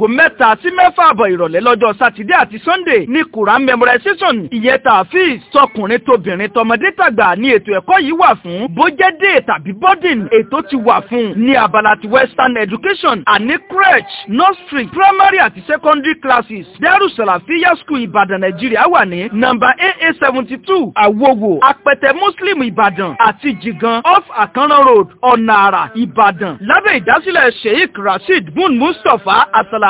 aago mẹ́ta sí mẹ́fà àbọ̀ ìrọ̀lẹ́ lọ́jọ́ sátidé àti sunday ní quran memorization ìyẹn tààfíìs tọkùnrin tóbìnrin tọmọdé tàgbà ni ètò ẹ̀kọ́ yìí wà fún bójẹ́dé tàbí boarding ètò ti wà fún ní abala ti western education àní crèche nursery primary àti secondary classes dẹ́rù sàlàfíà school ìbàdàn nàìjíríà wà ní nọ́mbà aa seventy two àwòwò apẹtẹ muslim ìbàdàn àti jigan off akanran road ọ̀nà àrà ìbàdàn lábẹ́ ìdásílẹ̀ sheikh rasheed bun mustapha asala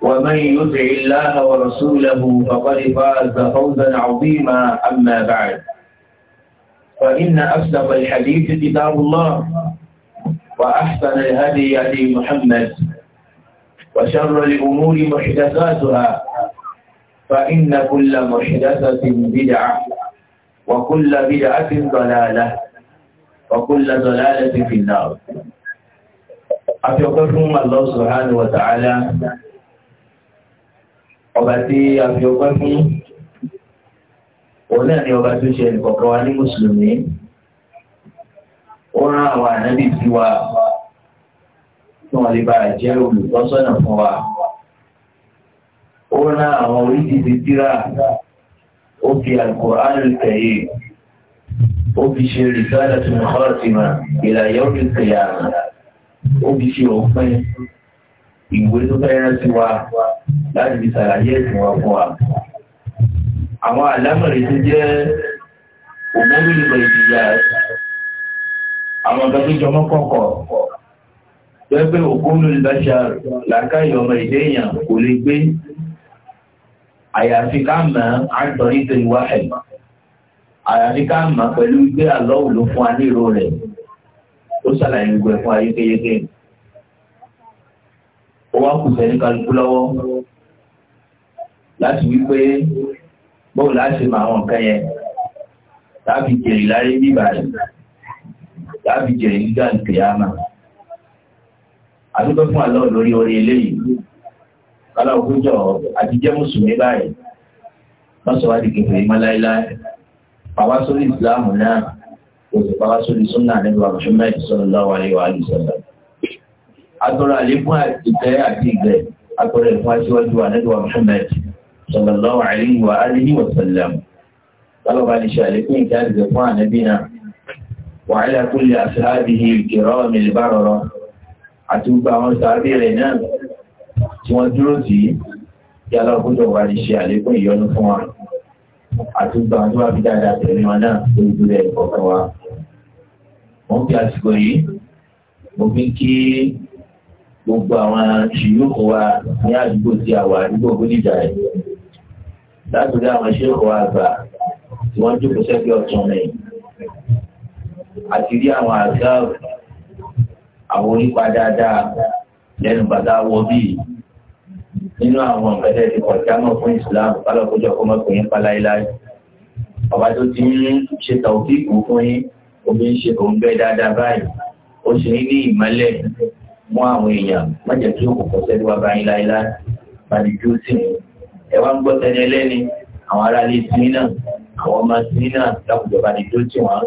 ومن يطع الله ورسوله فقد فاز فوزا عظيما أما بعد فإن أصدق الحديث كتاب الله وأحسن الهدي هدي محمد وشر الأمور محدثاتها فإن كل محدثة بدعة وكل بدعة ضلالة وكل ضلالة في النار أتقرهم الله سبحانه وتعالى ọba tí a fi ọpẹ́ fún òun náà ni ọba tó ṣe ẹnìkọ̀ọ̀kan wa ní mùsùlùmí ó rán àwọn ànábì sí wa kí wọ́n lè bá jẹ́ olùtọ́sọ́nà fún wa ó rán àwọn oríṣiríṣi tírà ó fi Al-Qur'anul Karim ó fi ṣe rìsálà tó ń kọ́ ọ̀sìn mà ìlà fi kìlà ó fi ṣe òfin ìwé tó fẹ́ rán sí wa láti fi sàlàyé ẹ̀sìn wa fún wa. Àwọn àlámọ̀rẹ́ tó jẹ́ òmórí ìgbà ìdíyà àwọn ọ̀gá tó jọmọ́ kọ̀kọ̀ jẹ́ pé òkúrú ìbáṣà làákàyè ọmọ ìdé èèyàn kò lè gbé àyàfi ká mọ̀ àtọ̀rí tó ìwà ẹ̀ àyàfi ká mọ̀ pẹ̀lú gbé àlọ́ òlò fún aníró rẹ̀ ó ṣàlàyé gbogbo ẹ̀fún ayékéyéké ó wá kù sẹ́ni kálukú lọ́wọ́ láti wí pé bóun láti mọ àwọn nǹkan yẹn láti jèrè láyé bíbà rẹ̀ láti jèrè nígbà ìkìyàmà àdúgbò fún àlọ́ lórí orí eléyìí kálá òkújọ àti jẹ́ mùsùlùmí báyìí lọ́sọ̀wá di kẹfẹ́ ìmọ̀láíláí pàwá sórí ìsìláàmù náà kò sì pàwá sórí súnà nígbà Muhammad sallallahu alaihi wa sallam atọ́rọ̀ àlékún àtìtẹ́ àti ìgbẹ́ atọ́rọ̀ ẹ̀fún aṣíwájú anẹ́dùwà Muhammad sallallahu alayhi wa alihi wa sallam lọ́lọ́bà lè ṣe àlékún ìkẹ́ àtìtẹ́ fún ànẹ́bìnà wa ala kulli ashabihi al-kiram al-barara àti gbogbo àwọn sàábì náà gbogbo àwọn ṣìyókò wa ní àdúgbò tí a wà àdúgbò bódìjà ẹ̀ látòrí àwọn ṣíkò wa gbà tí wọ́n jókòó sẹ́gbẹ́ ọ̀tún mi àti rí àwọn àgbà àwọn onípa dáadáa lẹ́nu bàtà wọ bíi nínú àwọn ìpẹ́tẹ́ ti kọjá mọ́ fún Islam pálọ̀kọ́jọ́ kọ́ mọ́kùnrin paláíláí ọba tó ti ń ṣe tàwọ́kì kù fún yín omi ń ṣe òun bẹ́ẹ̀ dáadáa báyìí ó sì ní ní mú àwọn èèyàn má jẹ́ kí òkùnkùn sẹ́ni wá bá yín láéláé má ní dúró sí mi ẹ wá ń gbọ́ tẹni ẹlẹ́ni àwọn aráalé tìmí náà àwọn ọmọ tìmí náà lákùjọba ní dúró tì wọ́n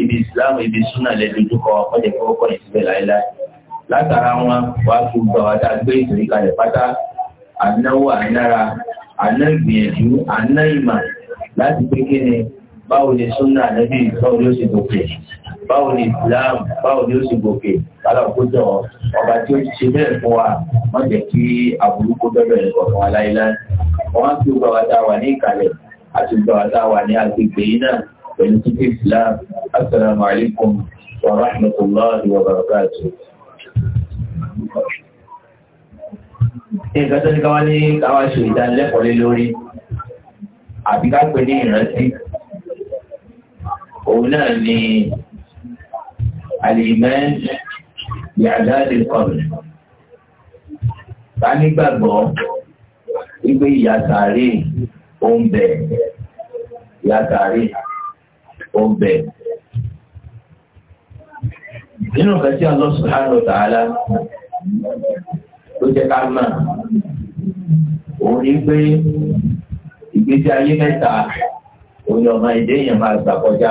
ibi Islam ibi súnà lẹ́dọ̀dúkọ má jẹ́ kí wọ́n kọ́ ìsílẹ̀ láéláé látara wọn wàá fi gbọ́ àwọn tá a gbé ìtòrí kalẹ̀ pátá ànáwó ànára àná ìgbìyànjú àná ìmà láti pé kí báwo ni súnà báwo ni Islam báwo ni ó sì gòkè alákòójọ ọba tí ó ti ṣe bẹ́ẹ̀ fún wa má jẹ́ kí aburú kó dọ́dọ̀ ẹ̀ kọ̀ọ̀kan wa láéláé wọ́n á fi gbà tá a wà ní ìkàlẹ̀ àti gbà tá a wà ní agbègbè yìí náà pẹ̀lú títí Islam Assalamu alaikum wa rahmatullahi wa barakatuh. nǹkan tó ní káwá ní káwá ṣe ìdánilẹ́kọ̀ọ́ lórí àbí ká ní ìrántí òun náà ni àlèmẹ́ yàdáde kọ̀rọ̀. Ta nígbàgbọ́ wípé ìyàtàrí oúnbẹ̀ ìyàtàrí oúnbẹ̀. Nínú ìfẹ́ tí Allah subhanahu wa ta'ala tó jẹ́ ká mọ̀, òun ní pé ìgbésí ayé mẹ́ta òun ni ọmọ ìdéyìn máa gbà kọjá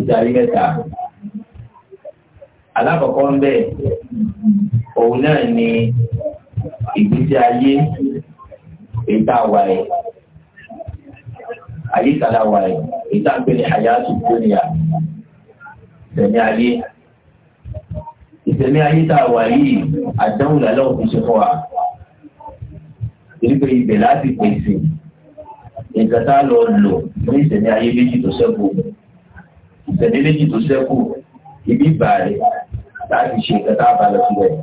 ìdarí mẹ́ta alákọ̀ọ́kọ́ ń bẹ̀ òun náà ni ìgbésí ayé ìta wà ẹ̀ ayé ìtàlá wà ẹ̀ ìta ń pè ní àyàtú dúnìyà ìtẹ̀mí ayé ìtẹ̀mí ayé tá a wà yìí àdánwò lálẹ́ òfin ṣe fún wa torí ibẹ̀ láti pèsè nǹkan lọ lò ní ìtẹ̀mí ayé méjì tó ṣẹ́kù ìṣẹ̀lẹ̀ méjì tó ṣẹ́kù ibi ìbàrẹ̀ láti ṣe ìkẹta àbálẹ̀ sílẹ̀.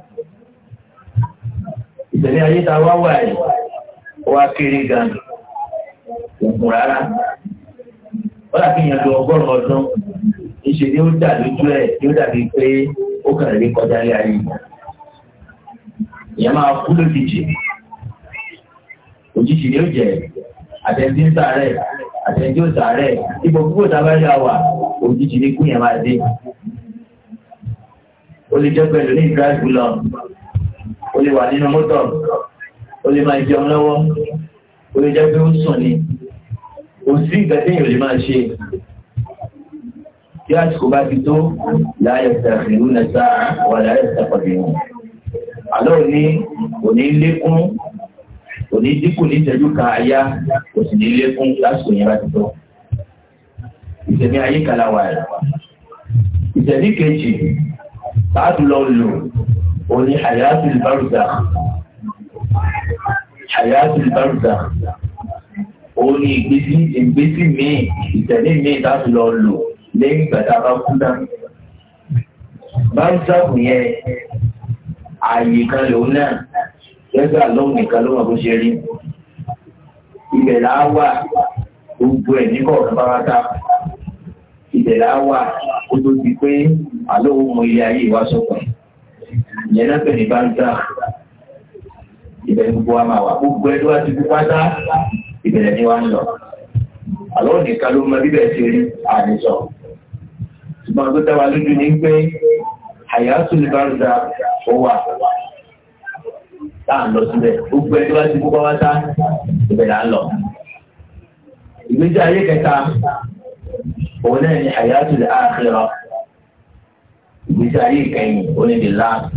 ìṣẹ̀lẹ̀ ayé ta wá wà yìí ó wá kéré gan ògùn rárá ó dà kí yẹn lo ọgọ́rùn-ún ọdún ìṣe ni ó dà lójú ẹ̀ ni ó dàbí pé ó kàn lè kọjá lé ayé ìyẹn máa kú lójijì òjijì ni ó jẹ́ ẹ̀ àtẹ̀jí ń sàárẹ̀ àtẹ̀jí ò sàárẹ̀ ipò púpọ̀ tábàyà wà òjijì ní kú yẹn máa dé. ó lè jẹ́ pẹ̀lú ní ìdíráàbù lọ ó lè wà nínú mọ́tò ó lè máa jẹun lọ́wọ́ ó lè jẹ́ pé ó sùn ni kò sí ìgbẹ́sẹ̀yìn ò lè máa ṣe tí àsìkò bá ti tó láyé ṣàfihàn náà sáà wà láyé ṣàfihàn àlọ́ òní òní lékún kò ní dínkù ní ìtẹ́jú kan àyà kò sì ní ilé fún lásìkò yẹn bá ti tọ́. ìṣẹ̀mí ayé kala wà rẹ̀. ìṣẹ̀mí kejì táàdù lọ lò òun ni hayatul baruza hayatul baruza òun ni ìgbésí ìgbésí míì ìṣẹ̀mí míì táàdù lò lẹ́yìn ìgbà bá kú náà. baruza yẹn ààyè kan lòun náà lẹ́gbẹ́ àlọ́hùn nìkan ló wà bó ṣe rí ibẹ̀ làá wà gbogbo ẹ̀ ní kọ̀ọ̀kan pátá ibẹ̀ làá wà kó tó di pé àlọ́hùn mọ ilé ayé wa sọ̀kan ìyẹn náà pẹ̀lú bá ń ibẹ̀ gbogbo wa máa wà gbogbo ẹ̀ ló wá ti kú pátá ìbẹ̀rẹ̀ ni wa ń lọ àlọ́hùn nìkan ló mọ bíbẹ̀ ṣe rí àdìsọ ṣùgbọ́n tó dá wa lójú ni pé àyà tá à ń lọ síbẹ̀ gbogbo ẹni wá sí gbogbo wá tá ibẹ̀ là ń lọ. ìgbésí ayé kẹta òun náà ni hayatul akhirah ìgbésí ayé kẹyìn òun ni last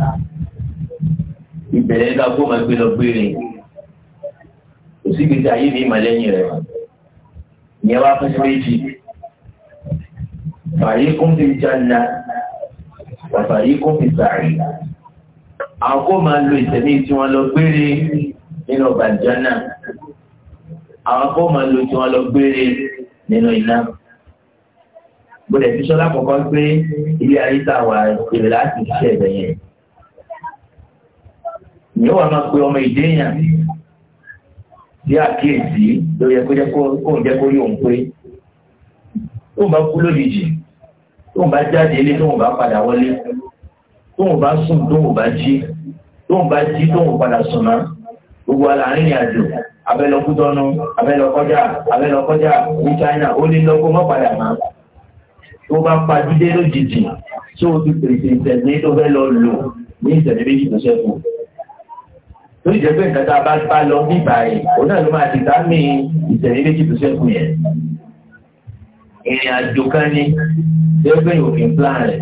ìbẹ̀rẹ̀ nígbà kó máa gbé lọ gbére kò ìgbésí ayé ní ìmọ̀lẹ́yìn rẹ̀ ìyẹn wá fún sí méjì kún fi janna wà fàyè kún fi sàárì àwọn kó máa lo ìtẹ̀mí tí wọ́n lọ gbére nínú ọgbà jọ́nà àwọn kó máa lo tí wọ́n lọ gbére nínú iná. gbọdọ̀ fi sọ́lá kọ̀ọ̀kan pé ilé ayé tá a wà èrè láti ṣiṣẹ́ ẹ̀bẹ̀ yẹn. ìyẹn wà máa pe ọmọ ìdí èèyàn bí àkíyèsí ló yẹ jẹ́ kó ń jẹ́ kó yóò ń pé tó bá kú lójijì tó bá jáde ilé tó bá padà wọlé tóun bá sùn tóun bá jí tóun bá jí tóun padà sùn náà gbogbo aláàrin ní àjò abẹ́lọkútọ́nu abẹ́lọkọjá abẹ́lọkọjá ní China ó ní lọ́kọ́ mọ́padà máa tó bá pàdúdé lójijì tó o ti pèsè ìtẹ̀lé tó fẹ́ lọ lò ní ìtẹ̀lé méjì tó ṣẹ́kù tó ìjẹ́ pé nǹkan tá a bá bá lọ ní ìbàyè òun náà ló máa ti dá mi ìtẹ̀lé méjì tó ṣẹ́kù yẹn ìrìn àjò kan ní tó yẹ pé òfin plan rẹ̀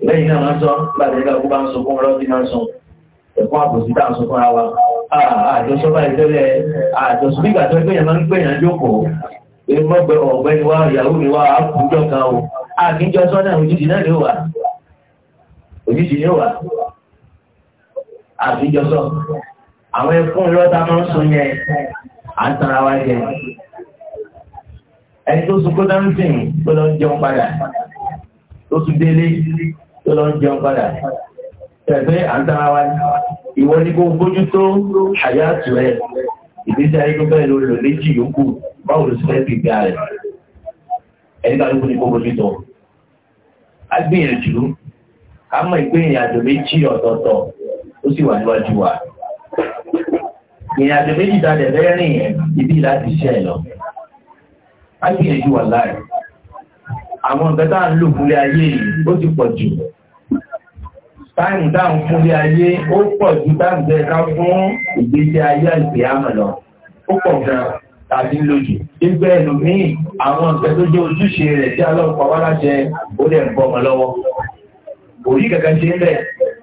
lẹ́yìn náà sọ láti ẹgbẹ́ ọgbọ́n sọ fún ọlọ́dí náà sọ ẹ̀kọ́ àbòsí sọ fún àwa àjọsọ báyìí tẹ́lẹ̀ àjọsọ nígbà tó ẹgbẹ́ ń ẹgbẹ́ ọ̀gbẹ́ni ìyàwó mi o àkíjọ sọ náà náà lè wà lè wà àkíjọ sọ àwọn ẹkún máa ń sọ yẹn wa ẹni tó sunkún ń jẹun tó lọ ń jẹun padà ìwọ ní kó bójú tó àyàtù ẹ̀ ìgbésí ayé tó bẹ́ẹ̀ ló lò léjì báwo ló gbà rẹ̀ ẹni ní kó bójú tó a gbìyànjú a mọ̀ ìpé ìrìn àjò méjì ọ̀tọ̀ọ̀tọ̀ ó sì wà níwájú ibi láti lọ a gbìyànjú wà àwọn ń lò ayé yìí táìmù táàmù fún ilé ayé ó pọ̀ ju táìmù tẹ́ ká fún ìgbésí ayé àìsè àmọ̀ lọ ó pọ̀ gan tàbí lójú gbígbẹ́ ẹlòmíì àwọn nǹkan tó jẹ́ ojúṣe rẹ̀ tí alọ́pàá wá láṣẹ ó dẹ̀ ń bọ́ ọmọ lọ́wọ́ òrí kankan ṣe ń bẹ̀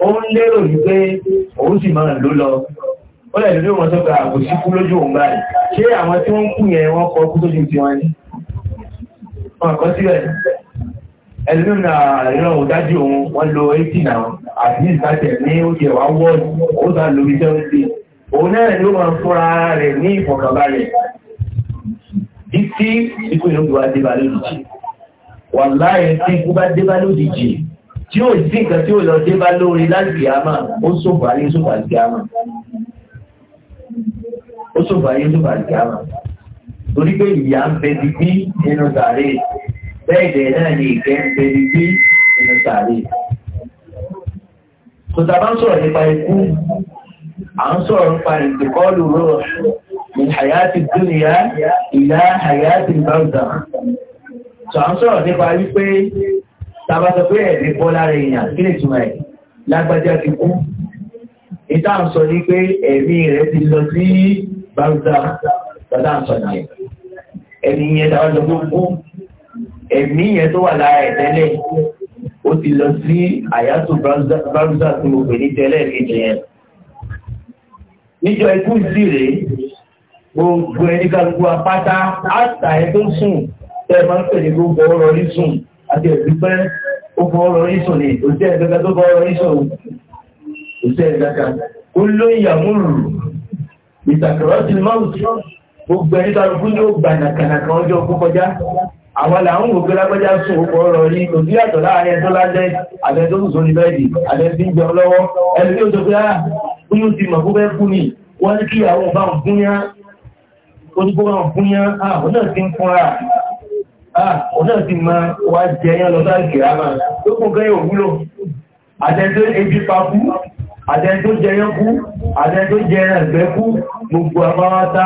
ó ń lérò wípé òun sì máa lò lọ ó lẹ̀ lórí wọn tó gba àbò sí kú lójú òun báyìí ṣé àwọn tí wọ́n ń yẹn wọ́n kọ kú tó ju ti wọn ni wọn kọ ẹlú na ìran òdájú òun wọ́n lo 18 náà àti ní ìsájẹ̀ ní oúnjẹ wá wọ́ọ̀dù ó sá lórí 70 òun náà ló máa fúnra rẹ̀ ní ìfọ̀kànbalẹ̀ títí ikú ìlú wa dé bá lójijì wà láyé tí ikú bá dé bá lójijì tí ó sí nǹkan tí ó lọ dé bá lórí láti kìámà ó sòfò ayé sòfò àti kìámà ó sòfò ayé sòfò àti kìámà torí pé ìyá ń bẹ bẹ́ẹ̀ bẹ́ẹ̀ náà ni ìkẹ́ ń bẹni bí inú sàárè. Tòtà bá ń sọ̀rọ̀ nípa ikú, à ń sọ̀rọ̀ nípa ìdíkọ́lù rọ̀ min hayati dúnìyà ìlà hayati bàbà. Tò à ń sọ̀rọ̀ nípa wípé tàbá sọ pé ẹ̀mí bọ́ lára èèyàn kí ni ìtumọ̀ ẹ̀ lágbájá ti kú. Ìta ń sọ ní pé ẹ̀mí rẹ̀ ti lọ sí bàbà tàbá ń sọ nìyẹn. Ẹni yẹn tàbá kú ẹ̀mí yẹn tó wà lára ẹ̀ tẹ́lẹ̀ ó ti lọ sí àyàtò bárzà tí mo pè ní tẹ́lẹ̀ kejì yẹn níjọ ikú sí rèé gbogbo ẹni kálukú apáta àtà ẹ tó sùn tẹ́ ẹ máa ń pè ní gbogbo ọ̀rọ̀ rí sùn àti ẹ̀dúpẹ́ ó fọ ọ̀rọ̀ rí sùn ní òṣìṣẹ́ ẹ̀dọ́gba tó fọ ọ̀rọ̀ rí sùn òṣìṣẹ́ ẹ̀dọ́gba ó lóyún ìyàmúrù ìtàkùrọ̀ sí mọ́ọ̀tì gbogbo ẹni kálukú ní ó gbà nàkànàkàn ọjọ́ kó kọjá àwọn làwọn òkè lágbẹ́já sún òkò ọ̀rọ̀ ní òbí àtọ̀ láàrin ẹ̀tọ́ lájẹ́ àtẹ́tọ́kù sórí bẹ́ẹ̀dì àtẹ́tí jọ lọ́wọ́ ẹni tí ó sọ pé á ah, kúnyún ti mọ̀ fún bẹ́ẹ̀ fún ni wọ́n ní kí àwọn bá ń fún yán onígbó bá ń fún yán àwọn ah, náà ti ń fúnra àwọn ah, náà ti máa wá jẹ yán lọ sáà kìlá kú àtẹ́tọ́ jẹ ẹgbẹ́ kú gbogbo àbáwátá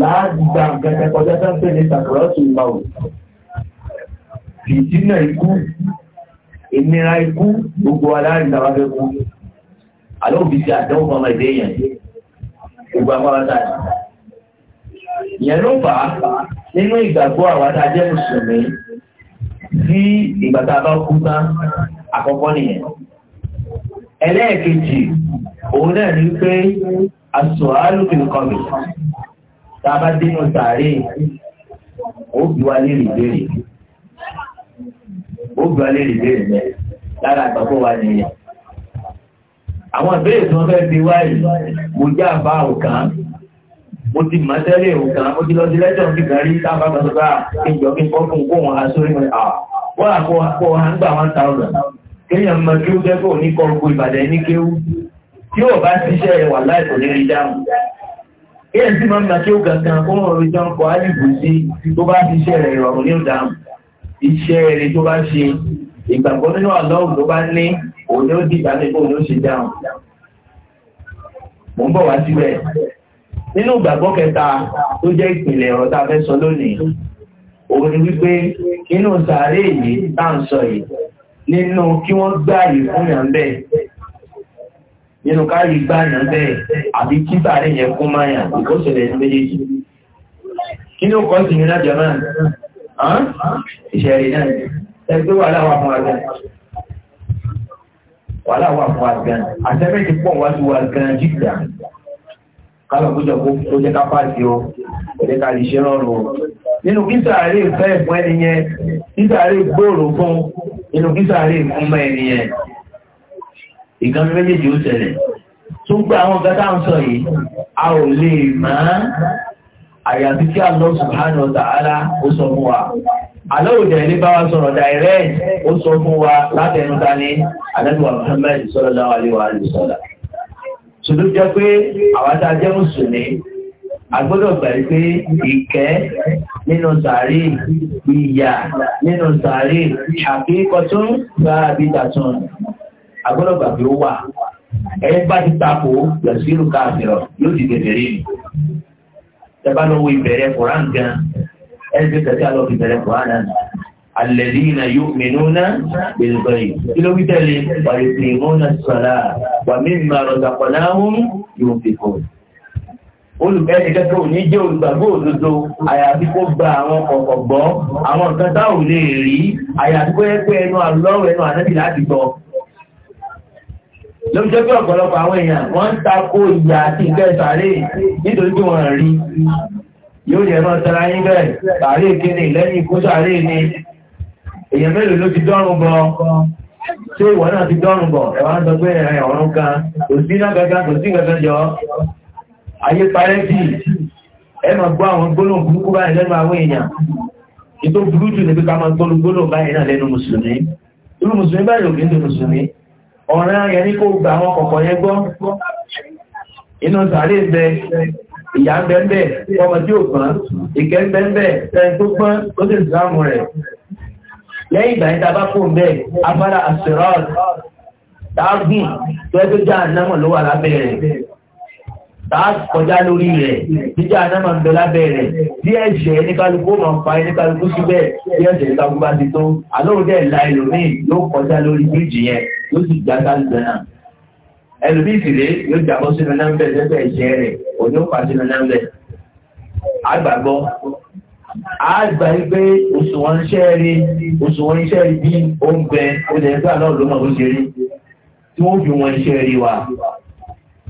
láàgbà nǹkan kẹkọjá sáńpẹ́ ní sàkúrọ́sù ìgbà òun ìdínà ikú ìnira ikú gbogbo aláàrin tàbá fẹ́ kú alóòbí ti àdánwò fọmọ ìdé èèyàn gbogbo afárátà ìyẹn ló fà á nínú ìgbàgbọ́ àwọn adájẹ́ mùsùlùmí tí ìgbà tá a bá kú tán àkọ́kọ́ nìyẹn ẹlẹ́ẹ̀kejì òun náà ní pé aṣọ alùpùpù tá a bá dénú sàárè ó bí wa ní ìbéèrè ó gba lè rí bẹ́ẹ̀ mẹ́ lára àgbàpọ̀ wa nìyẹn. àwọn ìbéèrè tí wọ́n fẹ́ fi wá yìí mo já bá òkan mo ti mọ̀ tẹ́lẹ̀ òkan mo ti lọ sí lẹ́jọ́ ti gàrí sábà kan sọ́gbà ìjọ kí n kọ́ fún kó wọn aṣọ ìwé à wọ́n àkọ́ wọn gbà one thousand kéèyàn mọ kí ó fẹ́ kó ní kọ́ gbogbo Ìbàdàn ní kéwú tí ó bá ṣiṣẹ́ rẹ̀ wà láìpẹ́ ní rí dáhùn kéèyàn sì máa ń gbà kí ó gàkan kó wọn rí jọ ń kọ áyùbù sí tó bá ṣiṣẹ́ rẹ̀ ìrọ̀rùn ní ó iṣẹ́ rere tó bá ṣe ìgbàgbọ́ nínú àlọ́ọ̀ tó bá ní òun ni ó di ìbánikó òun ló ṣe dáhùn. mo ń bọ̀ wá síbẹ̀ nínú ìgbàgbọ́ kẹta tó jẹ́ ìpìlẹ̀ ọ̀rọ̀ tá a fẹ́ sọ lónìí òun ni wípé inú sàárè yìí tá à ń sọ yìí nínú kí wọ́n gbààyè fún yàn bẹ́ẹ̀ nínú káàrí gbààyè bẹ́ẹ̀ àbí kí sàárè yẹn kún máa yàn ìkọ́sẹ̀lẹ̀ méjèèjì kí ni ó kọ́ sí ní ìṣẹ̀rí náà ẹgbẹ́ wàhálà wà fún àgbẹ̀ wàhálà wà fún àgbẹ̀ àtẹ́mẹ́tì pọ̀ wá sí wa gan jìgbà kálọ̀ kójọ kó jẹ́ ká pàṣẹ o ẹ̀dẹ́ ká lè ṣe rọrùn o nínú kísàárè fẹ́ fún ẹni yẹn kísàárè gbòòrò fún nínú kísàárè fún mọ́ ẹni yẹn ìgbàmí méjèèjì ó ṣẹlẹ̀ tó gba àwọn àyàfi kí Allah subhanahu wa ta'ala ó sọ fún wa alóòdẹ̀ ní bá wa sọ̀rọ̀ direct ó sọ fún wa látẹnu ta ní alẹ́dùwà Muhammad sallallahu alaihi wa sallam ṣùgbọ́n jẹ́ pé àwátá jẹ́ mùsùlùmí agbọ́dọ̀ gbàrí pé ìkẹ́ nínú sàárì ìyà nínú sàárì àbíkọtún gbáàbídàtún agbọ́dọ̀ gbàgbé ó wà ẹ bá ti tako lọ sí ìlú káàkiri yóò ti bèbèrè tẹ́bá lọ́wọ́ ìbẹ̀rẹ̀ koran gan ẹgbẹ́ kẹta lọ fi bẹ̀rẹ̀ koran náà alẹ́dínà yóò mìnúnà bẹ̀rẹ̀ kí ló wí tẹ́lẹ̀ wàlẹ̀ sí ìmúnà sọ̀rà wà mí mà rọ̀dàpọ̀láhùn yóò fi kọ́ olùbẹ́ni kẹ́kẹ́ òní jẹ́ olùgbàgbọ́ òdodo àyàfi kó ló ń jẹ́ pé ọ̀pọ̀lọpọ̀ àwọn èèyàn wọ́n ń takò ìyà àti ìgbẹ́ sàárè nítorí pé wọ́n rí yóò yẹ náà tẹ́ra yín bẹ́ẹ̀ sàárè kéde lẹ́yìn ikú sàárè ni èèyàn mélòó ló ti dọ́rùn bọ ṣé ìwọ náà ti dọ́rùn bọ ẹ̀wà ń sọ pé ẹ̀rìn ọ̀run kan kò sí náà kankan kò sí kankan jọ ayé parẹ́ sí ẹ máa gbọ́ àwọn gbólóhùn burúkú ọ̀rẹ́ ayẹ ní kó gba àwọn kọ̀kọ̀ yẹn gbọ́ inú sàárè bẹ ìyá bẹ́ẹ̀bẹ́ ọmọ tí ó gbọ́n ìkẹ́ bẹ́ẹ̀bẹ́ ẹni tó gbọ́n tó sì sáàmù rẹ̀ lẹ́yìn ìgbà ìta bá fún bẹ́ẹ̀ afárá àṣírọ́ọ̀lù táàgùn tó ẹ́ tó já ànámọ̀ ló wà lábẹ́ rẹ̀ táà kọjá lórí rẹ̀ jíjá ànámọ̀ ń bẹ lábẹ́ rẹ̀ bí ẹ̀ṣẹ̀ ní kálukú ma ń fa ní kálukú síbẹ̀ bí ẹ̀ṣẹ̀ ní bá ti tó alóòdẹ̀ láìlòmíì ló kọjá lórí bíríjì yẹn yóò sì já sáré náà ẹlòmí ìfìlẹ̀ yóò jàbọ́ sínú náńbẹ̀ lẹ́gbẹ̀ ìṣẹ́ rẹ̀ òní ó fà sínú náńbẹ̀ àgbàgbọ́ àgbà pé òṣùwọ̀n iṣẹ́ rí òṣùwọ̀n iṣẹ́ rí bí oúnjẹ oúnjẹ ẹgbẹ́ àlọ́ ló mọ̀ bó ṣe rí tí wọ́n fi wọn iṣẹ́ rí wa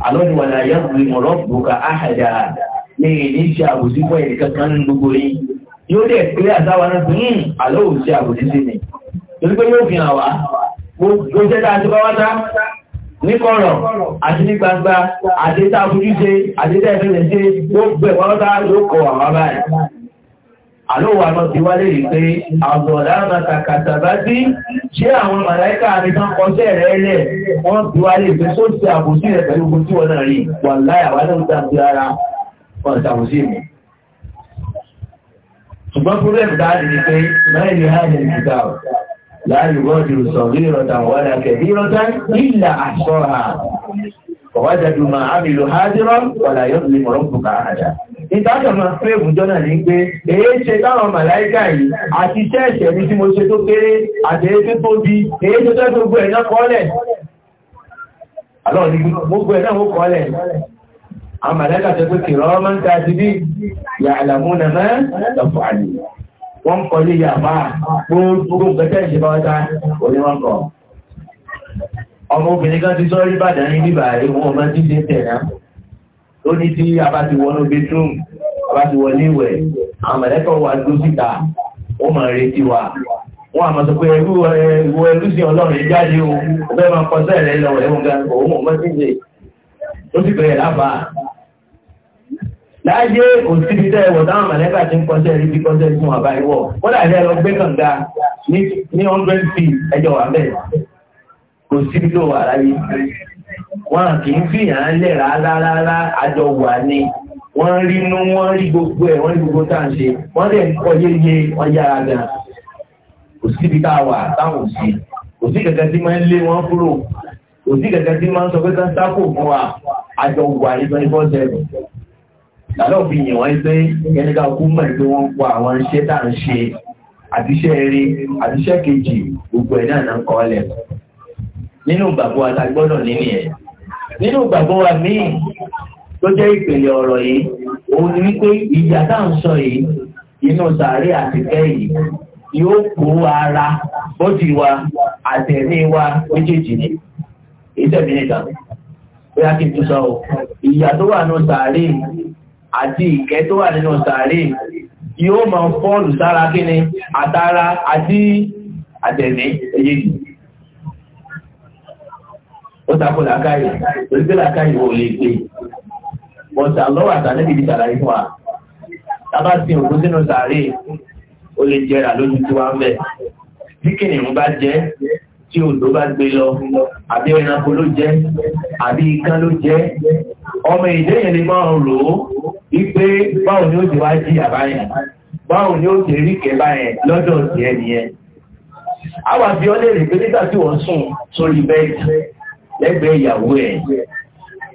àlọ́niwà náà yẹ́ fún ìmọ̀ rọ́pùpùkà áhàdà ní ìní iṣẹ́ àbòsí fún ẹ̀rí kankan ní gbogbo yìí yóò dẹ̀ pé àtàwọn náà fi ń hmm, àlọ́ òṣìṣẹ́ àbòsí sí ni torí pé yóò fi hàn wá gbogbo iṣẹ́ tá a ti pàwátá ní kọ̀rọ̀ àti ní gbangba àdétà fojúṣe àdétà ìfẹ́lẹ̀ ṣe gbogbo ìpàwátá ló kọ̀ àwọn báyìí àlóòwà náà ti wálé rí pé àbọ̀dá màtàkàtàbá sí ṣé àwọn màláìkà àríkan kọsẹ́ rẹ̀ lẹ̀ wọ́n ti wálé pé tó ṣe àbòsí rẹ̀ pẹ̀lú ogun tí wọ́n náà rí wà láyà wà náà tàbí ara wọ́n ṣàbòsí mi ṣùgbọ́n fúrẹ́mù dáadé ni pé náà ìrìn láàrín rọ́dù sọ̀rírọ̀ta wọ́n kẹ̀bírọ̀ta ìlà àṣọ́ha ọ̀wájàdù máa àmìlò hajjírọ̀ wọ́n yóò lè mọ̀rọ̀ pùpà àjà. ìtàkàmà fẹ́ẹ̀bù jọ́nà ní pé èé ṣe táwọn màláíkà yìí àti ṣẹ́ẹ̀ṣẹ̀ ní tí mo ṣe tó kéré àti èé wọ́n kọ ilé yàbá gbogbo gẹ́gẹ́ ìṣẹ́bá wáta òní wọ́n kọ. ọmọ obìnrin kan ti sọ́rí bàdàn ní bíbà ìwọ̀n ọmọ tí ṣe tẹ̀nà ó ní tí a bá ti wọnú bedroom a bá ti wọlé ìwẹ̀ àwọn mẹ̀lẹ́kọ̀ wà ló síta wọ́n mọ̀ retí wa wọ́n àmọ̀ sọ pé ẹrú ẹrú ẹrú sí ọlọ́run ìjáde o ọbẹ̀ máa kọ sẹ́ẹ̀rẹ̀ lọ ẹ̀wọ̀n gan òun láyé kò síbi tẹ́ ẹwọ̀ táwọn mọ̀lẹ́kà ti ń kọjẹ́ rí bí kọjẹ́ fún àbá ìwọ̀ ó dàbí ẹ̀rọ gbé kànga ní 100 feet ẹjọ́ wà bẹ́ẹ̀ kò síbi tó wà láyé wọn kì í fi hàn án lẹ̀ rárá àjọ wà ní wọ́n rí inú wọ́n rí gbogbo ẹ̀ wọ́n rí gbogbo tá à ń ṣe wọ́n lè kọ́ yéye wọ́n yára gan kò síbi tá wà táwọn ò sí kò sí kẹ̀kẹ́ tí máa ń lé wọn kúrò kò sí kẹ̀kẹ́ tí máa ń sọ pé ká sákò fún wa àjọ wà ní 24/7 lálọ́ fi yìn wọ́n pé ẹnìká kú mọ̀ pé wọ́n kọ àwọn iṣẹ́ tá à ń ṣe àtiṣẹ́ eré àtiṣẹ́ kejì gbogbo ẹ̀ náà náà kọ́ lẹ̀ nínú ìgbàgbọ́ wa ta gbọ́dọ̀ nínú ẹ̀ nínú ìgbàgbọ́ wa míì tó jẹ́ ìpìlẹ̀ ọ̀rọ̀ yìí òun ni wípé ìjà tá ń sọ yìí inú sàárè àtìkẹ́ yìí yóò kó ara bọ́dì wa àtẹ̀lé wa méjèèjì ni èyí tẹ̀lé nìkan bóyá kí n tún sọ ìyà tó wà nù sàárè àti ìkẹ́ tó wà nínú sàárè yóò máa fọ́ọ̀lù sára kíni àtàrà àti àtẹ̀mí èyí ó takò làákàyè torí pé làákàyè wò lè gbé bọ́sà lọ́wọ́ àtàlẹ́bí ti sàlàyé fún wa tábà sí òkú sínú sàárè ó lè jẹrà lójú tí wá ń bẹ̀ bí kìnìún bá jẹ́ tí odò bá gbé lọ àbí ẹranko ló jẹ́ àbí ikán ló jẹ́ ọmọ ìdé yẹn ni máa ń rò ó wípé báwo ni ó ti wá jí àbá yẹn báwo ni ó ti rí kẹba yẹn lọ́dọ̀ sí ẹ nìyẹn àwa bí ọ lè rí pé nígbà tí wọ́n sùn sórí bẹ́ẹ̀dì lẹ́gbẹ̀ẹ́ ìyàwó ẹ̀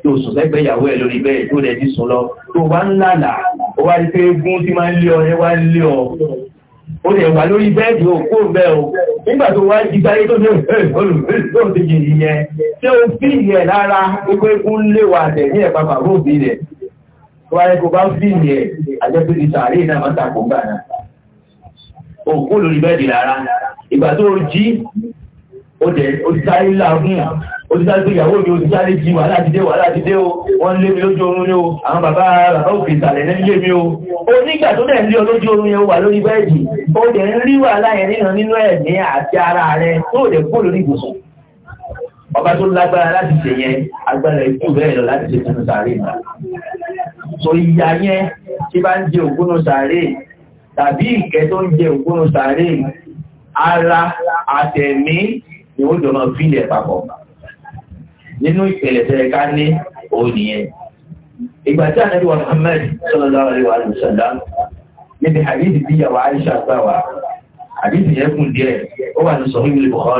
tó sùn lẹ́gbẹ̀ẹ́ nígbà tó wá jígbáyé tó ní olùgbèsè yìnyẹn tí ó fi yẹ lára wípé ń léwà tẹ̀ ní ẹ̀pá bàbá òbí rẹ̀ wáyé kò bá fi yẹ àjẹpẹ́ ìsàárè náà máa takò gbà náà òkú lórí bẹ́ẹ̀dì lára ìgbà tó jí ó tẹ̀ ó sáré láàbùn òtítàrí pé ìyàwó mi òtítàrí jí wà láàdídé wà láàdídé o wọ́n lé mi lójú oorun ní o àwọn bàbá bàbá òkè ìsàlẹ̀ ní lé mi o ó nígbà tó dẹ̀ ń lé ọ lójú oorun yẹn wà lórí bẹ́ẹ̀dì ó dẹ̀ ń rí wà láyẹn nínú nínú ẹ̀mí àti ara rẹ tó dẹ̀ kó lórí ibùsùn ọba tó lágbára láti ṣe yẹn agbára ikú bẹ́ẹ̀ lọ láti ṣe sínú sàárè náà so ìyá yẹn tí bá ń jẹ òkúnú sàárè tàbí ìkẹ́ tó ń jẹ òkúnú sàárè ara àtẹ̀mí ni ó jọ náà fílẹ̀ papọ̀ nínú ìpìlẹ̀ tẹ́ ká ní òní ẹ̀. ìgbà tí ànábì wa Muhammad sallallahu alaihi wa sallam níbi hadithi bí yàwó Aisha gbà wá hadithi yẹn kùn díẹ̀ ó pé jọ́yìn kẹkẹrẹ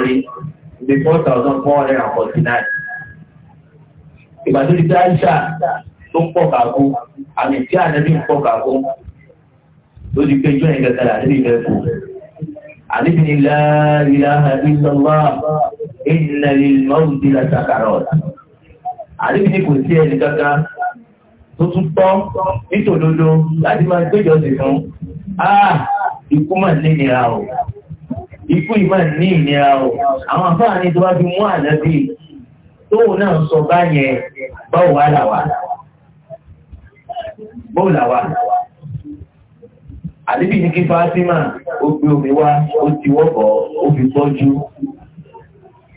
ànábì fẹ́ kù. ànábì ni ìnà ìlọ́rù ti la ṣàkàrà ọ̀la. Àríbi ni kò sí ẹni kankan tó tún tọ́ nítòdodo láti máa gbéjọ sí Ah! Ikú máa ní ìnira o. Ikú yìí máa ní ìnira o. Àwọn afáà ni tó bá fi mú ànábì tóun náà sọ báyẹn báwo wá là wá. Báwo là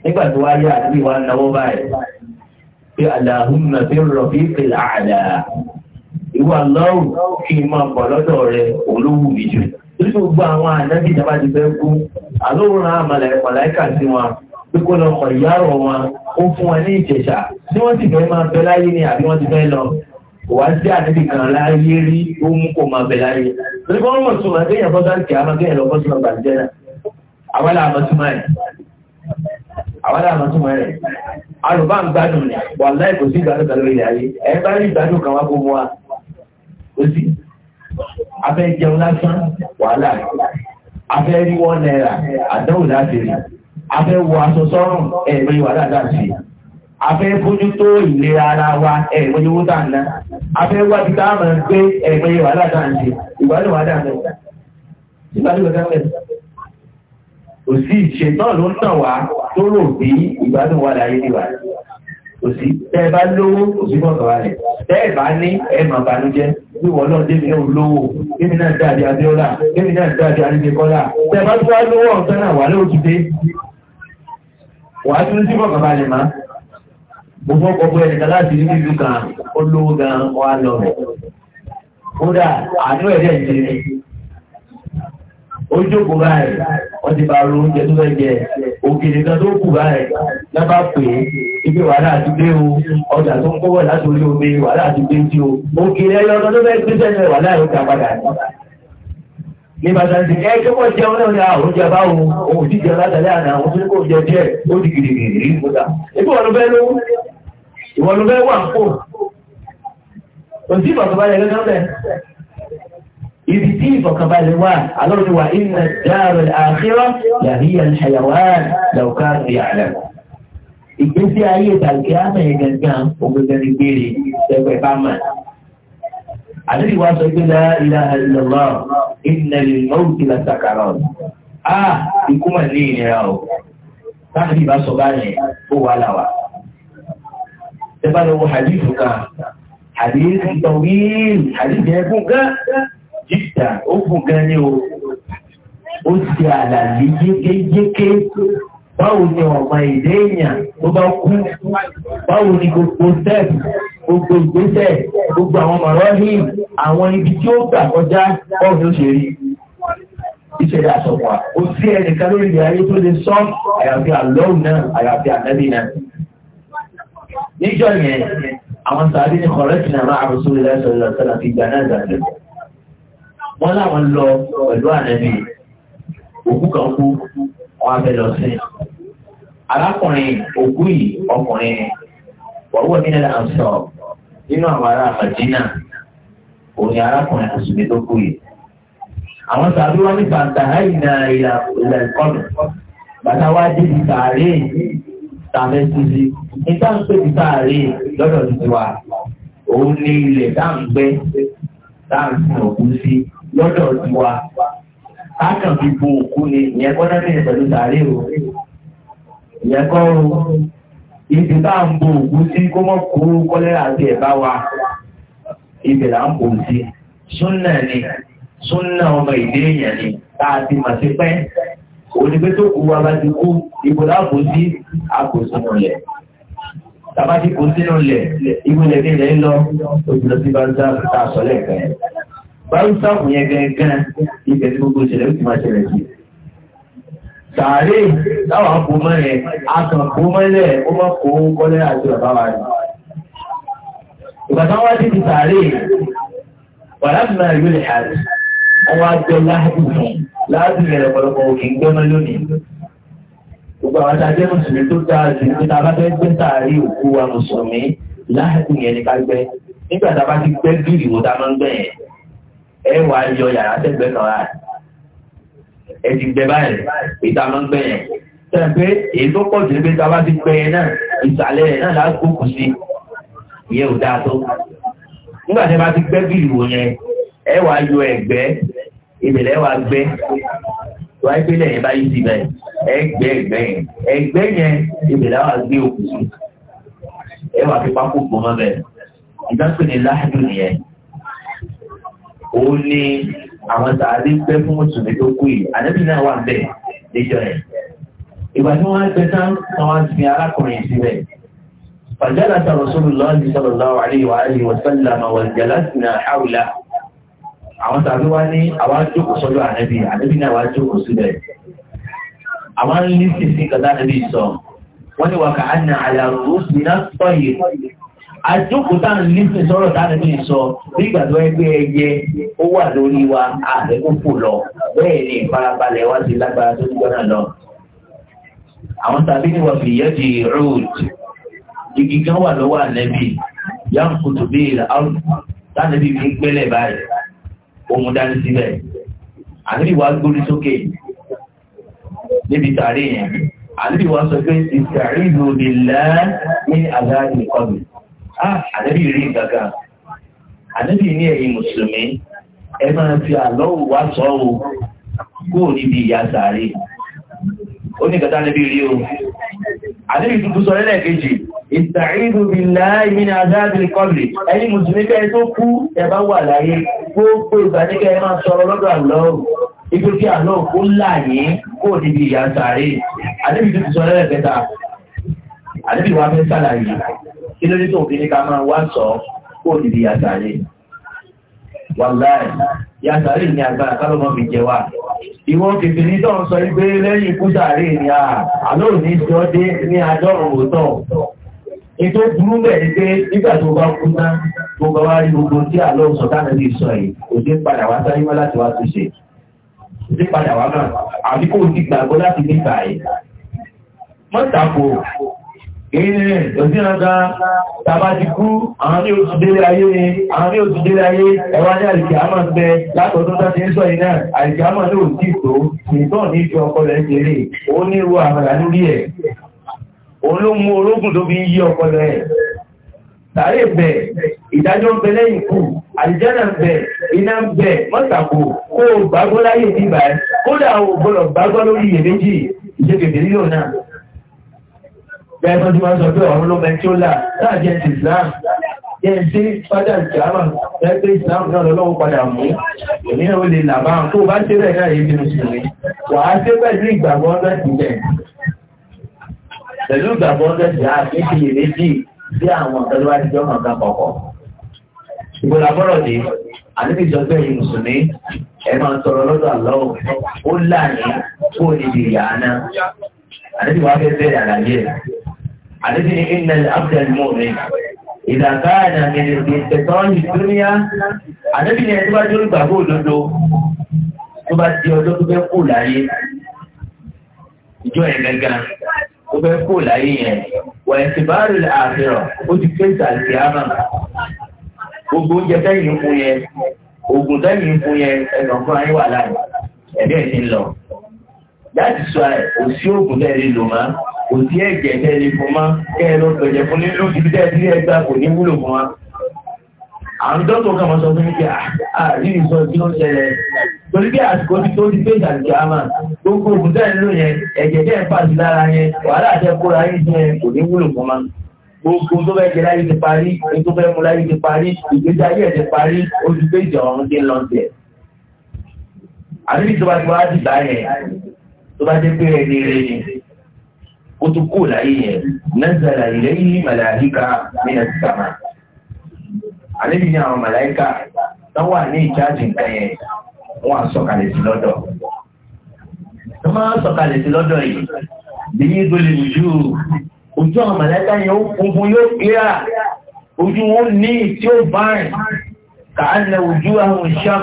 nígbà tó wáyé àti wà náwó báyìí pé Allahumma bir rafiqil a'la ìwà lọ́rùn kí n máa bọ̀ lọ́dọ̀ rẹ olówó mi jù torí gbogbo àwọn ànábì ìjọba ti fẹ́ kú àlóòrán àmàlẹ́kà sí wọn pé kó lọ kọ̀ ìyá ọ̀rọ̀ wọn ó fún wọn ní ìjẹ̀ṣà tí wọ́n ti fẹ́ máa bẹ láyé ni àbí wọ́n ti fẹ́ lọ wà sí àdébì kan láyé rí ó mú kó máa bẹ̀ láyé tó wọn kéèyàn àwọn àmà tó mọ̀ alùbá ń gbádùn ní wà láì kò sí ìgbádùn kan lórí ayé ẹ bá rí ìgbádùn kan wá kó mú wa kò sí afẹ́ jẹun lásán wàhálà afẹ́ rí wọ́n náírà àdánwò láti rí afẹ́ wọ aṣọ sọ́rùn ẹ̀mí wàhálà láti tó ìlera ara wa ẹ̀mí owó tà ń ná afẹ́ wá ti tá àmà ẹ̀mí láti ìgbádùn kò sí ìṣẹ̀tàn ló ń tàn wá tó rò bí ìgbádùn wà láyé níwà kò sí tẹ́ ẹ bá lówó kò sí fọ́ọ̀tọ̀ wa rẹ̀ tẹ́ ẹ bá ní ẹ mà bànújẹ́ bí wọ́n náà débi náà lówó débi náà dáadé Abíọ́lá débi náà dáadé Adédèkọ́lá tẹ́ ẹ bá tún wá lówó ọ̀sán náà wà lóòtú dé wà á tún sí fọ́ọ̀kọ̀ balẹ̀ má mo fọ́ kọ́ fún ẹnìkan láti ní bíbí kan ó lówó gan-an wà lọ kódà àánú ẹ̀rẹ́ ojókòó báyìí wọ́n ti bá ro oúnjẹ tó fẹ́ jẹ kan tó kù báyìí lábá pè é ibi wàhálà àti gbé o ọjà tó ń kọ́wọ́ láti orí omi o òkèlè ẹyọ kan tó gbé wàhálà yóò padà ní pàtàkì ẹ jẹun náà ní àwọn oúnjẹ bá òun ti jẹun àná àwọn tó ó di rí wọn ibi tí ìfọ̀kànbalẹ̀ wà alọ́rùwà inna dáàrù àṣírọ́ yàríyà ṣàyàwán lọ́kà rí àlẹ́ ìgbésí ayé ìtàgé àmì gangan ògbẹ́gbẹ́ni gbére ẹgbẹ́ bá mà àdúrà wa sọ pé la ilaha illallah inna lil mawti la sakarat a ikú mà ní ìnira o láti ìbá sọ báyẹn ó wà láwà ẹ bá lọ wọ hadith kan hadith tawil hadith yẹn kún gán jíjà ó fún gan ni o ó ti àlàyé yékéyéké báwo ni ọmọ èdè èèyàn tó bá kú báwo ni gbogbo step gbogbo ìgbésẹ̀ gbogbo àwọn mọ̀rọ́lì àwọn ibi tí ó gbà kọjá báwo ni ó ṣe rí ìṣẹ̀lẹ̀ àṣọ̀pọ̀ à ó sí ẹnìkan lórí ilẹ̀ ayé tó lè sọ àyàfi àlọ́hùn náà àyàfi ànábì náà níjọ́ yẹn àwọn sàbí ni kọ̀rẹ́tì náà máa àrùsọ ìlẹ́sọ̀rọ̀ ìlọ́sọ̀rọ̀ àti ìgbà náà dàgbẹ́ wọ́n láwọn lọ pẹ̀lú ànẹ́bí òkú kan kú wọ́n abẹ́ lọ sí. arákùnrin òkú yìí ọkùnrin wọ́wọ́ ní ẹ̀dá ń sọ nínú àwọn ará Madina òní arákùnrin mùsùlùmí tó kú yìí. àwọn sàbí wọn ní fàǹtà àìyíná ìlà ìlà ìkọlù bàtà wá dé ti sàárè tàbí sísí níta ń pè ti sàárè lọ́dọ̀ tuntun wa òun ní ilẹ̀ tá à òkú sí lọ́dọ̀ tiwa kákan fi bo òkú ni ìyẹn kọ́ náà bẹ̀rẹ̀ pẹ̀lú sàárè o ìyẹn kọ́ o ibi tá à ń bo òkú sí kó mọ̀ kó kọ́lẹ́ àti ẹ̀bá wa ibẹ̀ là ń bò sí súnà ni súnà ọmọ ìdí èèyàn ni tá a ti mà sí pẹ́ onígbé tó kú wa bá ti kú ibo láàbò sí àpò sínú ilẹ̀ tàbá ti kú sínú ilẹ̀ ibo ilẹ̀ ní ilẹ̀ ń lọ òjò lọ sí bá ń dá àṣọ lẹ́ẹ̀kan yẹn báwùsáàmù yẹn gẹ́gẹ́ ibẹ̀ tí gbogbo ìṣẹ̀lẹ̀ ó ti máa ṣẹlẹ̀ sí. Sàárè táwọn àpò mẹ́rin akàn kó mẹ́lẹ̀ ó máa kó kọ́lẹ́ àti bàbá wa rẹ̀. Ìgbà táwọn wá síbi sàárè wà láti máa rí olè àrè. Àwọn àjọ láàbù láàbù yẹn lọ́pọ̀lọpọ̀ òkè ń gbẹ́mọ́ lónìí. Gbogbo àwọn tá a jẹ́ mùsùlùmí tó dáa jù ní ta bá fẹ́ gbé sàárè òkú wa mùsùlùmí láàbù yẹn ní ká gbẹ́. Nígbà tá a bá ti gbẹ́ bí ìwò tá máa ń gbẹ́ ẹ wà á yọ yàrá tẹ́gbẹ́ kan rà ẹ ti gbẹ báyìí ìta máa ń gbẹ yẹn tẹ̀pẹ́ èyí tó pọ̀ jù níbi tá a bá ti gbẹ yẹn náà ìsàlẹ̀ yẹn náà láti kókò sí ìyẹn ò dáa tó nígbà tí a bá ti gbẹ́ bíìlì wò yẹn ẹ wà á yọ ẹ̀gbẹ́ ìbẹ̀lẹ̀ wà gbẹ́ wà gbẹ́lẹ̀ yẹn bá yí sí bẹ́ẹ̀ ẹgbẹ́ ẹgbẹ́ yẹn ẹgbẹ́ yẹn ìbẹ̀lẹ̀ wà gbé òkú ẹ wà fi pákó gbọmọ bẹ́ẹ̀ ìdásílẹ̀ láàdùn yẹn òun ni àwọn tààrí pẹ́ fún mùsùlùmí tó kú yìí ànábì náà wà bẹ́ẹ̀ níjọ yẹn ìgbà tí wọ́n ń pẹ́ tán tán wá sí arákùnrin síbẹ̀ فجلس رسول الله صلى الله عليه وآله وسلم وجلسنا حوله àwọn tàbí wá ní àwọn jókòó sọ́jọ́ ànẹ́bí ànẹ́bí náà wá jókòó síbẹ̀ àwọn ń lé kàdá ànẹ́bí sọ wọ́n ní wà ká ànà àyàrò ó sì náà àjókòó tá à ń lé fún sọ́rọ̀ táwọn ẹbí sọ nígbà tó ẹgbẹ́ ẹyẹ ó wà lórí wa àfẹ́kókò lọ bẹ́ẹ̀ ni ìfarabalẹ̀ wá sí lágbára tó ń gbọ́nà lọ. àwọn tàbí ni wọ́n fi yẹ́dì road igi kan wà lọ́wọ́ ànẹ́bí yàn kùtù bíi àwọn táwọn ẹbí fi ń gbẹ́lẹ̀ báyìí ohun dání síbẹ̀ àbí wàá gbórí sókè níbi tààrí yẹn àbí wàá sọ pé ìtàrí ìlú nílẹ̀ ní àgbáyé kọ́bí. Ah, ànábì rí gàgà ànábì ní ẹ̀yin mùsùlùmí ẹ máa fi àlọ́ wá sọ o kó o níbi ìyá sàárè ó ní kàtà ànábì rí o ànábì tuntun sọ lẹ́lẹ́kejì ìtàrídù billahi min azabil qabri ẹni mùsùlùmí kẹ́ tó kú ẹ̀bá wà láyé gbogbo ìgbàníkẹ́ máa sọ̀rọ̀ lọ́dọ̀ àlọ́ ibi tí àlọ́ kó láàyè kó níbi ìyá sàárè ànábì tuntun sọ lẹ́lẹ́kẹta ànábì wà fẹ́ sàlàyé kí ló dé tó fi ní ká máa wá sọ kó níbi yàtàrí wàláì yàtàrí ní agbára kálọ́mọ́ fi jẹ wá ìwọ́n kìfì ní tọ́ sọ pé lẹ́yìn ikú sàárè ní a àlọ́ ní sọ dé ní àádọ́rùn òótọ́ ètò burú bẹ́ẹ̀ pé nígbà tó bá kú ná tó bá wá rí gbogbo tí àlọ́ sọ dáná lè sọ yìí kò dé padà wá sáyé wá láti wá tó kò dé padà wá náà àbí kò ti gbàgbọ́ láti níta yìí mọ́tàkùn ìrìn òsí ọ̀dá tàbá ti kú àwọn ní oṣù délé ayé ni àwọn ní oṣù délé ayé ẹwà ní àlìkìámọ̀ ń bẹ látọ̀tún tàbí ń sọ iná àlìkìámọ̀ ní òsì tó nìtàn ní ìfẹ́ ọkọ rẹ̀ kéré ó ní irú àmàlà lórí ẹ̀ òun ló mú ológun tó fi ń yí ọkọ rẹ̀ sàárè bẹ ìdájọ́ ń bẹ lẹ́yìn kù àlìjánà ń bẹ iná ń bẹ mọ́tàkù kó o gbàgbọ́ láyé bíbá kódà o gbọ́dọ̀ gbàgbọ́ lórí iyèméjì ìṣèkèdè lílò náà bẹ́ẹ̀ tó ti máa sọ pé ọ̀run ló mẹ́ tí ó là láàjẹ́ ti Islam yẹn tí fádà ìjàmà ẹgbẹ́ Islam náà lọ́wọ́ padà mú èmi náà ó lè là máa tó bá ṣe bẹ́ẹ̀ náà yìí bínú sí mi wà á ṣe pẹ̀lú ìgbàgbọ́ ọ̀rẹ́ ti bẹ̀ pẹ̀lú ìgbàgbọ́ ọ̀rẹ́ ti á fi ṣe ìrètí sí àwọn ọ̀tọ́lú wá ti jọ mọ̀ ká kọ̀kọ̀ ìgbòlá bọ́rọ̀ dé àdébí ìjọba ẹ̀yìn mùsùlùmí ẹ máa sọ̀rọ̀ lọ́dọ̀ àlọ́wọ̀ ó láàyè kó o lè dè yàrá náà àdébí wàá fẹ́ bẹ́ẹ̀ àlàyé rẹ̀ عليه إن العبد المؤمن إذا كان من الشيطان الدنيا àdébí ni ẹ̀tọ́ bá jẹ́ olùgbàgbọ́ òdodo tó bá di ọjọ́ tó fẹ́ kú láyé ìjọ yẹn gẹ́gẹ́ tó fẹ́ kú láyé yẹn wọ̀ ẹ̀ ti bá rè àfihàn ó ti fẹ́ sàlùkì àmà gbogbo oúnjẹ tẹ́yìn fún yẹn oògùn tẹ́yìn fún yẹn ẹ̀nà fún ayé wà láàyè ẹ̀dẹ́ ẹ̀ ti ń lọ láti sọ òsì oògùn tẹ́yìn kò sí ẹ̀jẹ̀ tẹ́lẹ̀ fún má kẹ́ẹ̀lọ́ tọ̀jẹ̀ fún ní lóòtí bí tẹ́ẹ̀ sí ẹgbà kò ní wúlò fún wa àwọn dọ́tọ̀ kan mọ́ sọ fún ní pé àrírí ah, ah, sọ tí ó ṣẹlẹ̀ torí bí àsìkò tí tó ti pé ìdàgbé àmà tó kó ògùn tẹ́ẹ̀ lò yẹn ẹ̀jẹ̀ tẹ́ẹ̀ fà sí lára yẹn wàhálà àti ẹkúra yìí sí yẹn kò ní wúlò fún ma gbogbo tó fẹ́ jẹ láyé ti parí tó fẹ́ mu láyé ti parí ìgbésí ayé ẹ̀ ti parí oṣù pé ìjà ọ̀run ti ń lọ sí ẹ̀ àrírí bá ti wá dìgbà yẹn tó bá dé pé ẹni rẹ̀ yẹn ó tún kó láyé yẹn nazala ilayhi màláìka minas sama àlébi ní àwọn màláìka tán wà ní ìjáàjì nǹkan yẹn wọ́n á sọ̀kalẹ̀ sí lọ́dọ̀ tó máa sọ̀kalẹ̀ sí lọ́dọ̀ yìí bí yí tó lè lùjú ojú àwọn màláìka yẹn ó funfun yóò kíra ojú wọn ní tí ó báyìí kàánà ojú àwọn ìṣàm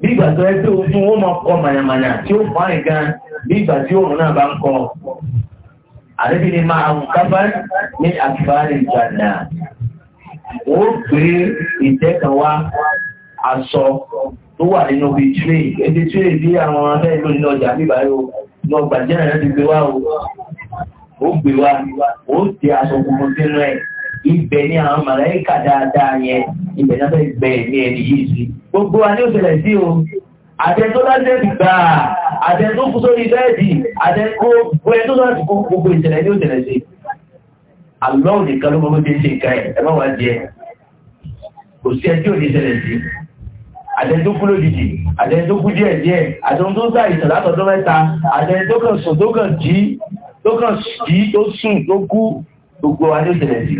bí tó ẹgbẹ́ ojú wọn máa kọ mànàmànà tí ó báyìí gan bí tí òun àdébí ni máa ń kábà ní àkìbárì ìjàdà ó gbé ìtẹ́ kan wá aṣọ tó wà nínú bíi tíre ebi tíre bí àwọn abẹ́ ìlú nínú ọjà bíbá yóò lọ gbàjẹ́ rẹ̀ ti gbé wá o ó gbé wá ó ti aṣọ funfun sínú ẹ̀ ibẹ̀ ni àwọn màláìkà dáadáa yẹn ibẹ̀ náà fẹ́ gbẹ̀ ní ẹni yìí sí gbogbo wa ni ó ṣẹlẹ̀ sí o àtẹ́tọ́lájẹ́ ìgbà àtẹ́tọ́ kú sórí bẹ́ẹ̀dì àtẹ́kọ́ gbẹ́ẹ̀ tó láti kó gbogbo ìṣẹ̀lẹ̀ ní òṣẹ̀lẹ̀ sí àlọ́ nìkan ló mọ́ bí ṣe ìka ẹ̀ ẹ̀mọ́ wá jẹ kò sí ẹjọ́ òní ìṣẹ̀lẹ̀ sí àtẹ́tọ́ kú lójijì àtẹ́tọ́ kú díẹ̀ díẹ̀ àtẹ́tọ́ tó gbà ìṣẹ̀ látọ̀dọ́ mẹ́ta àtẹ́tọ́ kan sùn tó kàn jí tó kàn jí tó sùn tó kú gbogbo wa ní òṣẹ̀lẹ̀ sí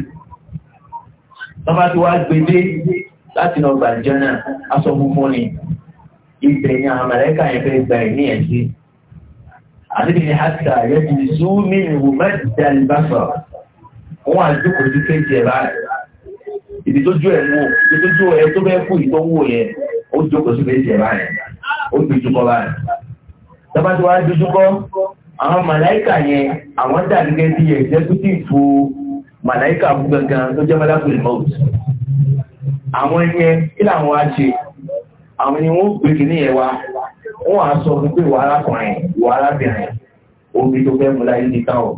tọ́ba ti wá gbedé láti lọ gbàjẹ́ náà aṣọ funfun ni ibẹ̀ ni àwọn mẹ̀lẹ́kà yẹn fẹ́ gba ẹ̀mí ẹ̀ sí. Àdébí ni Hásítà yẹ ti sú mí ìwò mẹ́ta ìbáfà. Wọ́n á jókòó sí kéjì ẹ̀ báyìí. Ibi tó jó ẹ̀ wò, ibi tó jó ẹ̀ tó bẹ́ẹ̀ kú ìtọ́wò yẹn, ó jókòó sí kéjì ẹ̀ báyìí. Ó dojú kọ báyìí. Tọ́ba tí wàá dojú kọ, àwọn mẹ̀lẹ́kà yẹn, àwọn dà gẹ́gẹ́ bí ẹ̀jẹ̀kútìfù mẹ̀lẹ́kà gangan tó jẹ́ mẹ́lẹ́kùn ìmọ̀ọ̀tì. Àwọn yẹn kí àwọn ni wọ́n gbé kìíní yẹn wá wọ́n á sọ fún pé wà arákùnrin wà arábìnrin omi tó fẹ́ mú láyé ti tán o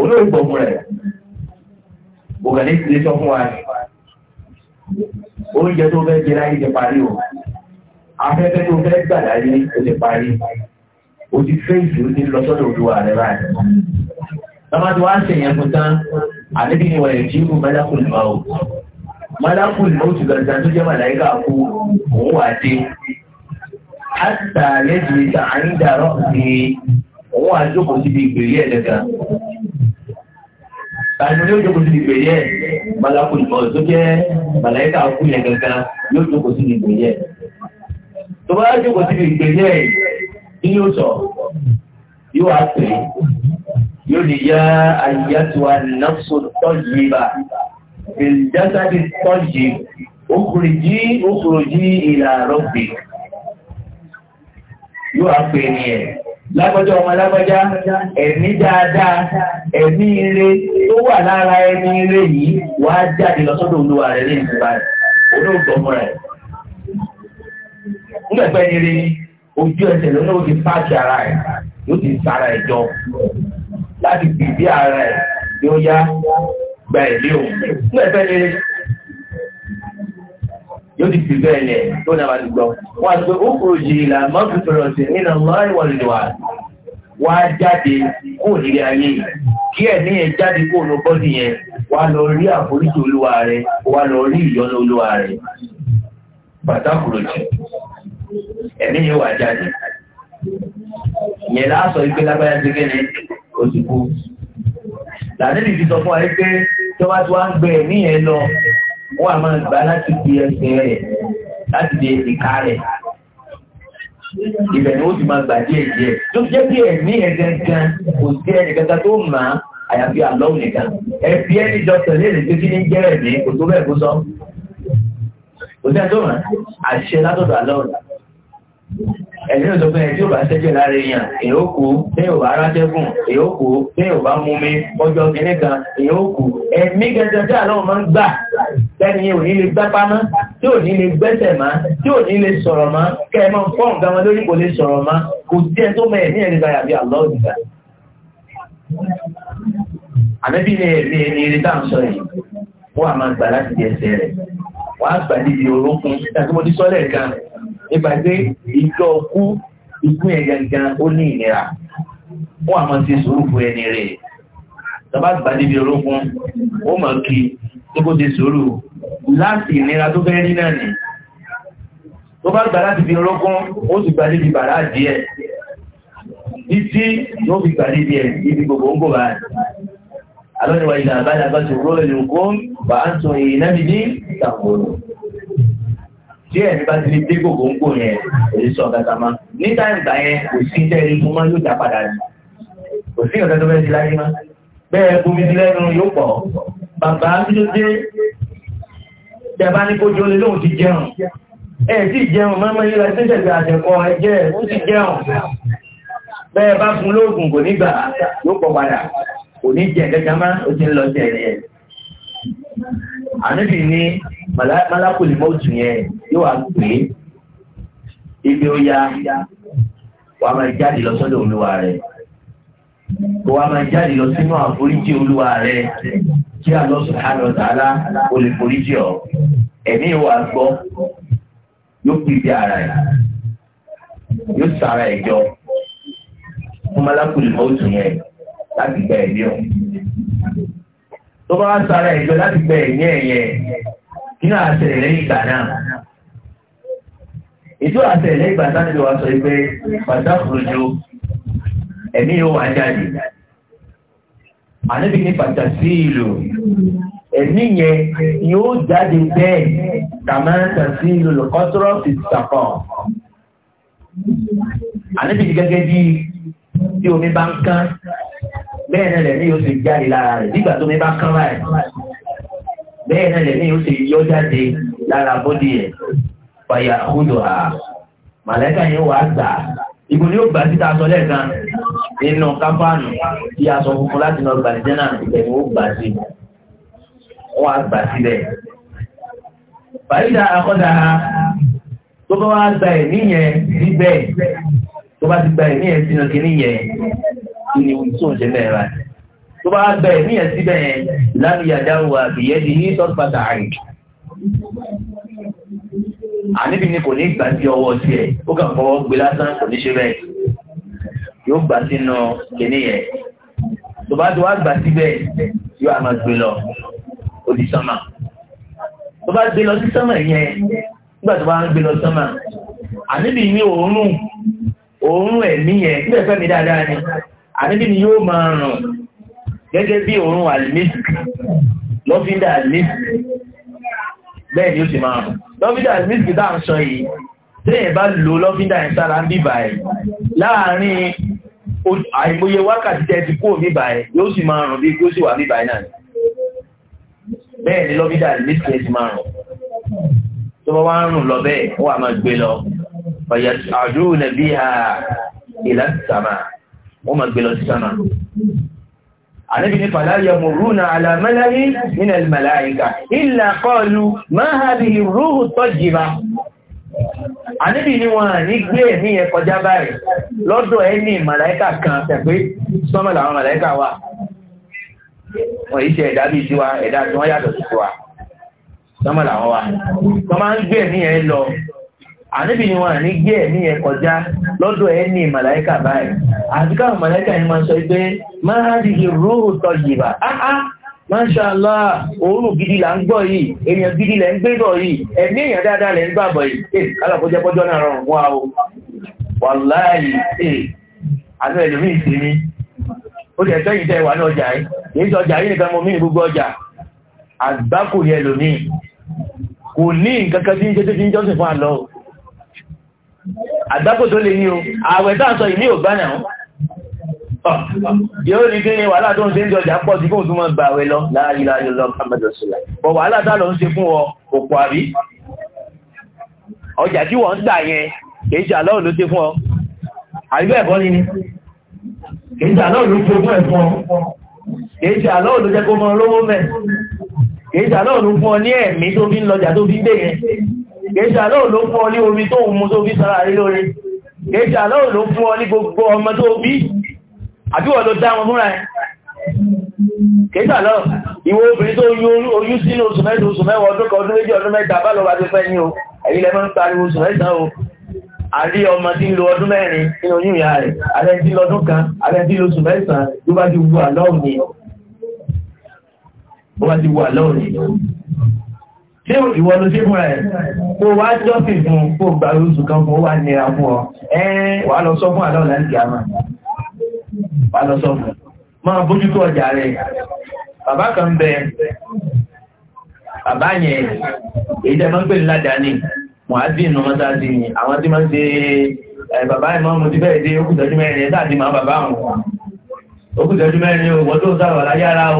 olóògbò fún rẹ̀ bùkàdé ti lè sọ fún wa ni oúnjẹ tó fẹ́ jẹ láyé ti parí o afẹ́fẹ́ tó fẹ́ gbà láyé o ti parí o ti fèsì o ti lọ sọ́dọ̀ olúwa rẹ báyìí lọ́mọdé wa ń ṣèyàn fún tán àdébìnrin wọ̀nyí tí kò mẹ́lẹ́kùn lọ́wọ́ malakul mọ́tù gàdá tó jẹ́ màláìkà kú òun wà dé àtà yẹ́jì ta àyíndàrọ́ sí òun wà jókòó síbi ìgbèrè ẹ̀ lẹ́gà tàbí yóò jókòó síbi ìgbèrè ẹ̀ malakul mọ́tù tó jẹ́ màláìkà kú yẹn gangan yóò jókòó síbi ìgbèrè ẹ̀ tó bá jókòó síbi ìgbèrè ẹ̀ kí yóò sọ yóò á pè yóò lè yá ayé tó wà náà tọ́jú yé bá. bìljásádì tọ́jì okùrìjí okùrìjí yóò á pè ní ẹ̀ lágbájá ọmọ lágbájá ẹ̀mí dáadáa ẹ̀mí ire tó wà lára ẹni ire yìí wà á jáde lọ́sọ́dọ̀ olúwa rẹ̀ ara sara láti ara ẹ̀ yóò yá gba ìlé òun ní ẹ̀fẹ́ ni ti fi bẹ́ẹ̀ lẹ̀ tó jáde kó nílé ayé kí ẹ̀mí yẹn jáde kó lọ bọ́dì yẹn wá lọ rí àforíjì olúwa rẹ wá lọ rí ìyọ́nú olúwa rẹ bàtà kúrò ẹ̀mí yẹn wà jáde yẹn láàsọ ìgbélágbáyà ti tọ́wá tí wọ́n ń gbẹ ẹ̀mí yẹn lọ wọ́n á máa gbà láti di ẹsẹ̀ rẹ̀ láti di ìka rẹ̀ ibẹ̀ ni ó ti máa gbà díẹ̀ díẹ̀ tó jẹ́ bí ẹ̀mí yẹn gangan kò sí ẹnì kankan tó mà á àyàfi àlọ́ nìkan ẹbí ẹni jọ tẹ̀lé lè fi ní jẹ́ ẹ̀mí kò tó bẹ́ẹ̀ kó sọ kò sí ẹni tó mà á àṣẹ látọ̀dọ̀ àlọ́ ẹ̀sìn ò sọ pé ẹ̀sìn ò bá tẹ́jẹ̀ lára èèyàn èèyàn ó kú bẹ́ẹ̀ ò bá rájẹ́gùn èèyàn ó kú bẹ́ẹ̀ ò bá múmi ọjọ́ kìíní kan èèyàn ó kú ẹ̀mí gẹ́gẹ́ tí àlọ́ máa ń gbà lẹ́ni yẹn ò ní lè gbápá mọ́ tí ò ní lè gbẹ́sẹ̀ mọ́ tí ò ní lè sọ̀rọ̀ mọ́ kẹ́ ẹ máa ń fọ́ nǹkan wọn lórí kò lè sọ̀rọ̀ mọ́ kò sí ẹ tó mọ ẹ̀mí ẹ̀ nígbà yàbí àlọ́ òdìgbà. àbẹ́bí ni ẹ̀mí ẹni eré tá à ń sọ yìí wọ́n á máa gbà nípa pé ìjọ kú ikú yẹn gangan ó ní ìnira wọ́n àmọ́ sí sùúrù fún ẹni rẹ̀ tọ́ba gbà níbi orókún ó mọ̀ kí tó kó ti sùúrù láti ìnira tó fẹ́ rí náà nì tó bá gbà láti fi orókún ó sì gbà níbi bàrá díẹ̀ títí yóò fi gbà níbi ẹ̀ níbi gbogbo ń kò bá alọ́niwa ìgbà àbáyà bá ti rọ́ ìlú kó bá ń sọ èyí náà níbi ìtàkùn tí ẹ̀mí bá ti lè dé gògóńgò yẹn èyí sọ ọ̀gá sáma ní táyì ìgbà yẹn kò sí tẹ́lẹ̀ fún mọ́ yóò dá padà ní kò sí ọ̀gá tó fẹ́ ti láyé mọ́ bẹ́ẹ̀ bomi ti lẹ́nu yóò pọ̀ bàbá tí ó dé tẹ̀bá ní kó jọlé lóhun ti jẹun ẹ̀ tí jẹun mọ́mọ́ yóò la ṣẹ̀ṣẹ̀ gbà àtẹ̀kọ́ ẹ̀jẹ̀ ó ti jẹun bẹ́ẹ̀ bá fún lóògùn kò ní gbà yóò pọ̀ padà kò ní jẹ kẹkẹ má ó ti ń lọ sí ànábì ní malakuli mọ́tù yẹn yóò wá pè ibi ó yá wàá máa jáde lọ sọ́dọ̀ olúwa rẹ̀ kó máa jáde lọ sínú àforíjì olúwa rẹ̀ kí Allah subhanahu wa ta'ala ó lè ẹ̀mí ìwà gbọ́ yóò pè bí ara ẹ̀ yóò sara ẹ̀ fún malakuli yẹn láti gba ẹ̀mí tó bá wá sára ìjọ láti gbẹ ẹ̀yẹ ẹ̀yẹ kí náà ṣẹlẹ̀ lẹ́yìn ìgbà náà ìjọ àṣẹlẹ̀ lẹ́yìn ìgbà sáà wa sọ pé pàtàkùrùjọ ẹ̀mí yóò wá jáde àníbi ní pàtàkì ìlú ẹ̀mí yẹn yóò jáde bẹ́ẹ̀ kàmáńtà sí ìlú lọ́kọ́tọ́rọ́ fi sàkọ́ àníbi gẹ́gẹ́ bí tí omi bá ń kán bẹ́ẹ̀ náà lẹ́ni yóò ṣe jáde lára rẹ̀ nígbà tó mi bá kán báyìí bẹ́ẹ̀ náà lẹ́ni yóò ṣe yọ jáde lára bọ́dì ẹ̀ fàyà àkójọ à màlẹ́kà yẹn wà á gbà ìbò ni ó gbà síta aṣọ lẹ́ẹ̀kan nínú káfáànù tí aṣọ funfun láti lọ gbà níjẹ́ náà ìbẹ̀ ni ó gbà sí wọ́n á gbà sílẹ̀ fàyídà àkọ́dà tó bá wá gba ẹ̀mí yẹn síbẹ̀ tó bá ti gba ẹ̀mí yẹn sínú kìíní yẹn kiri ohun tí ò ṣe bẹ́ẹ̀ rà tó bá bẹ̀rẹ̀ ní ẹ̀sí bẹ́ẹ̀ lánìyà dáhùn àbìyẹ́ ní sọ́pàtà àrìn àníbi ni kò ní gbà sí ọwọ́ sí ẹ̀ ó kàn fọwọ́ gbé lásán kò ní ṣe bẹ́ẹ̀ yóò gbà sínú kìnìún yẹn tó bá ti wá gbà síbẹ̀ yóò àmà gbé lọ ó di sánmà tó bá gbé lọ sí sánmà yẹn nígbà tó bá ń gbé lọ sánmà àníbi ní òórùn òórùn ẹ̀mí yẹn nígbà fẹ́mi dáadáa ni àníbí ni yóò máa rùn gẹ́gẹ́ bí òórùn àlìmísì lọ́fíńdà àlìmísì bẹ́ẹ̀ ni ó sì máa rùn lọ́fíńdà àlìmísì tá à ń sọ yìí tẹ́yìn bá lo lọ́fíńdà ẹ̀ sára ń bíbà ẹ̀ láàárín àìmọye wákàtí tẹ́ ti kúrò bíbà ẹ̀ yóò sì máa rùn bí yóò sì wà bíbà ẹ̀ náà bẹ́ẹ̀ ni lọ́fíńdà àlìmísì ẹ̀ sì máa rùn tó bá wá ń rùn lọ bẹ́ẹ̀ wọ́n á máa gbé lọ ọ̀yà àdúró nàbí ìlà sàmà wọ́n máa gbé lọ sí sánà lọ àníbi ní fàláyà mọ̀rúnà alàmẹ́lẹ́rí nínú ẹlmẹ̀láìkà ìlà kọlu máa ha bí rúhù tọ́jìmá àníbi ní wọn ní gbé ní ẹ kọjá báyìí lọ́dọ̀ ẹni màláìkà kan tẹ̀pé sọ́mọ̀lá àníbi ni wọn ní gbé ẹ̀mí yẹn kọjá lọ́dọ̀ ẹ̀ ní màláíkà báyìí àti káwọn màláíkà yẹn máa sọ pé máa di ìrúhù tọ́jìbà áá Masha oòrùn gidi là ń gbọ́ yìí èèyàn gidi lẹ̀ ń gbébọ̀ yìí ẹ̀mí èèyàn dáadáa lẹ̀ ń gbàbọ̀ yìí eh alákọjẹ́kọjọ́ náà rọrùn wá o àgbákò tó lè ní o ààwẹ̀ tàà sọ ìní ò gbáyà wọn yóò rí kí wàhálà tó ń ṣe ń jọjà pọ̀ sí fún òtúmọ̀ gbà àwẹ̀ lọ láàrín láàrín lọ kàmàdọ̀sílẹ̀ bọ̀ wàhálà tàà lọ ń ṣe fún ọ òpó àrí ọjà tí wọ́n ń tà yẹn kìí ṣe àlọ́ ló ṣe fún ọ àríbẹ̀ ẹ̀kọ́ ni kìí ṣe àlọ́ ló ṣe fún ẹ̀fọn kìí ṣe àlọ́ ló jẹ́ kó mọ lówó mẹ́ kìí ṣe àlọ́ gẹ́ṣà náà ló fún ọ ní omi tó mú tó bí sára rí lórí gẹ́ṣà náà ló fún ọ ní gbogbo ọmọ tó bí àbíwọ̀ ló dá wọn fúnra ẹ̀ gẹ́ṣà náà ìwọ obìnrin tó oyún sínú oṣù mẹ́rin oṣù mẹ́wọ̀ ọdún kan ọdún méjì ọdún mẹ́ta bá lọ́wọ́ ti fẹ́ ní o ẹ̀yìn lẹ́mọ́ ń pariwo oṣù mẹ́sàn o àrí ọmọ tí ti wù àlọ́ọ̀ni Ṣé ìwọ ló ṣe fún ẹ̀? Kó wá jọ́sìn fún kó gbà oṣù kan fún ó wà nira fún ọ. Ẹ wà lọ sọ fún àdáwọ̀ láti àmà. Wà lọ sọ fún. Máa bójú tó ọjà rẹ̀. Bàbá kan bẹ. Bàbá yẹn, èyí tẹ́ máa ń pè ní ládàáni. Mùhàdín ní mọ́sáàdì ni. Àwọn tí máa ń ṣe bàbá ìmọ̀ mo ti fẹ́ dé ó òkútẹ́jú mẹ́rin o wọ́n tó ń sára láyára o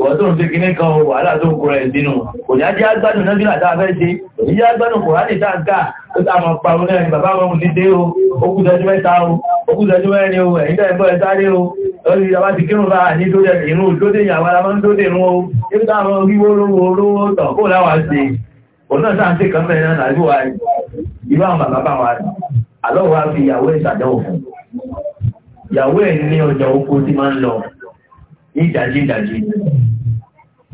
wọ́n tó ń fi kíní kan o wàhálà tó ń kúrẹ̀ ìdínú kò ní ajé agbádùn náà bí àtàwà fẹ́ ṣe òní jẹ́ agbádùn kò ráàdì táǹkà tó tààmà parun náà ni bàbá wọn ti dé o òkútẹ́jú mẹ́ta o òkútẹ́jú mẹ́rin o ẹ̀yìn tẹ́ ìyàwó ẹ̀ ní ọjà oko tí máa ń lọ ní ìdájí ìdájí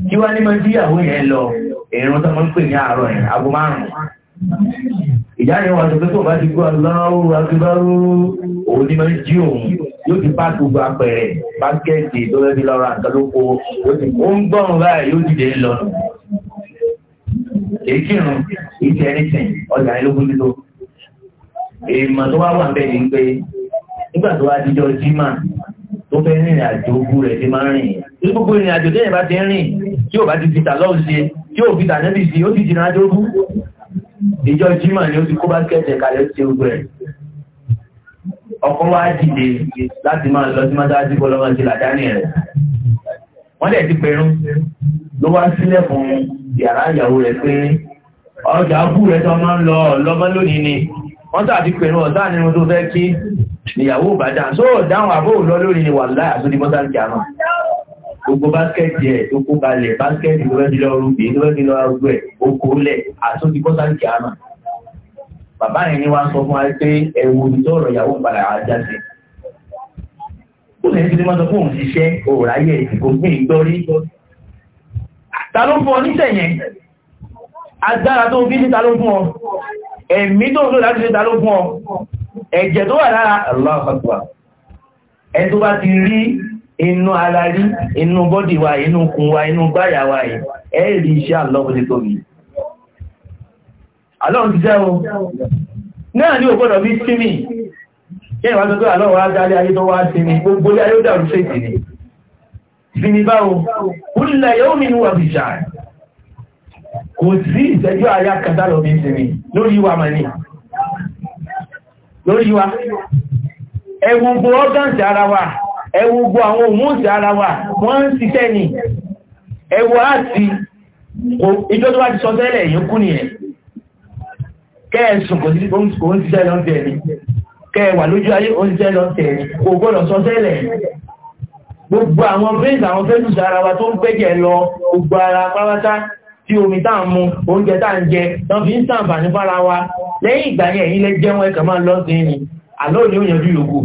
kí wá ní máa ń tí ìyàwó yẹn lọ ìrún tó máa ń pè ní àárọ̀ ẹ̀ aago márùn-ún ìyá yẹn wà tuntun tó bá ti gbọ́ aláwọ̀ agbábáró òun ni máa ń jí òun yóò ti bá gbogbo apẹ̀rẹ̀ bákẹ́ẹ̀tì tó fẹ́ fi lọ ra nǹkan lóko ó ń gbọ́rùn báyìí yóò dìde lọ èkìrùn ìtẹ̀rìsìn ọjà ìlógún lílo èèmọ̀ tó wá wà bẹ́ẹ̀ ni pé nígbà tó wá díjọ jímà tó fẹ́ rìnrìn àjò ogun rẹ̀ ti máa rìn tí gbogbo ìrìn àjò tẹ́yẹ̀ bá ti rìn tí ò bá ti fi tàlọ́ ṣe tí ò fi tànẹ́bì sí ó ti jìnà àjò ogun ìjọ jímà ni ó ti kó bá kẹ́ẹ̀tẹ̀ kalẹ̀ ṣe ogun rẹ̀ ọkọ̀ wá dìde láti máa lọ sí mọ́sáájú bọ́lọ́mọ́ sí làdání rẹ̀ wọ́n dẹ̀ ti pẹ̀rún ló wá sílẹ̀ fún yàrá ìyàwó rẹ̀ pé ọjà kú rẹ̀ tó máa ń lọ lọ́mọ́ lónìí ni wọ́n tàbí pẹ̀rún ọ̀sán nínú tó fẹ́ kí ìyàwó bàjá só so àbó lọ lórí ni wà láyà tó di mọ́sálì jàmà gbogbo báskẹ́ẹ̀tì ẹ̀ tó kó kalẹ̀ báskẹ́ẹ̀tì ló fẹ́ẹ́ lọ rúgbì ló fẹ́ẹ́ lọ jàmà bàbá yẹn ni wá sọ fún wa pé ẹ̀wù ìtọ́rọ̀ ìyàwó padà ajá sí ó lè ti mọ́ sọ fún òun ṣiṣẹ́ òòráyè òfin ìgbọ́rí ta ló fún ọ agbára tó ń fi ní ta ló fún ọ ẹ̀mí tó ń lò láti ṣe ta ló fún ọ ẹ̀jẹ̀ tó wà lára aláàfàgbà ẹ tó bá ti rí inú ara rí inú bọ́dì wa inú kun wa inú gbáyà wa yìí ẹ rí iṣẹ́ àlọ́bọ̀dé tóbi alọ́run ti jẹ́ o náà ní ògbọ́dọ̀ bí símì kí ẹ̀wà tó gbé alọ́run adárí ayé tó wá símì gbogbo ayé lórí wa ẹwùgbò ọ́gánsì ara wa ẹwùgbò àwọn òmúnsì ara wa wọ́n ń ṣiṣẹ́ ni ẹwù àti ìjọ tó wá ti sọ tẹ́lẹ̀ èyí kú nìyẹn kẹ́ẹ̀sùn kò sí òun ṣiṣẹ́ lọ tẹ̀lé kẹ́ẹ̀wà lójú ayé òun ṣiṣẹ́ lọ tẹ̀lé kò gbọ́dọ̀ sọ tẹ́lẹ̀ gbogbo àwọn bíńsì àwọn fẹ́sùs ara wa tó ń gbẹ́jẹ̀ lọ gbogbo ara pátá tí omi tá ń oúnjẹ tá ń jẹ tán fi ń sàǹfààní fára wa lẹ́yìn ìgbà yẹn ẹ̀yin lẹ jẹun ẹ̀kàn máa lọ sí ni àlọ́ ni ó yanjú yòókù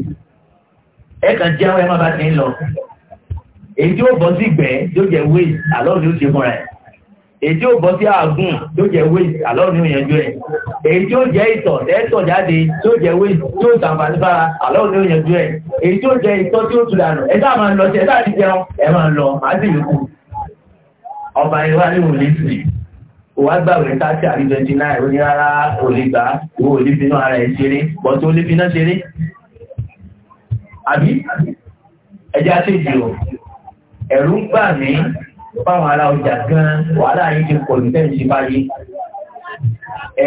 ẹ̀kàn jẹun ẹ̀ máa bá ti ń lọ èyí tí ó bọ́ sí ìgbẹ́ tí ó jẹ́ wéè àlọ́ ni ó ṣe fúnra ẹ̀ èyí tí ó bọ́ sí àgùn tí ó jẹ́ wéè àlọ́ ni ó yanjú ẹ̀ èyí tí ó jẹ́ ìtọ̀ tẹ́tọ̀ jáde tí ó jẹ́ wéè tí ó sàǹfààní bára àlọ́ ni ó yanjú ẹ̀ èyí tí ó jẹ́ ìtọ̀ tí ó tu dànù ẹ̀ sáà máa ń lọ sí ẹ̀ sáà ti jẹun ẹ̀ máa wà gbàgbé tàbí àrí 29 ó ní rárá olígbà owó olífinà ara ẹ̀ ṣeré bọ́ tó olífinà ṣeré àbí ẹjá tí ìjìrò ẹ̀rù ń gbà mí fáwọn ará ọjà gan wàhálà yìí ti pọ̀ ní tẹ́ǹsì báyìí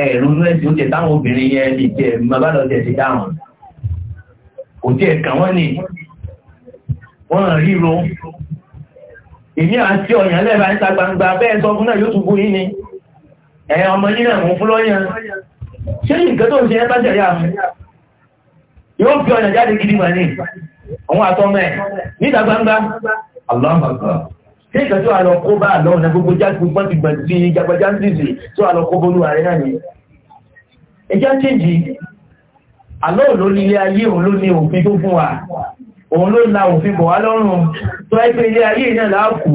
ẹ̀rù ní ẹ̀sìn oúnjẹ táwọn obìnrin yẹn lè jẹ mọ́bálọ̀ jẹ ti dáhùn kò tí ẹ̀kà wọ́n ni wọ́n ríro èmi àti ọ̀yàn lẹ́ẹ̀bà ń ta gbangba bẹ́ẹ̀ sọ fún náà yóò tún bú yín ni ẹ̀yìn ọmọ nínú ẹ̀mú fúlọ́yàn ṣé nǹkan tó ń ṣe ẹ́bá jẹ̀rí àmú yóò fi ọ̀nà jáde gidi mà ní àwọn àtọ́mọ̀ ẹ̀ níta gbangba aláàmàgbà ṣé nǹkan tó àlọ́ kó bá àlọ́ ọ̀nà gbogbo jáde gbogbo ti gbà sí jagbajá ṣìṣì tó àlọ́ kó bólú ààrẹ náà ni já chéjì àlọ́ òló nílé ayé òun ló ní òfin tó fún wa òun ló la òfin bọ̀ wá lọ́rùn tó ẹgbẹ́ ilé ayé náà láàkú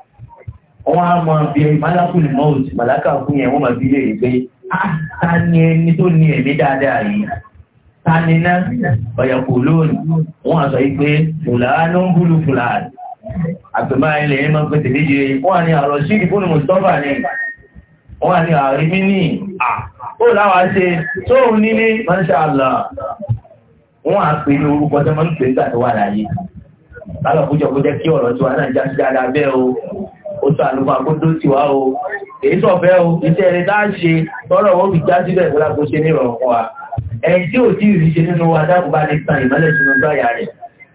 wọ́n á máa bí malakul mọ́ọ̀t malaka fún yẹn wọ́n máa bí léèrè pé ah, ta ni ẹni tó ní ẹ̀mí dáadáa yìí ta ni ná ọ̀yàkù lónìí wọ́n á sọ yìí pé fùlàánú ń búlù fùlàánù àgbẹ̀mọ́ ilẹ̀ yẹn máa ń pèsè díje wọ́n ní àrọ̀ sí ìfúnni mustapha ni wọ́n ní àrí mímí ó láwá ṣe tó ń nílé mọ́ṣáàlá wọ́n á pè ní orúkọ tó máa ń pè nígbà tó wà láyé lálọ́kújọ́ kó jẹ́ kí ọ̀rọ̀ tó wà náà já sí dáadáa bẹ́ẹ̀ o ó sàánú fún agbódó tí wá o èyí sọ̀fẹ́ o iṣẹ́ ẹni tá à ń ṣe tọ́rọ̀ wọn fi já síbẹ̀ tó lágbo ṣe ní ìrọ̀rùn fún wa ẹni tí ò tí ì rí ṣe nínú wa dákùn bá ní tan ìmọ́lẹ̀ sínú gbáyà rẹ̀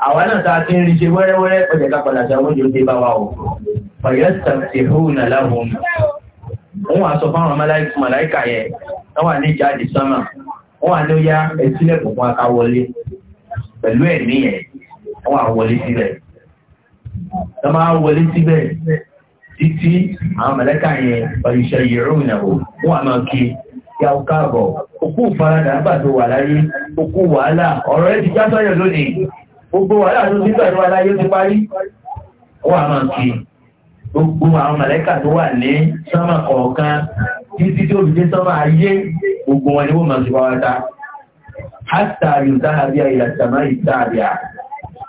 àwa náà tá a ti ń rí ṣe wẹ́rẹ́wẹ́rẹ́ ọjà ká padà ṣàwọn oúnjẹ oúnjẹ bá wa o ọ̀yọ́ sàmìhún aláhùn òun wọ́n wà wọlé pẹ̀lú ẹ̀mí yẹn wọlé síbẹ̀ títí àwọn mẹ̀lẹ́kà yẹn ọ̀yíṣẹ́ yẹ̀rọ ìnáwó fún àmà kí ya ó káàbọ̀ òkú ìfaradà nígbà tó wà láyé òkú wàhálà ọ̀rọ̀ ẹ ti já sọ́yọ̀ lónìí gbogbo wàhálà tó ti gbà tó wà láyé ti parí ó àmà kí gbogbo àwọn mẹ̀lẹ́kà tó wà ní sánmà kọ̀ọ̀kan títí tó fi dé sánmà ayé gbogbo wọn ni wọ́n máa ti wá wáta hátà yòtá àbíà ìyàtàmá ìtà àbíà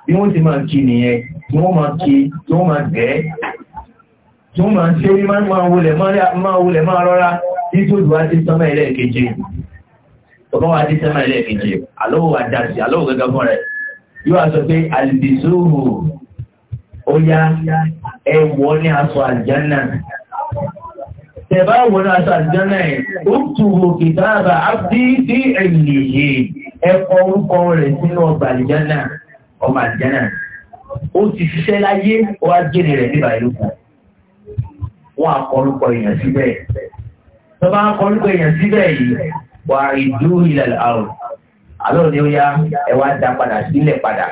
bí wọ́n ti máa kí nìyẹn tí wọ́n máa kí tí wọ́n máa gẹ̀ẹ́ tó máa ń ṣe rí máa wulẹ̀ máa rọ́rá tí tó dùn á ti sánmà ilẹ̀ ìkeje ọ̀bọ̀n wa ti sánmà ilẹ̀ ìkeje alówó wa dá sí alówó gẹ́gẹ́ fún rẹ̀ yóò sọ pé alìbìsóhù ó yá ẹwọ́ ní aṣọ àlìjánà tẹ̀bá wọ́n aṣọ àlìjánà ẹ̀ ó tùwò kìtàbà ábdí sí ẹ̀yìnlẹ̀ ẹ̀kọ́ orúkọ rẹ̀ sínú ọgbà àlìjánà ọmọ àlìjánà ó ti ṣiṣẹ́ láyé ó wá jẹ́ rẹ̀ níbà ìlú kan wọ́n akọlùkọ èèyàn síbẹ̀. tó bá akọlùkọ èèyàn síbẹ̀ yìí wà ìdú ilẹ̀ àrùn àlọ́ ni ó yá ẹ wá dá padà sílẹ̀ padà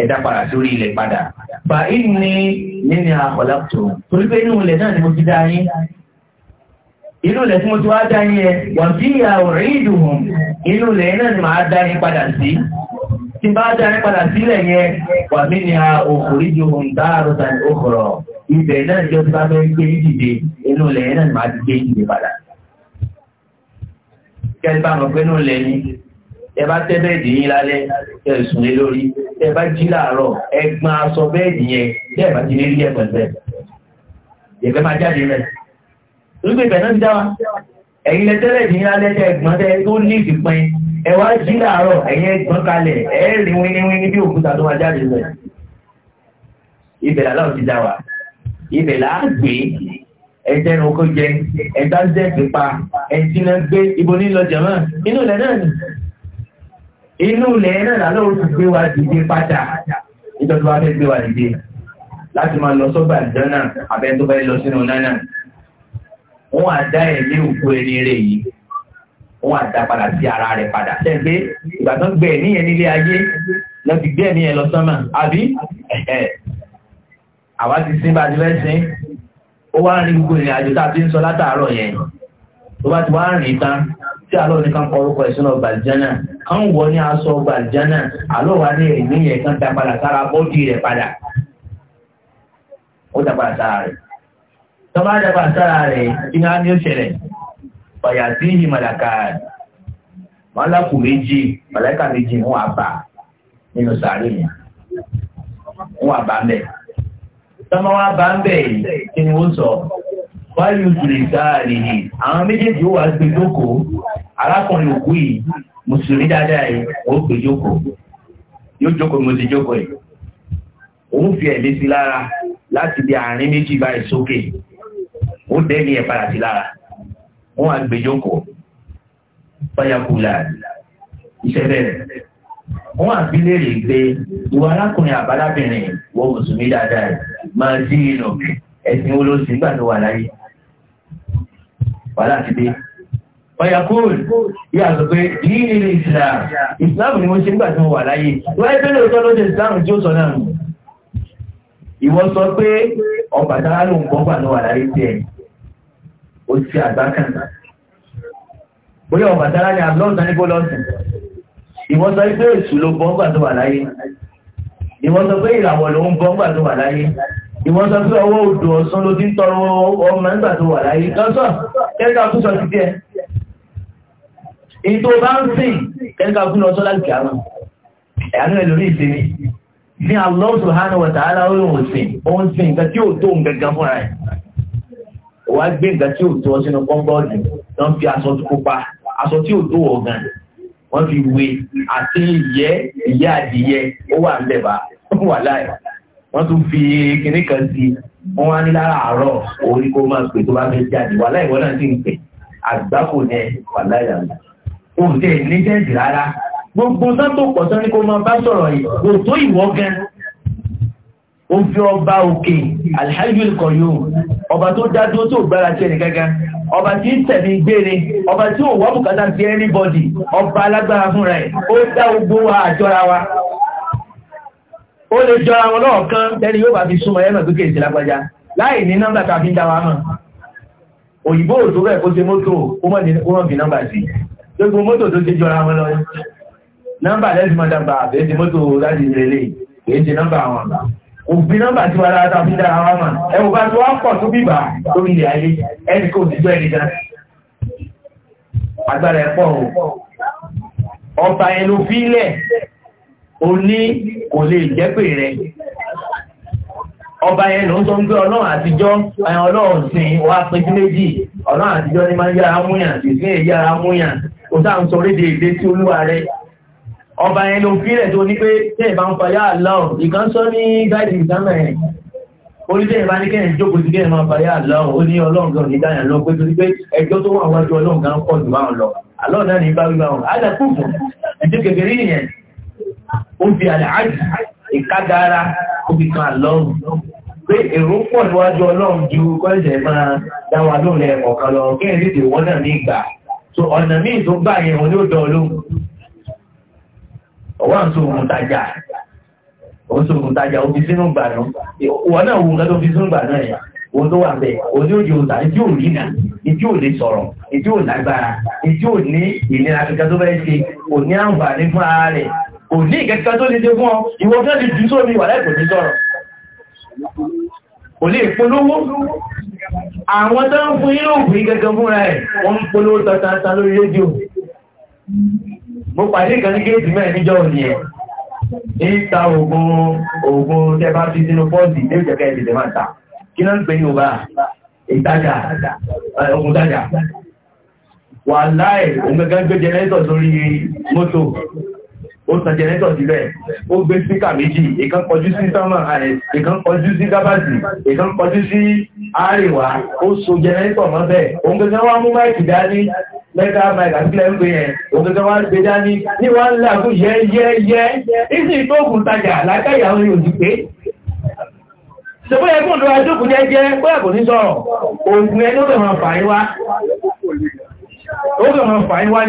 ẹ dá padà sórí ilẹ̀ padà. bá inú ní nínú àkọlọ́tò torí pé inú ilẹ̀ náà ni mo ti dá yín inú ilẹ̀ tí mo ti wá dá yín yẹ wọ́n bí ìyá òrí ìdùnnú inú ilẹ̀ náà ni màá dá yín padà sí tí bá dá yín padà sílẹ̀ yẹn wà mí ni a òkúrí ju ohun dáàrú tàbí òkúrọ̀ ibẹ̀ náà jọ tí bá fẹ́ gbé dìde inú ilẹ̀ yẹn náà ni màá ti gbé dìde padà. kẹ́lí bá mọ̀ pé inú ilẹ̀ ni ẹ bá tẹ́ bẹ́ẹ̀dì yín lálẹ́ ẹ sùn lé lórí ẹ bá jí làárọ̀ ẹ gbọ́n aṣọ bẹ́ẹ̀dì yẹn bí ẹ bá ti lè rí ẹ̀pẹ̀ bẹ́ẹ̀. ìgbẹ́ máa jáde rẹ̀. olùgbé ibẹ̀ náà ti dá wa ẹ̀yin lẹ tẹ́lẹ̀ yín lálẹ́ tẹ́ ẹ̀gbọ́n tẹ́ tó ní ìfipin ẹ wá jí làárọ̀ ẹ̀yin ẹ̀gbọ́n kalẹ̀ ẹ̀ rí wíníwíní bí òkúta tó máa jáde rẹ̀. ibẹ̀ làlọ́ ti dá wa ibẹ̀ là á gbé ẹ̀jẹ̀ ní oko jẹ ẹ̀dá jẹ́ pípa ẹ̀jìnà gbé ibo nílọ jẹ̀mọ́ inú ilẹ̀ náà ni inú ilẹ̀ náà lálọ́ oṣù gbé wa dìde padà ìjọba wa fẹ́ gbé wa dìde láti máa lọ sọ́gbà ìjọ́nà abẹ́ tó fẹ́ lọ sínú nánà wọ́n á dá ẹ̀mí òkú ẹni rẹ̀ yìí wọ́n á dá padà sí ara rẹ̀ padà sẹ́gbẹ́ ìgbà tó ń gbé ẹ̀mí yẹn nílé ayé lọ́ ti gbé ẹ̀mí yẹn àwa ti sin bá ti fẹ́ sin ó wá rí gbogbo ìrìn àjò tá a ti ń sọ látàárọ̀ yẹn tó bá ti wá rìn tán tí àlọ́ nìkan kọ orúkọ ìsúná gbàlìjánà kan wọ ní aṣọ gbàlìjánà àlọ́ wa ní ẹ̀mí yẹn kan dá padà sára bọ́ọ̀dì rẹ̀ padà ó dá padà sára rẹ̀ tó bá dá padà sára rẹ̀ iná ní ó ṣẹlẹ̀ ọ̀yà sí ìmọ̀làkà mọ́lákù méjì mọ̀lákà méjì ń wà bá nínú sàárè yẹn ń wà bá mẹ́rin tọ́mọ wá bá ń bẹ̀ yìí kí ni ó sọ wáyé òjòlè gáàrí yìí àwọn méjèèjì ó wà gbé jókòó arákùnrin òkú yìí mùsùlùmí dáadáa yìí ó gbé jókòó yóò jókòó mo ti jókòó yìí òun fi ẹ̀lé sí lára láti di àárín méjì báyìí sókè ó dẹ́ni ẹ̀ padà sí lára wọ́n wá gbé jókòó fáyàkùlà iṣẹ́ bẹ̀rẹ̀ wọ́n wá bí léèrè gbé ìwà arákùnrin àbálábìnrin wọ́n mùsùlùmí dáadáa yìí máa dí ìnà ẹ̀sìn wo ló sì nígbà tó wà láyé wàhálà ti dé ọ̀yà kóòlù yà sọ pé yìí nílé islam islam ni mo ṣe nígbà tí mo wà láyé wáyé pé lóòótọ́ ló ṣe islam tí ó sọ náà nù ìwọ sọ pé Ọbàtálá ló ń kọ́ gbà ló wà láyé tiẹ̀ ó ti àgbá kan bọ́ gbà tó wà láyé ìwọ́n sọ pé ìràwọ̀ ló ń bọ́ ńgbà tó wà láyé ìwọ́n sọ pé ọwọ́ odò ọ̀sán ló ti ń tọrọ ọmọ ńgbà tó wà láyé lọ́sọ̀ kẹ́ríkà fún sọ títí ẹ̀ èyí tó bá ń sìn kẹ́ríkà fún lọ́sọ́ láti kí àwọn ẹ̀yánú ẹ̀ lórí ìsinmi ní Allah subhanahu wa ta'ala òun sìn òun sìn nǹkan tí ó tó nǹkan fúnra ẹ̀ wàá gbé nǹkan tí ó tó sínú pọ́ńgọ́ọ̀dù tó ń fi aṣọ tó kópa wọ́n fi wé àti ìyẹ́ ìyẹ́ adìyẹ ó wà ń bẹ̀bà wà láì wọ́n tún fi kinní kan sí wọ́n wá ní lára àárọ̀ orí kó máa pè tó bá fẹ́ jáde wà láì wọ́n náà sì ń pè àgbákò ní wà láì àná kò tẹ̀ ní tẹ́ǹtì rárá gbogbo sátó pọ̀tọ́ ní kó máa bá sọ̀rọ̀ yìí kò tó ìwọ gan ó fi ọba òkè alhaji kọ̀yó ọba tó dájú tó gbára tẹ́ni gángan ọba tí tẹ̀mí gbére ọba tí ò wọ́n bùkátà sí everybody ọba alágbára fúnra ẹ̀ ó dá ogbó wa àjọra wa ó lè jọra wọn lọ́ọ̀kan tẹ́ni yóò bá fi súnmọ́ ẹ̀mọ̀ tó kéèsì lágbájá láì ní nọ́mbà tàbí ń dá wa mọ̀ òyìnbó ò tó bẹ́ẹ̀ kó ṣe mọ́tò ó mọ̀ bí nọ́mbà sí gbogbo mọ́tò tó ṣe jọra wọn lọ nọ́mbà lẹ́sìn mọ́tò àbẹ́sìn mọ́tò láti ìrẹ̀lẹ̀ kì í ṣe nọ́mbà àwọn àgbà òbí nọ́mbà tí wọ́n lára fi dára wá mà ẹwù bá tí wọ́n pọ̀ tó bíbà lórí ilẹ̀ ayé ẹni kò sí jọ ẹnìkan agbára ẹ̀pọ̀ o ọba ẹnu fílẹ̀ òní kò lè jẹ́pè rẹ ọba ẹnu tó ń gbé ọlọ́run àtijọ́ ẹ̀yàn ọlọ́run sìn wá péjú méjì ọlọ́run àtijọ́ ni máa ń yára múyàn sì sí èyí yára múyàn kò sáà ń sọ rédè ìdé tí olúwa rẹ̀ ọba ẹni òfílẹ̀ tó ní pé tẹ́ ìbá ń fàyà aláwọ̀ ìkan sọ ní gáìdì ìsánà ẹ̀ orílẹ̀ ìbá ní kẹ́yìn jókòó sí kẹ́yìn máa fàyà aláwọ̀ ó ní ọlọ́ǹgàn ní dáyà lọ pé torí pé ẹjọ́ tó wà wájú ọlọ́ǹgàn pọ̀ jù báwọn lọ àlọ́ náà ní bá wíwá wọn alákùnfù ìdí kékeré yẹn ó fi àlẹ́ àjù ìkágara ó fi kan àlọ́run pé èrò pọ̀ níwájú ọlọ́run ju kọ́lẹ̀jẹ̀ máa dáwà lóòrẹ̀ ọ̀kan lọ kẹ́yìn tètè wọ́n náà ní ìgbà so ọ̀nà míì tó gbà yẹn òun ló dán olóhùn ọwọ́ òun tajà òun tajà òun sínú gbà náà náà wù nǹkan tó sínú gbà náà òun tó wà bẹ́ẹ̀ òun tí ó di òòtà tí ò rí nà ò lè sọ̀rọ̀ tí ò lágbára tí ò ní ìnira kankan tó bẹ́ẹ̀ ṣe kò ní àǹfààní fún ara rẹ̀ mo pàdé ìkan ní géètì mẹ́rin níjọ́ òní ẹ̀ ń ta oògùn oògùn tẹ́ bá fi sínú pọ́ọ̀sì ní ìjẹ̀kẹ́ ìdìdẹ̀ máa ta kí náà ń pè ní ọba ìtajà oògùn tajà wà láì òun gẹ́gẹ́ gbé jẹnẹ́tọ̀ sórí mọ́tò ó tan jẹnẹ́tọ̀ sílẹ̀ ó gbé síkà méjì ìkan kọjú sí sánmà ìkan kọjú sí gábàsì ìkan kọjú sí àríwá ó so jẹnẹ́tọ̀ mọ́bẹ̀ òun gẹ́gẹ́ wá mú máìkì dání mẹ́ta mile àti ilẹ̀ ń pè yẹn òkèkè wá gbé dání ní wá ń lè fún yẹ́yẹ́yẹ́ ìsì ìtókùn tajà lákàyà àwọn yóò ti pé ṣèpó yẹ fún ìdúrà jókòó jẹ́jẹ́ bóyá kò ní sọ̀rọ̀ òògùn ẹni ó bẹ̀ máa fàáyín wá ó bẹ̀ máa fàáyín wá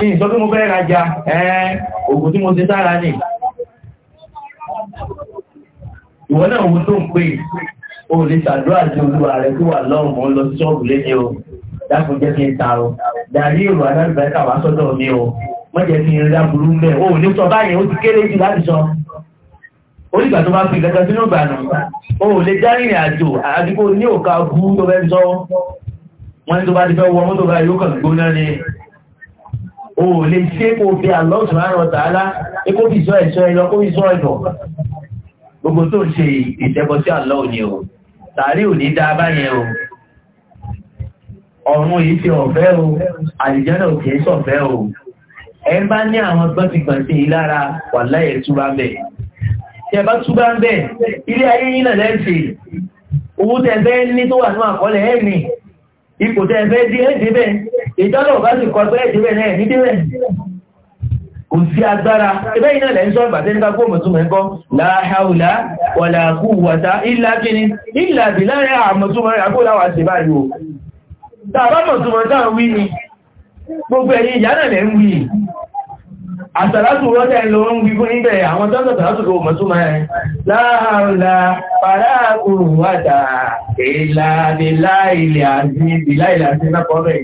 ní ìsọ tí mo fẹ́ rajà òògùn tí mo ti sára ní ìwọ náà wo tó ń pè ó lè ṣàdúrà sí olúwa rẹ tó wà lọ́rùn dákun jẹ́ kí n ta o dàrí ìrò adábìbáríkà wá sọ́dọ̀ mi o wọ́n jẹ́ kí n rí aburú mẹ́ o ní sọ báyìí ó ti kéré jù láti sọ onígbà tó bá fi ìgbẹ́jọ́ sínú ìgbànú o lè já rìnrìn àjò àdúgbò ní òka bú tó fẹ́ sọ wọ́n tó bá ti fẹ́ wọ mọ́tò bá yóò kàn gbóná ni o lè ṣe kó fi Allah subhanahu wa ta'ala kó fi sọ ẹ̀ṣọ́ ẹ̀lọ kó fi sọ ẹ̀dọ̀ gbogbo tó ọ̀run yìí ṣe ọ̀fẹ́ o àlìjọ́nà ò kìí ṣọ̀fẹ́ o ẹ bá ní àwọn gbọ́ntigbọ̀ntì yìí lára wà láyé túbá ń bẹ̀ tí ẹ bá túbá ń bẹ̀ ilé ayé yìí náà lẹ́sì owó tẹ fẹ́ ní tó wà ní àkọọ́lẹ̀ ẹ̀ ní ipò tẹ fẹ́ ẹ̀ débẹ̀ ìjọ́nà bá sì kọ ẹ̀ débẹ̀ náà ní débẹ̀ kò sí agbára ẹgbẹ́ iná lẹ́ sọ ìgbà tẹ́lẹ́gbà góòmù tún mẹ́kọ́ la hawla wala quwwata illa kíni illa billahi àmọ̀túnmọ̀ àkóláwà sí báyìí tàbátọ̀ túnmọ̀ dáa wí ni gbogbo ẹ̀yìn ìyá náà lẹ́ ń wí àtàlátù rọ́jà ìlọ ń wí fún ibẹ̀ àwọn tọ́tọ̀ tàbátù lọ mọ̀ túnmọ̀ ẹ̀ láàrùnlá parákùnrùn wádà ìlàdìlá ilẹ̀ àti ìlà ilẹ̀ àti nápọ̀rẹ̀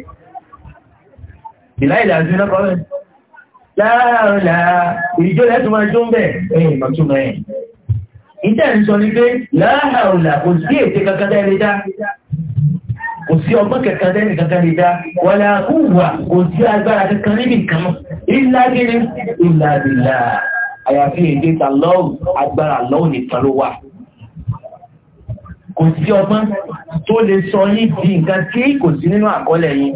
láàrínlá ìjọ lẹ́tù máa kò sí ọgbọ́n kẹta lẹ́nì kankan lè dá wàlá hùwà kò sí agbára kankan níbi nǹkan mọ́ ilá gírí ilá bìlá àyàfi èdè ta lọ́wọ́ agbára lọ́wọ́ nìkan ló wà kò sí ọgbọ́n tó lè sọ yín di nǹkan tí kò sí nínú àkọọ́lẹ̀ yín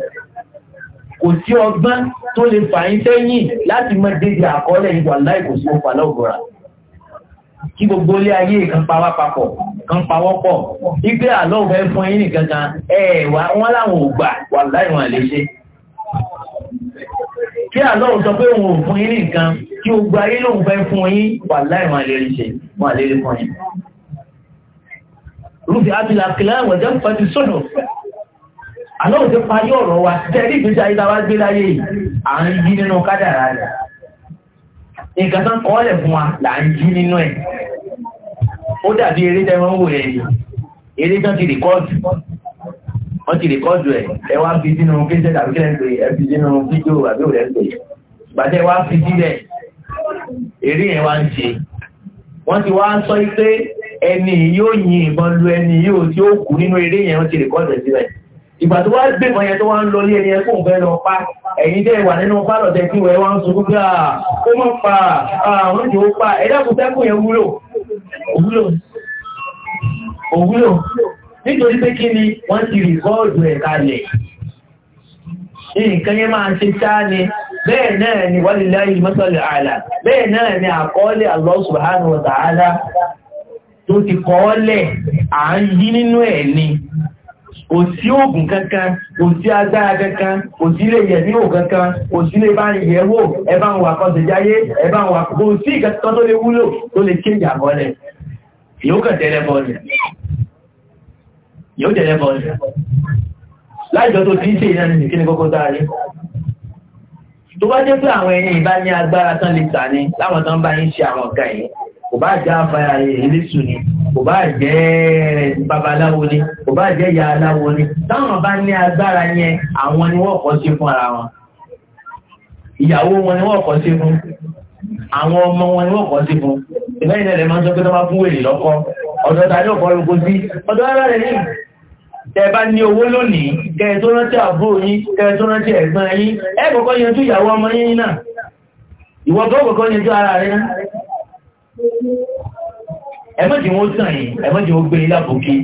kò sí ọgbọ́n tó lè fà yín sẹ́yìn láti mọ dédé àkọọ́lẹ̀ yín wàlá ìkòsí ó fà lọ́gọ́ra kí gbogbo ilé ayé kan pawá papọ̀ kan pawọ́ pọ̀ ipe àlọ́ òfẹ́ fún yín nìkan kan ẹ wá wọn láwọn ò gbà wà láì wọn lè ṣe. kí àlọ́ sọ pé òun ò fún yín nìkan kí gbogbo ayé lòun fẹ́ fún yín wà láì wọn lè ṣe wọn lè fún yín. rúfi abilà kìlá wẹ̀jẹ̀ fẹ́ ti sọ̀nà àlọ́ parí ọ̀rọ̀ wa tẹ́lẹ̀ ìgbésí ayé táwa gbé láyé yìí à ń yí nínú kádàrá rẹ̀ ó dàbí eré tẹ́wọ́n wò rẹ̀ yìí eré tán ti rìkọ́ọ̀dù wọ́n ti rìkọ́ọ̀dù ẹ̀ ẹ wá fi sínú kéṣẹ́ tàbí kílẹ̀ ń pè ẹ fi sínú fídíò àbí òrẹ́ ń pè gbàtẹ́ wá fi sílẹ̀ eré yẹn wá ń ṣe wọ́n ti wá sọ pé ẹni yóò yin ìbọn lu ẹni yóò tí ó kú nínú eré yẹn wọ́n ti rìkọ́ọ̀dù ẹ̀ sílẹ̀ ìgbà tó wá gbé ìmọ̀ yẹn tó wá ń lọ ní ẹni ẹkùn fẹ́ lọ pa ẹ̀yìn tẹ́ wà nínú pálọ̀tẹ̀ tí wọ́n wá ń sọ gbogbo àà ó mọ̀ pa àwọn ah, ìjò pa ẹ̀dàkùn tẹ́kùn yẹn wúlò òwúlò nítorí pé kí ni wọ́n ti rìvọ́ọ̀dù ẹ̀ kalẹ̀ nǹkan yẹn máa ṣe ṣáá ni bẹ́ẹ̀ náà ni wọ́n lè láyé mọ́sọ̀lẹ̀ àlà bẹ́ẹ̀ náà ni àkọọ́lẹ̀ Allah subhanahu wa ta'ala tó ti kọ́ọ́lẹ̀ à ń yí kò sí oògùn kankan kò sí agbára kankan kò sí ilé yẹ̀ níwò kankan kò sí ilé bá ń yẹ̀ wò ẹ bá ń wà kan ṣèjáyé ẹ bá ń wà kò sí ìkẹ́kọ̀ọ́ tó lè wúlò tó lè ké ìyàbọ̀lẹ̀ yóò kàn tẹ́lẹ̀ bọ́ọ̀lẹ̀ yóò tẹ́lẹ̀ bọ́ọ̀lẹ̀ láìjọ tó ti ń ṣe ìrìnàmì nìkíní kọ́kọ́ dáadé tó bá jẹ́ pé àwọn ẹni ìbá ní agbára tán lè tà ní láwọn tán bá ń ṣe àwọn kò bá jẹ́ àbáyà ìrísù ni kò bá jẹ́ babaláwo ni kò bá jẹ́ ìyá aláwo ni táwọn bá ní agbára yẹn àwọn ni wọ́n kọ́ sí fún ara wọn ìyàwó wọn ni wọ́n kọ́ sí fún àwọn ọmọ wọn ni wọ́n kọ́ sí fún ìgbẹ́ ìdẹ̀lẹ̀ máa ń sọ pé tó máa fún wèrè lọ́kọ́ ọ̀dọ̀ tàbí ọ̀pọ̀ olùkó sí ọ̀dọ̀ ara rẹ̀ ní tẹ́ẹ̀bá ní owó lónìí kẹ́ẹ̀ tó rántí àbúrò yín kẹ́ẹ̀ tó rántí ẹ̀gbọ́n yín ẹ kọ́kọ́ yanjú ìyàwó ọmọ yín náà ìwọ gbọ́ kọ́kọ́ yanjú ara rẹ̀ náà ẹmọ́dé wọn sàn yìí ẹmọ́dé wọn gbé lábòkè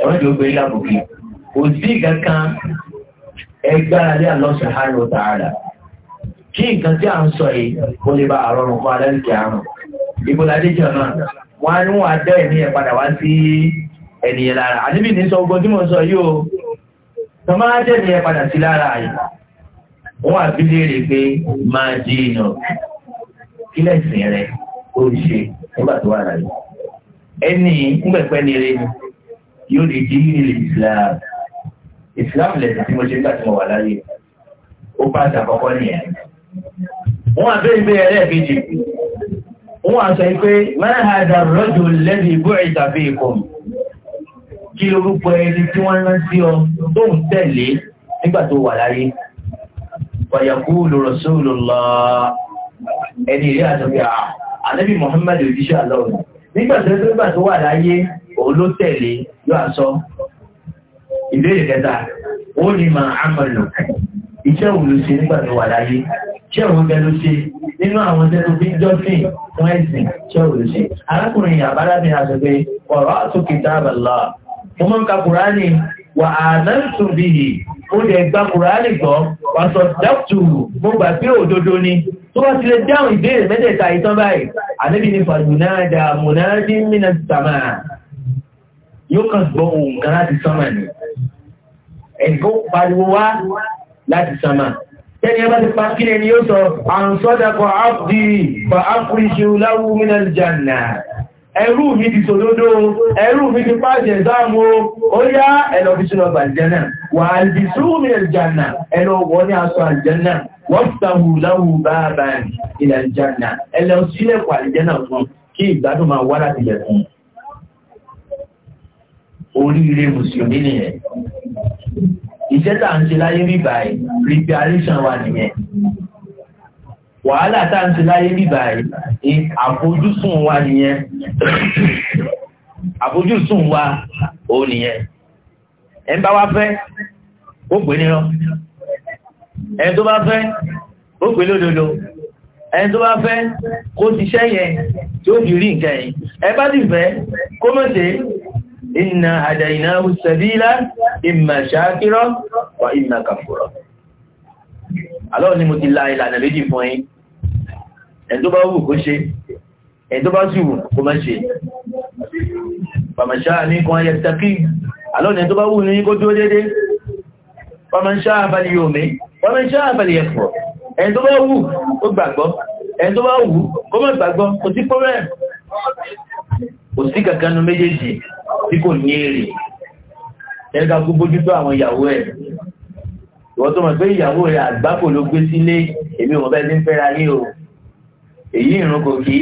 ẹmọ́dé wọn gbé lábòkè kò sí kankan ẹgbára lé Allah subhanahu wa ta'ala kí nǹkan tí a ń sọ yìí kó lè bá àrọrùn fún alẹ́rìkì àrùn ìbòlá déjọ náà wọn á ní wọn adá ẹ̀mí ẹ̀ padà wá sí ẹnìyẹn lára àníbì ní sọ ogun tí mo sọ yìí o tọ́mọ́ adá ẹ̀mí ẹ̀ padà sí lára yìí wọ́n àbílẹ̀ rẹ̀ pé máa jí iná kílẹ̀ sìn rẹ̀ ó rí ṣe nígbà tó wà láyé ẹni ńgbẹ̀pẹ́ ni eré ni yóò lè di nílé Islam Islam lẹ́sìn tí mo ṣe nígbà tí mo wà láyé ó bá àti àkọ́kọ́ nìyẹn wọ́n àbẹ́rẹ́ ìbéèrè ẹlẹ́ẹ̀kejì wọ́n àṣọ ìpé mẹ́rẹ̀hàdà rọ́jò lẹ́bí ìbú ìtàbí ikọ̀ kí orúkọ ẹni tí wọ́n rán sí ọ tó ń tẹ̀lé nígbà tó wà láyé wàyàkú lọ́rọ̀ sóòlù lọ ẹni ilé àtọ́gbà ah, ànábì Muhammad òjíṣẹ́ àlọ́ọ̀nà nígbà tó tó gbà tó wà láyé òun ló tẹ̀lé yóò aṣọ ìbéèrè kẹta ó ní mà ámàlù iṣẹ́ òun ló ṣe nígbà tó wà láyé iṣẹ́ òun bẹ ló ṣe nínú àwọn iṣẹ́ tó fi ń jọ́sìn fún ẹ̀sìn iṣẹ́ òun ló ṣe arákùnrin àbárábìnrin àṣọ pé ọ̀rọ̀ àtúkìtà àbàlá mo máa ń ka kùránì wà àdáǹtù bìí ó lè gba kùránì gbọ́ wà sọ dákùtù mo gbà pé òdodo ni tó bá ti lè dáhùn ìbéèrè mẹ́tẹ̀ẹ̀ta ìtàn báyìí ànábì ní fàdùnáàdà mùnáàdì mìíràn sàmà yóò kàn gbọ́ ohun kan láti sánmà ni ẹ̀kọ́ pariwo wá láti sánmà tẹ́ni ẹbá ti pa kí ni yóò sọ àǹsọ́dàkọ̀ áfdì ẹrú mi ti tòdódó ẹrú mi ti pàṣẹ ìsáàmù ó yá ẹlọ fi ṣílọ bàjẹ́nà wà àìbì súnmí ìjànà ẹlọ wọ́n ní aṣọ àjẹ́nà wọ́n tàhù láhù bàbá ilẹ̀ ìjànà ẹlọ sílẹ̀kọ̀ àjẹ́nà fún kí ìgbádùn máa wá láti ilẹ̀ fún oríire mùsùlùmí nìyẹn iṣẹ́ tà ń ṣe láyé rí báyìí preparation wa nìyẹn wàhálà tá ń ti láyé bíbà yìí àfojúsùn wa nìyẹn àfojúsùn wa ò nìyẹn ẹ ń bá wa fẹ́ ó pè ní lọ ẹ tó bá fẹ́ ó pè lódodo ẹ tó bá fẹ́ kó ṣiṣẹ́ yẹn tí ó fi rí nǹkan yìí ẹ bá ti fẹ́ kó mọ̀ sí inna hadaynahu sabila imma shakira wa imma àlọ́ ni mo ti la ìlànà méjì fún yín ẹni tó bá wù kó ṣe ẹni tó bá sì wù kó má ṣe pàmàṣá ní kan ayẹ tàkì àlọ́ ni tó bá wù ní kó dúró dédé pàmàṣá àbálẹ̀ yóò mé pàmàṣá àbálẹ̀ ẹ̀fọ́ ẹni tó bá wù kó gbàgbọ́ ẹni tó bá wù kó má gbàgbọ́ kò sí pọ́rẹ́ kò sí kankan nu méjèèjì tí kò ní èrè ẹ̀ka kó bójútó àwọn ìyàwó ẹ̀ ìwọ́n tó mọ̀ pé ìyàwó rẹ̀ àgbákò ló gbé sílé èmi ò mọ̀ bẹ́ẹ̀ ti ń fẹ́ra yé o èyí ìrún kò kí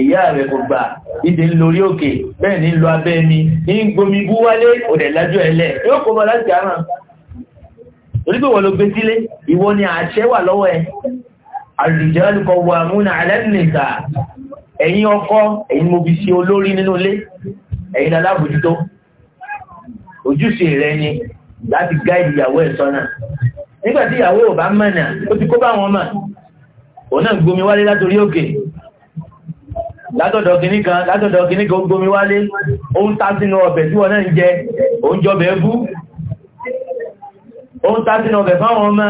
ìyá rẹ̀ kò gbà ìdè ń lórí òkè bẹ́ẹ̀ ní lọ abẹ́ mi ní gbomi bú wálé òdẹ̀ lájọ́ ẹlẹ̀ yóò kó bọ́ láti àárọ̀ torí pé wọ́n ló gbé sílé ìwọ ni àṣẹ wà lọ́wọ́ ẹ àrùjẹ́lù kọ wà múnà alẹ́nìkà ẹ̀yin ọkọ ẹ̀yin mo fi ṣe olórí nínú ilé ẹ̀yin alábòjútó ojúṣe rẹ ni láti gáìdì ìyàwó ẹ̀ sọ́nà nígbà tí ìyàwó ò bá mọ̀nà ó ti kó bá wọn mà òun náà gbomi wálé látòrí òkè látọ̀dọ̀ kìíní kan látọ̀dọ̀ kìíní kan ó gbomi wálé ó ń tá sínú ọbẹ̀ tí wọn náà ń jẹ ó ń jọbẹ̀ bú ó ń tá sínú ọbẹ̀ fáwọn ọmọ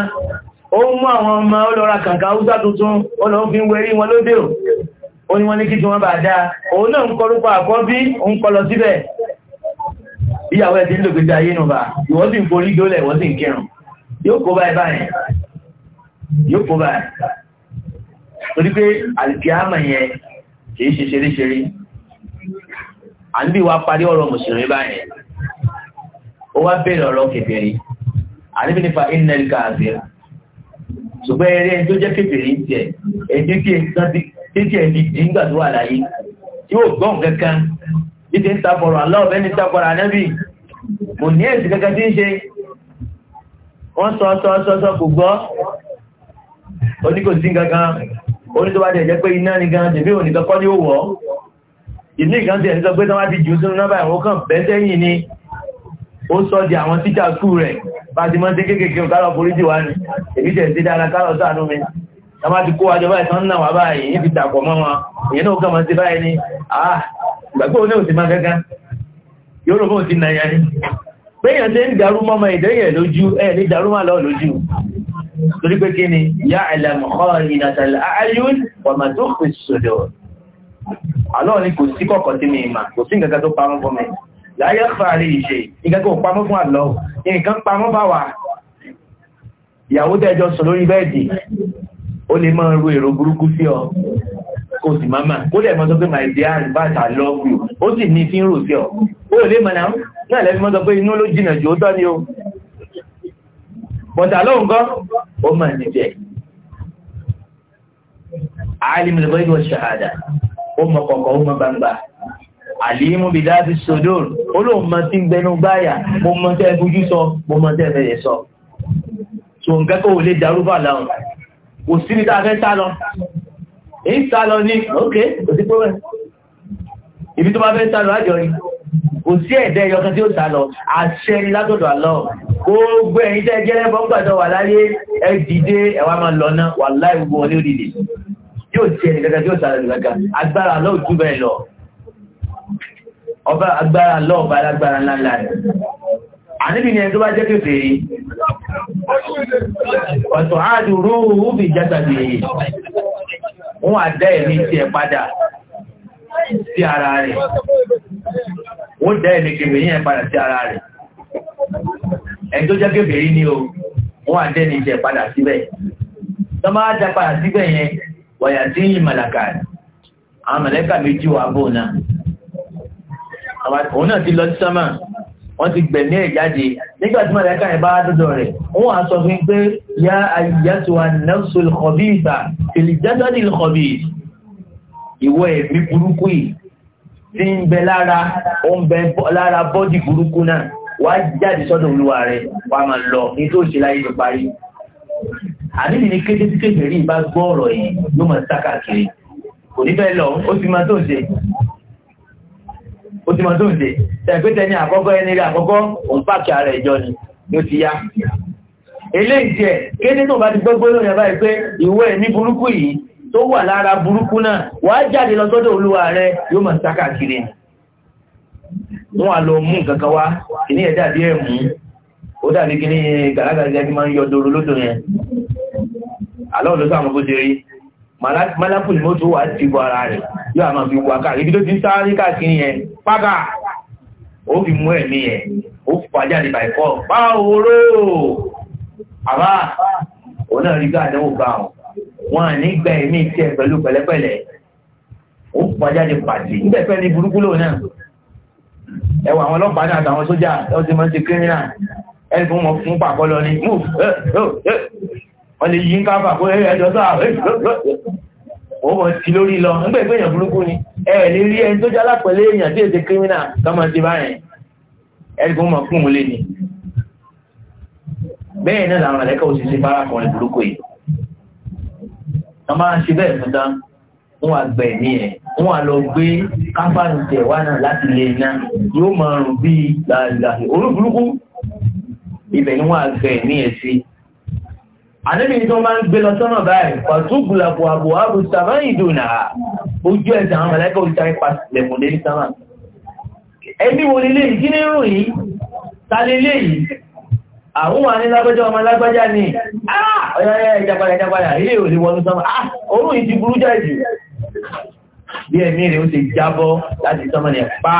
ó ń mú àwọn ọmọ ọlọ́ra kàǹkà húsá tuntun ó lọ fi ń wẹrí wọn lóde ó ní wọn ní kí tí wọ́n bá dáa òun náà ń kọrúkọ àkọ́bí ń kọlọ síbẹ̀ ìyàwó ẹ̀sìn ló gbèsè ayé nùbà ìwọ́n sì ń forí jólẹ̀ ìwọ́n sì ń kírun yóò kó báyìí báyìí yóò kó báyìí torí pé àlìkíámà yẹn kìí ṣe ṣeréṣeré à ń bí wa parí ọ̀rọ̀ mùsùlùmí báyìí ó wá bèèrè ọ̀rọ̀ kèfèrí àníbi nípa inel káàfin ṣùgbọ́n eré ẹni tó jẹ́ kèfèrí ń tiẹ̀ ẹni tí ẹ̀ ń tí ẹ̀ ń di láyé tí yóò gbọ́n kankan títí ń takọ̀rọ̀ aláwọ̀bẹ́ ní takọ̀rọ̀ ànábì kò ní èsì kẹ́kẹ́ tí ń ṣe wọ́n sọ sọ sọ sọ kò gbọ́ oní sí gangan oní tó bá jẹ́ jẹ́ pé iná ní gan tèmi ò nìkan kọ́ ní ó wọ́ ìní ìkan tí ẹni sọ pé tán wá ti jù sínú náà báyìí ìgbàgbọ́ oní òsì máa gẹ́gá yóò rọ̀ bọ́ ti náyà ní péyàn tẹ́ ń darú mọ́mọ́ ìdẹ́yẹ̀ lójú ẹ̀ ní darú máa lọ lójú torí pé kí ni yá ni kò sí kọ̀kọ̀ tí mi mà kò sí nǹkan tó pamọ́ fún mi láyé fàárí ìṣe nǹkan tó pamọ́ fún àlọ́ nǹkan pamọ́ bá wà ìyàwó tẹ́jọ sọ lórí bẹ́ẹ̀dì ó lè máa ru èrò burúkú sí ọ kó sì máa máa kó dẹ̀ mọ́ sọ pé my dear but I love you ó sì ní fi ń rò sí ọ ó lè mọ̀ náà náà lẹ́fí mọ́ sọ pé inú ló jìnà jù ó tọ́ ni o bọ̀tà lóhùn kan ó mà ní jẹ́ alim lè bọ́jú ṣàhádà ó mọ kọ̀kọ̀ ó mọ gbangba àlímú bí dáàbí sódòr ó lóun mọ tí ń gbẹnu báyà mo mọ tẹ́ fojú sọ mo mọ tẹ́ fẹ́yẹ sọ tòun kẹ́kọ̀ọ́ lè sá lọ èyí sálọ ní òkè kò sí pọ́wẹ́ ibi tó bá fẹ́ sálọ àjọ rí kò sí ẹ̀dẹ́ ẹyọkan tí ó sálọ àṣẹ ni látọ̀dọ̀ àlọ́ gbogbo ẹ̀yìn tẹ́ jẹ́ lẹ́bọ̀ gbàdọ̀ wà láyé ẹ dìde ẹwà máa lọ náà wà láì gbogbo wọn ní òdìdè yóò ti ẹni gẹ́gẹ́ tí ó sálọ gẹ́gẹ́ agbára àlọ́ òjú bẹ́ẹ̀ lọ ọba agbára àlọ́ ọba alágbára ńláńlá rẹ̀ àníbi ni ẹni tó bá jẹ́ kéfèé ọ̀tọ̀ àdúró òbí jásàdì wọ́n á dá ẹ̀mí tí ẹ padà sí ara rẹ̀ wọ́n dá ẹ̀mí kèfèrí yẹn padà sí ara rẹ̀ ẹni tó jẹ́ kèfèrí ni o wọ́n á dá ẹ̀mí tí ẹ padà síbẹ̀ tó máa dá padà síbẹ̀ yẹn wọ̀yà tí ń yí màlàkà àwọn màlàkà méjì wà bò náà òun náà ti lọ sí sánmà wọ́n ti gbẹ̀mí ẹ̀ jáde nígbà tí màláìka yẹn bá dọ́dọ̀ rẹ̀ wọ́n á sọ fún pé yá ayyatu an-nafsu al-khabitha fil jasadi al-khabith ìwọ ẹ̀mí burúkú yìí tí ń bẹ lára ó ń bẹ lára bọ́dì burúkú náà wá jáde sọ́dọ̀ olúwa rẹ̀ wá máa lọ ní tó ṣe láyé ló parí àdébì ní kété tí kékeré yìí bá gbọ́ ọ̀rọ̀ yìí ló máa sá káàkiri kò ní bẹ́ẹ̀ lọ ó ti máa tó ṣe ó ti mọ tó ń ṣe tẹ̀gbẹ́tẹ̀ ní àkọ́kọ́ ẹni rí àkọ́kọ́ òun pàkì ara ìjọ ni ló ti yá eléyìí tiẹ̀ kéde tó bá ti gbọ́gbọ́ lórí ẹ̀bá yìí pé ìwé ẹ̀mí burúkú yìí tó wà lára burúkú náà wàá jáde lọ sọ́dọ̀ olúwa rẹ yóò mọ̀ sáká kiri wọn à lọ mú nǹkan wá kìíní ẹ̀dá bí ẹ̀ mú ó dàbí kìíní gàlágàlá malakul mọ́tò wà ti bọ́ ara rẹ̀ yóò àmà fi wà káàkiri ibi tó ti ń sáré káàkiri yẹn pápá ó fi mú ẹ̀mí ẹ̀ ó pàjáde bàìkọ́ báwo ró àbá o náà rí gáà náà bá wọn à ní gba ẹ̀mí tí ẹ pẹ̀lú pẹ̀lẹ́pẹ̀lẹ́ ó pàjáde pàtì nígbẹ̀pẹ́ ní burúkú lò náà ẹwà àwọn ọlọ́pàá náà àtàwọn sójà ẹ ó ti mọ́ ti kírímìnà ẹ fún wọn fún pàkọ́ lọ move wọ́n lè yí ń káfà kó ẹjọ́ sáà ó wọ́n ti lórí lọ ń gbẹ̀gbẹ̀ èèyàn burúkú ni ẹ lè rí ẹni tó jálá pẹ̀lú èèyàn tí èdè kírímínà tọ́mọ ti báyẹn ẹgbẹ́ mọ̀ fún un lé ni bẹ́ẹ̀ náà làwọn àlẹ́kọ̀ òṣìṣẹ́ bárakùnrin burúkú yìí wọ́n máa ń ṣe bẹ́ẹ̀ fún tán wọ́n wá gbẹ̀ ní ẹ̀ wọ́n wá lọ gbé káfáànù tẹ̀ wá náà láti lè ná yóò máa rùn àníbi tó máa ń gbé lọ sọ́nà báyìí pàtókùlàpù àbò àbò sàmá ìdùnà ojú ẹ̀sẹ̀ àwọn mẹ́lẹ́kọ̀ ìtàrí pàtìlẹ̀kùn lé sánmà ẹbí wo lè léyìí kí ní rùn yìí ta lè léyìí àwọn wà ní lágbájá ọmọ lágbájá ni ah! ọ̀yọ́yọ́ ìjápadà ìjápadà ilé ò lè wọnú sánmà ah! orú yìí ti burú jáde bí ẹ̀mí rẹ̀ ó ti jábọ́ láti sánmà ní ẹ̀pá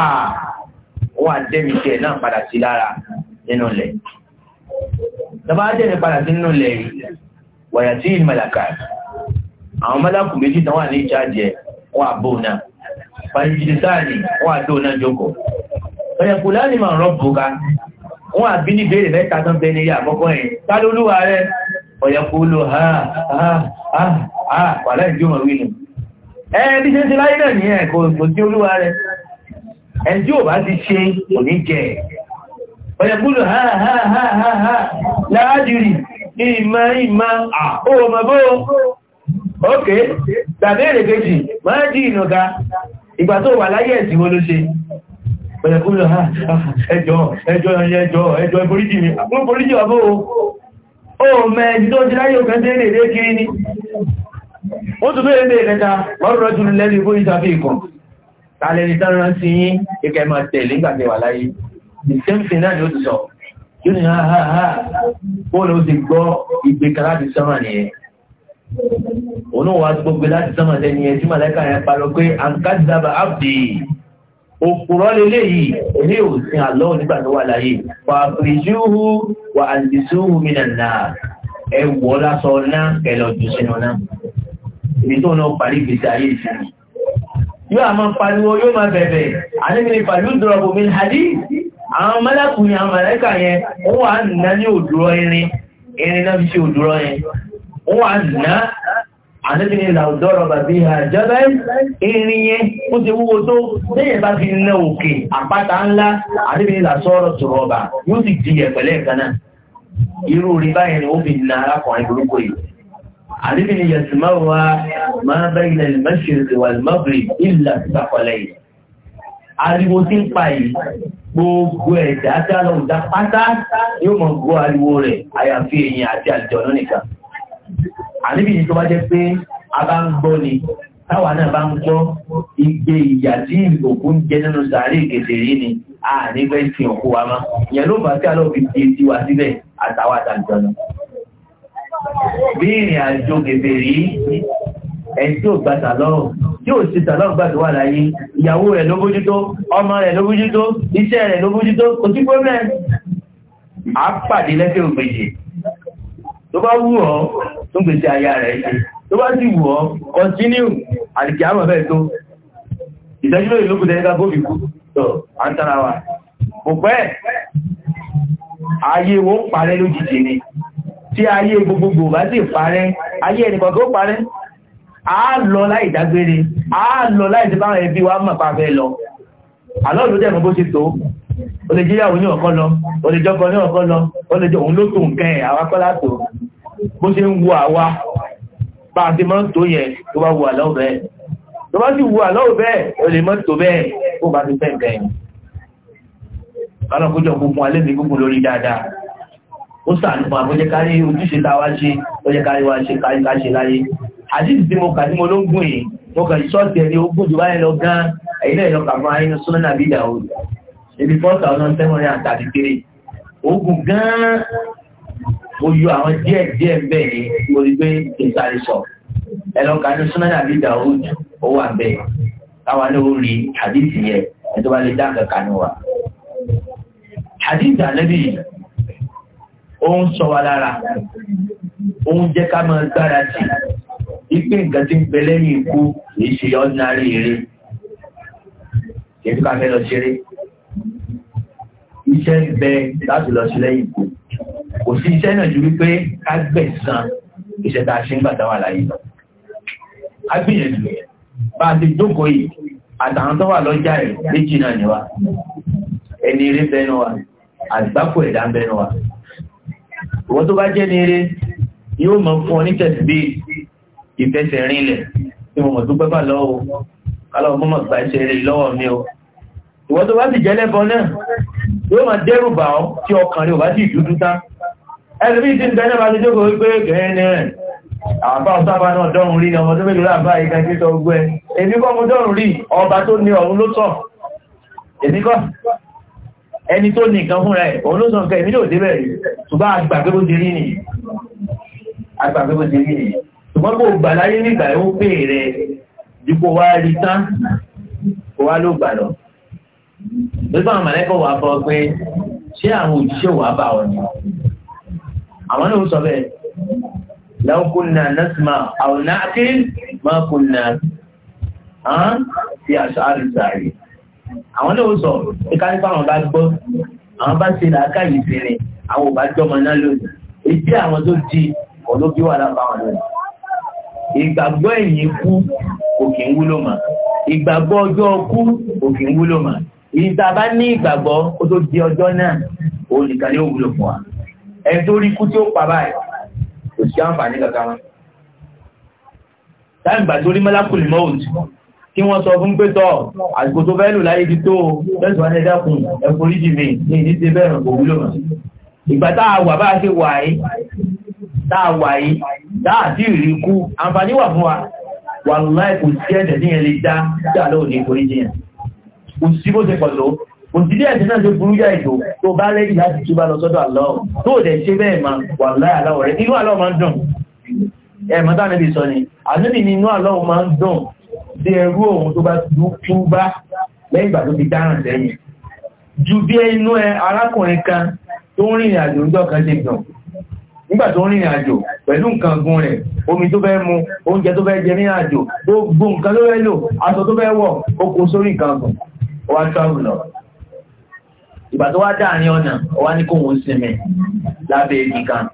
wọn àdẹ́mìtì ẹ̀ náà padà sí lára nínú ilẹ̀ tọba jẹ́ ní padà sí nínú ilẹ̀ yìí wàyà tí ìlú mẹ́làkà wà ní ìjájẹ wọ́n àbò náà fàyíjìdìsáàlì wọ́n àdó náà jókòó ọ̀yẹ̀kù láàrin màá rọ́ bùkà wọ́n àbí ìbéèrè mẹ́ta àkọ́kọ́ ha ha ha ha ẹ ti ويقول ها ha ha ha ha لا أدري إما إما أو مبو ókè tàbí èrè kejì máa jí ìnàga ìgbà tó wà láyé ẹ̀sìn wo ló ṣe pẹ̀lẹ̀kúnlọ ha ẹjọ́ ẹjọ́ ẹjọ́ ẹjọ́ ìforíjì mi mú foríjì ọbọ̀ o mẹ́ ẹni tó ti láyé òkè tí èrè kiri ni ó tún bẹ́ẹ̀ bẹ́ẹ̀ lẹ́ta ọ̀rọ̀ tún lẹ́rí fún ìsàfihàn tàlẹ́ni tánrán sí yín ìkẹ́ máa tẹ̀lé ìgbàgbẹ̀wà láyé ìsẹ́ǹsìn náà ni ó ti sọ yóò ní ha ha ha bóòlù ó ti gbọ́ ìgbé kan láti sánmà nìyẹn òun wà gbogbo láti sánmà lẹ́ni ẹ̀ tí màlẹ́kà yẹn parọ́ pé àǹkàdìdàbà ábdì òkúrọ́ lélẹ̀ yìí èyí ò sin àlọ́ nígbà tó wà láyé wà àpèjúhu wà àlìsúhu mi nàná ẹ wọ́ lásọ ná kẹlẹ̀ ọ̀dùn sínú ná ibi tó náà parí gbèsè ayé ìsinmi yóò àmọ́ pariwo yóò máa bẹ̀bẹ̀ àníbi ni pàlú dọ̀rọ̀ bòmí hadith àwọn mẹ́lẹ́kùnrin àwọn mẹ́lẹ́kà yẹn wọ́n wà nà ní òdúrọ irin irin náà fi ṣe òdúrọ yẹn wọ́n wà nà àdébìnrin làùdọ́rọ̀ bàbí àjọ́bẹ́ irin yẹn ó ti wúwo tó lẹ́yìn bá fi ná òkè àpáta ńlá àdébìnrin làṣọ́rọ̀ tòrọ̀bà yóò sì di ẹ̀pẹ̀lẹ́ ìkaná irú ariwo tí ń pa yìí gbogbo ẹ̀dá dáná ọ̀dá pátá yóò mọ̀ gbọ́ ariwo rẹ̀ àyàfi èèyàn àti àlùjọ̀nnú nìkan àníbi yìí tó bá jẹ́ pé a bá ń gbọ́ ni táwa náà bá ń gbọ́ igbe ìyà tí òkú ń jẹ nínú sàárè kèsèrè ni a nífẹ́ fi òkú wa mọ́ ìyẹn ló bá tí a lọ fi di etí wa síbẹ̀ àtàwọn àtàlùjọ̀nnú bí ìrìn àjò kèsèrè ẹni tí ó gba sàlọ́rùn tí ó ṣe sàlọ́rùn gbà tó wà láyé ìyàwó rẹ̀ ló bójútó ọmọ rẹ̀ ló bójútó iṣẹ́ rẹ̀ ló bójútó kò sí pẹ́mẹ́ àpàdé lẹ́sẹ̀ ògbèjì tó bá wù ọ́ tó gbèsè aya rẹ̀ ṣe tó bá sì wù ọ́ kọ́ntínú àdìkì àmọ̀ bẹ́ẹ̀ tó ìtọ́jú lórí lókùn tẹ́lẹ́ká bóbi kú tó à wa kò pẹ́ ayé wọn parẹ́ lójijì ni tí ayé gbogbogbò bá sì parẹ́ ayé ẹnìkan parẹ́ a lọ láì dágbére a lọ láì tí báwọn ẹbí wa mọ̀ pàfẹ́ lọ alọ́lù dẹ̀mọ́ bó ṣe tó o lè jíyàwó ní ọ̀kọ́ lọ o lè jọkọ ní ọ̀kọ́ lọ o lè jọ òun ló tó nǹkan ẹ̀ àwákọ́lá tó bó ṣe ń wo àwa bá a ti mọ́ tó yẹ tó bá wo àlọ́ bẹ́ẹ̀ tó bá sì wo àlọ́ bẹ́ẹ̀ o lè mọ́ tó bẹ́ẹ̀ kó bá ti fẹ́ nǹkan ẹ̀ alọ́kójọ gbogbo alẹ́ mi gbogbo lórí dáadáa ó sàánú fún àbójẹ́kárí ojúṣe táwa ṣe ó yẹ kárí wa ṣe kárí ká ṣe láyé àdìsí tí mo kà ní mo ló ń gùn yìí mo kà ṣọ́ọ̀tì ẹni ó gùn jù báyìí lọ gan ẹ̀yìn náà ìlọ́kà fún ayé ní súnmọ́ nàbí ìdáwó ibi four thousand seven hundred and thirty three ogun gan mo yọ àwọn díẹ̀ díẹ̀ bẹ́ẹ̀ ni mo rí pé kí n sáré sọ ẹlọ́kà ní súnmọ́ nàbí ìdáwó ó wà bẹ́ẹ̀ táwa ní ó rí àdìsí yẹ ẹ tó bá lè dá kankan ní wa àdìsí ànábì ó ìpín nǹkan tí ń bẹ lẹ́yìn ikú kìí ṣe ordinary eré kìí ká fẹ́ lọ ṣeré iṣẹ́ ń bẹ láti lọ sí lẹ́yìn ikú kò sí iṣẹ́ náà ju wípé ká gbẹ̀san iṣẹ́ tá a ṣe ń gbà táwà láyé lọ a gbìyànjú bá a ti jókòó yìí àtàwọn tó wà lọ́jà rẹ̀ méjì náà ni wa ẹni eré bẹ́ẹ̀ náà wa àgbákò ẹ̀dá ń bẹ́ẹ̀ wa ìwọ́n tó bá jẹ́ ní eré yóò mọ̀ fún ọ ní tẹ̀síbí ìfẹsẹ̀ rinlẹ̀ tí mo mọ̀ tó pẹ́ bà lọ́wọ́ kálọ̀ mọ́ mọ̀ gbà ìṣẹ́ rẹ̀ lọ́wọ́ mi o ìwọ tó bá sì jẹ́ lẹ́bọn náà yóò máa dẹ́rù bà ọ́ tí ọkàn rẹ̀ ò bá sì dúdú tá ẹlùmí ti ń bẹ náà bá ti jókòó pé gẹ̀ẹ́nì rẹ̀ àbá ọ̀sábà náà dọ́rùn rí ọmọ tó ẹni tó ní nǹkan fúnra òun ló sọ nǹkan débẹ̀ ṣùgbọ́n àgbà pé bó ti rí nìyí ṣùgbọ́n kò gbà láyé nígbà ẹ̀ ń pè rẹ̀ dípò wá rí tán kó wá ló gbà lọ. Nígbà àwọn wà fọ pé ṣé àwọn òjíṣẹ́ wà bá ọ ni? Àwọn náà sọ bẹ́ẹ̀. Law kunna nasma' aw na'qil ma kunna fi ash'ari sa'ir. Àwọn náà sọ pé ká nípa àwọn bá gbọ́, àwọn bá ṣe làákàyè sí ni, àwọn ò bá jọmọ náà lónìí. Èyí àwọn tó di ọ̀lóbí wà lábàwọn lónìí ìgbàgbọ́ ẹ̀yìn kú kò kí ń wúlò mọ́ ìgbàgbọ́ ọjọ́ kú kò kí ń wúlò mọ́ ìta bá ní ìgbàgbọ́ kó tó di ọjọ́ náà òun nìkan ni ó wúlò fún wa ẹni tó rí kú tí ó pa báyìí kò sí àǹfààní kankan wọn. táyìgbà tó rí mọ́lákùlì mọ́ọ̀t kí wọ́n sọ fún pé tọ́ àsìkò tó fẹ́ lò láyé ti tó lẹ́sùn ẹ̀dákùn dáàwà yìí dáàdì ìrìkú àǹfààní wà fún wa wà láì kò sí ẹ̀dẹ̀ ní ẹ̀lẹ́ dá dáàlọ́ òní kò ní jìyàn kò sí bó ṣe pọ̀lọ́ kò sí díẹ̀ náà ṣe burú yá ìdò tó bá lẹ́yìn láti túbá lọ sọ́dọ̀ àlọ́ tó dẹ̀ ṣe bẹ́ẹ̀ ma wà láì aláwọ̀ rẹ̀ inú àlọ́ máa ń dùn ẹ̀mọ́ tánàbì sọ ni àdúbì ni inú àlọ́ máa ń dùn sí ẹrú òun tó bá túbá lẹ́yìn ìgbà tó ti dáràn lẹ́yìn ju bí inú ẹ arákùnrin kan tó ń rìnrìn àjò ìjọ kan ṣe dùn nígbà tó ń rìnrìn àjò pẹ̀lú nǹkan gun rẹ̀ omi tó fẹ́ mu oúnjẹ tó fẹ́ jẹ ní àjò gbogbo nǹkan tó fẹ́ lò aṣọ tó fẹ́ wọ̀ ó kó sórí nǹkan gun ó wá travel lọ ìgbà tó wá dáàrin ọ̀nà ó wá ní kó wọn sinmi lábẹ́ igi kan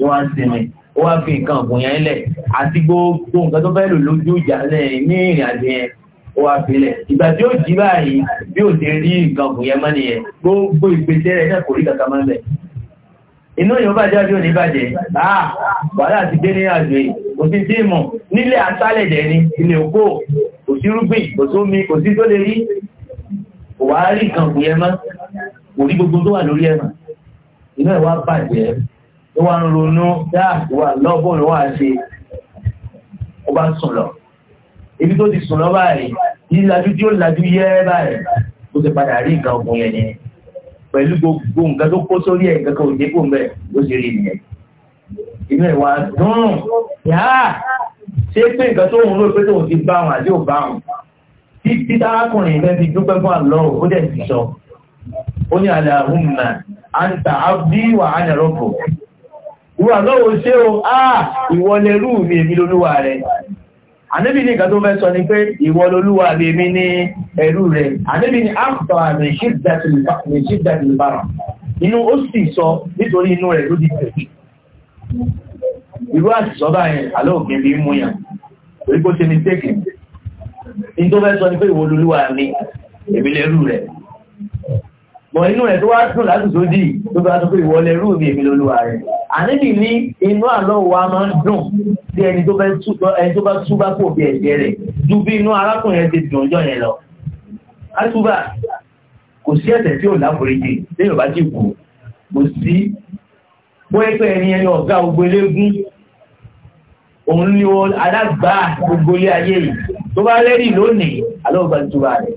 ó wá sinmi ó wá fi nǹkan gun yẹn lẹ̀ àti gbogbo nǹkan tó fẹ́ lò lójú ìjà ní ìrìn àjò yẹn wà fílẹ̀. Ìgbà tí ó jí báyìí bí ò inú yóò bàjẹ́ bí ò ní bàjẹ́ àà ah, wàhálà ti dé ní àjò yìí kò sí tí mọ̀ nílé àtàlẹ̀dẹ̀ ni ilé òkó kò sí rúgbìn kò sómi kò sí tó lè rí kò wá rí nǹkan kù yẹn mọ́ kò rí gbogbo tó wà lórí ẹ̀ inú ẹ̀ wá bàjẹ́ ó wá ronú dáà wà lọ́bọ̀ ló wà ṣe ó bá sùn lọ ibi tó ti sùn lọ báyìí ìlàjú tí ó làjú yẹ́ báyìí ó ti padà rí nǹkan ọkùnrin yẹn pẹ̀lú gbogbo nǹkan tó kó sórí ẹ̀ nǹkan kan ò dé kó ń bẹ̀ ló ṣe rí nìyẹn. inú ẹ̀ wá dùn yá ṣé pé nǹkan tó ń rò pé tóun ti bá wọn àti ò bá wọn. títí tárákùnrin fẹ́ fi dúpẹ́ fún àlọ́ ó dẹ̀ ti sọ. ó ní Allahumma anta abdi wa ana rabbuka. ìwà lọ́wọ́ ṣé o ìwọlẹ̀ rú mi èmi lolúwa rẹ̀. Ànábì ní ìgbà tó fẹ́ sọ ni pé ìwọ lolúwa lè mi ní ẹ̀rú rẹ̀. Ànábì ní àpùtọ̀ àmì ṣídàtì ìbára. Inú ó sì sọ nítorí inú rẹ̀ ló dìtẹ̀. Irú àṣìṣọ́ báyẹn alóògbé bí mú yàn. Orí kó ṣe mi tẹ́kì. Ní tó fẹ́ sọ ni pé ìwọ lolúwa ni èmi lẹ́rú rẹ̀ bọ̀ inú ẹ̀ tó wá sùn láti sódì tó bá tó pé ìwọlẹ̀ rú mi èmi lolúwa rẹ̀ àníbì ní inú àlọ́ wa máa ń dùn sí ẹni tó bá túbá kò bí ẹ̀jẹ̀ rẹ̀ ju bí inú arákùnrin ẹ̀ ti dùn ọjọ́ yẹn lọ àtúbà kò sí ẹ̀ṣẹ̀ tí ò láforíjì lẹ́yìn bá ti kù kò sí pẹ́ẹ́pẹ́ ẹni ẹni ọ̀gá gbogbo eléégún òun ni alágbàá gbogbo ilé ayé yìí tó bá lẹ́rìí lónìí alóògbà túbà rẹ̀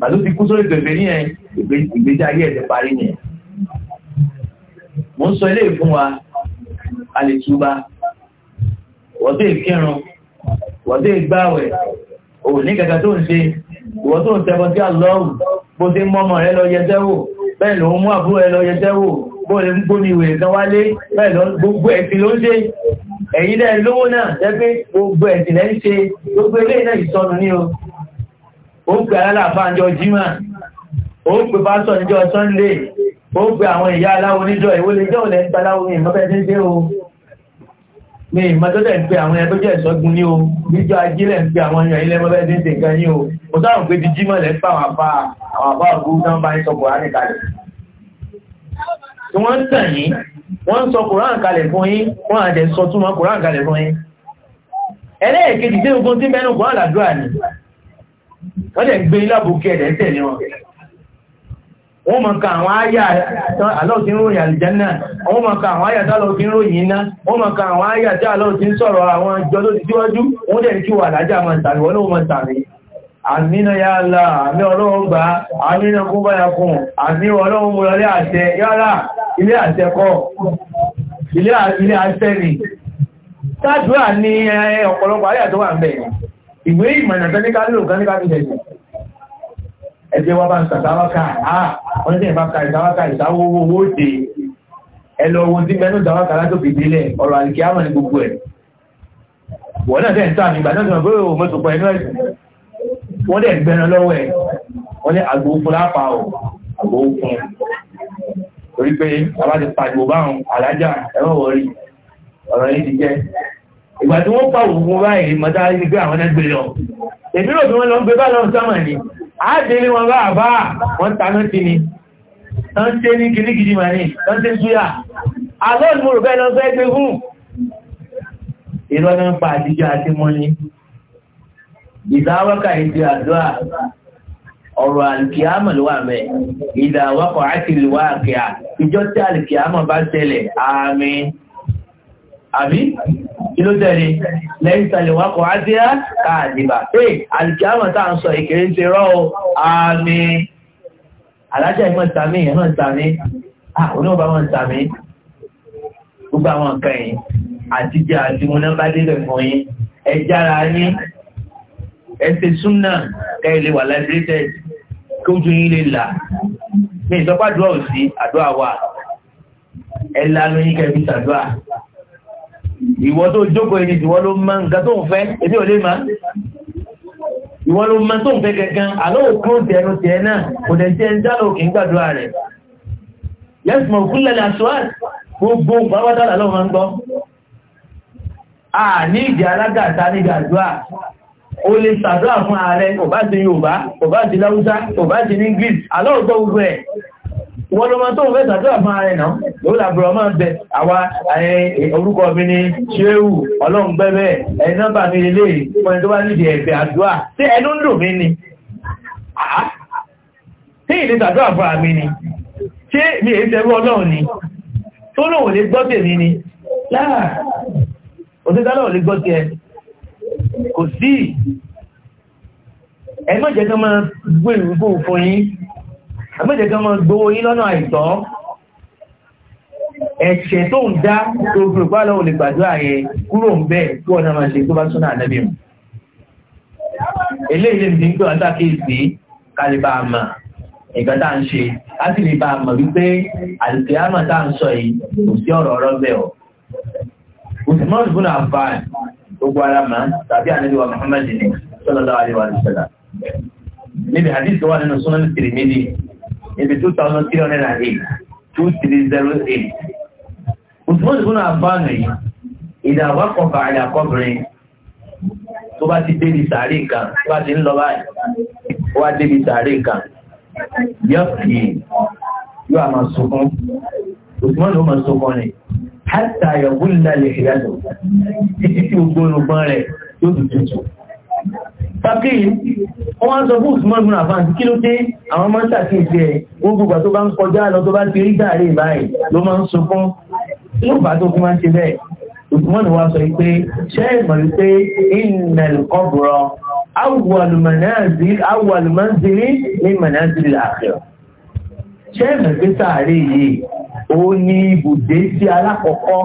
gbàdó ti kú sórí bèbè ní yẹn ìgbésí ayé ẹ̀ ti parí yẹn mo ń sọ eléyìí fún wa a lè túba wọ́dé ìkírun wọ́dé ìgbàwẹ̀ òun ní gàgà tó ń ṣe ìwọ́ tó ń tẹ́kọ sí àlọ́wù bó ti mọ́mọ́ rẹ lọ yẹtẹ́ wò bẹ́ẹ̀ ló ń mú àbúrò rẹ lọ yẹtẹ́ wò bó lè ń gbóni ìwé kan wálé bẹ́ẹ̀ lọ gbogbo ẹ̀sìn ló ń ṣe ẹ̀yìn lẹ́ẹ̀ lówó náà jẹ́ pé gbogbo ẹ̀sìn lẹ́ ń ṣe gbogbo eléyìí náà ìsọnù ní o ó pè alálàfà ń jọ jímà ó pè pásọ̀ níjọ sọ́ndé ó pè àwọn ìyá aláwo níjọ ìwó lè jẹ́ òlẹ̀ ń taláwo mi ìmọ́bẹ̀ dédé o mi ìmọ́tọ́tẹ̀ ń pè àwọn ẹgbẹ́ jẹ́ ìṣọ́gun ní o níjọ ajílẹ̀ ń pè àwọn èèyàn ilẹ̀ mọ́bẹ̀ dédé gan ní o mo sáàrùn pé ti jímà lẹ́ fà àwọn àbá àwọn àbá ògùn náà bá ń sọ kòrán nìkalẹ̀ tí wọ́n ń tàn yín wọ́n ń sọ kòrán kalẹ̀ fún yín wọ́n àjẹ́ sọ túnmọ̀ kòrán kalẹ̀ fún yín ẹlẹ́ẹ̀kejì tí ogun tí mẹ́nu kòrán làdúrà ni wọ́n dẹ̀ gbé ilábò kí ẹ̀dẹ̀ tẹ̀lé wọn wọ́n mọ̀ ká àwọn àyà alọ́ọ̀tí ń ròyìn àlìjánà wọ́n mọ̀ ká àwọn àyà tálọ́ọ̀tí ń ròyìn iná wọ́n mọ̀ ká àwọn àyà tí alọ́ọ̀tí ń sọ̀rọ̀ àwọn ìjọ tó ti wọ́n kí wà lájá tàbí wọ́n mọ̀ ya àmì ọlọ́run gbà àmìnà kún àmì ọlọ́run mú lọlé àṣẹ ilé àṣẹ ilé ni ọ̀pọ̀lọpọ̀ ìwé ìmọ̀nà tẹ́níká lò gáníká ní ẹ̀sìn ẹgbẹ́ wa bá ń sàtàwákà àà wọ́n tẹ́ ìbá ka ìsàwákà ìsàwó owó òde ẹlọ ohun tí mẹ́nu ìsàwákà látòkè délẹ̀ ọ̀rọ̀ àlìkí àmọ̀ ní gbogbo ẹ̀ wọ́n náà tẹ́ ń sáà nígbà náà tí wọ́n bóyá òun mọ́tò pọ̀ ẹnu ẹ̀sìn wọ́n dẹ̀ gbẹ̀rẹ̀ lọ́wọ́ ẹ̀ wọ́n ní àgbò fún ìgbà tí wọ́n pàwọ̀ fún báyìí mọ̀tá ní pé àwọn ẹgbẹ̀ lọ èmi rò bí wọ́n lọ ń gbé bá lọ sọ́mọ̀ ní àádé ní wọn bá àbá wọn tanú ti ni tán ní kìríkìrí mà ní tán súyà ọ̀rọ̀ alìkìámọ̀ ló wà mẹ́ ìdáwọ́kọ̀ àti ìlú wà kíá tí alìkìámọ̀ bá tẹ̀lẹ̀ àmín àbí ìlú tẹ́lẹ̀ lẹ́yìn tàlẹ̀ wà kọ̀ ádíá káàdìbà pé alìkìámọ̀ tá ń sọ ìkèrè ti rọ́ o àmì alájá ìmọ̀ ìtàmì ìmọ̀ ìtàmì oníwọ̀bá wọn ìtàmì gbogbo àwọn nǹkan yìí àti jẹ́ àti mú náà bá délẹ̀ fún yín ẹ jára yín ẹ ṣe súnà kẹ́lẹ̀ wà láìpẹ́tẹ̀ kó ju yín lè là ní ìsọpá àdúrà òsì àdúrà wà ẹ lánú yín kẹ́ fi ìwọ tó jókòó ẹni ìwọ ló máa ń ga tó ń fẹ́ ebí ò lè máa ìwọ ló máa tó ń fẹ́ kankan àlọ́ òkú tẹnu tẹ náà kò dẹ̀ jẹ́ ń dálò kì ń gbàdúrà rẹ̀ yẹ́sùn òkú lẹ́lẹ́ aṣọ́àt gbogbo pàápàá lọ́ máa ń gbọ́ a ní ìdí alágàta ní gbàdúrà o lè ṣàdúrà fún ààrẹ kò bá ti Yorùbá kò bá ti láwúsá kò bá ti ní English àlọ́ òkú gbogbo wọ́n ló máa tó ń fẹ́ sàdúrà fún ara ẹ̀nà ló làbúrọ̀ máa ń bẹ àwa orúkọ mi ni ṣéhù ọlọ́ngbẹ́bẹ́ ẹni nọ́mbà mi lè fún ẹni tó bá nídìí ẹ̀bẹ̀ àdúrà tí ẹnu ń dùn mí ni tí ìdí sàdúrà fún ara mi ni ṣé mi èyí tẹ́rú ọlọ́run ni tó lóun lè gbọ́ tèmi ni láà òṣèlú ọlọ́run lè gbọ́ tẹ kò sí àgbẹ̀jẹ̀ kan mọ́ gbowó yín lọ́nà àìtọ́ ẹ̀ṣẹ̀ tó ń dá tó fi rúpa lọ́wọ́ lè gbàdúrà yẹn kúrò ń bẹ́ẹ̀ kí wọ́n náà máa ṣe tó bá súnà ànábì mu ní gbọ́ àtàkìsí kálíbà àmà tá ń ṣe á lè bá mọ̀ wípé àlùkè tá ń sọ yìí sallallahu alaihi wa sallam níbi wa nínú sunan Tirmidhi níbi 2308 2308 Usman ibùnà àbáàmì ìdàwà kọ̀ọ̀kà àdàkọ́bìnrin tó bá ti débi sàárè kan tó bá ti ń lọ báyìí wá débi sàárè kan yóò fi yóò àmà sunkún Usman ló mọ̀ sunkún ni hátà yọ̀gbùn lálẹ́ ìyàtọ̀ títí tí ó gbónú gbọ́n rẹ̀ yóò tutù tàbí wọ́n wá sọ fún Usman bin Affan kí ló dé àwọn máa ń ṣàkíyèsí ẹ̀ wọ́n gbogbo tó bá ń kọjá lọ tó bá ti rí gàárì báyìí ló máa ń sunkún ló bá tó fún máa ń ṣe bẹ́ẹ̀ Usman wá sọ pé ṣé ẹ mọ̀ wípé innal qabra awwal manazil awwal manzili ní manazil al-akhirah ṣé ẹ mọ̀ pé sàárè yìí ó ní ibùdé sí alákọ̀ọ́kọ́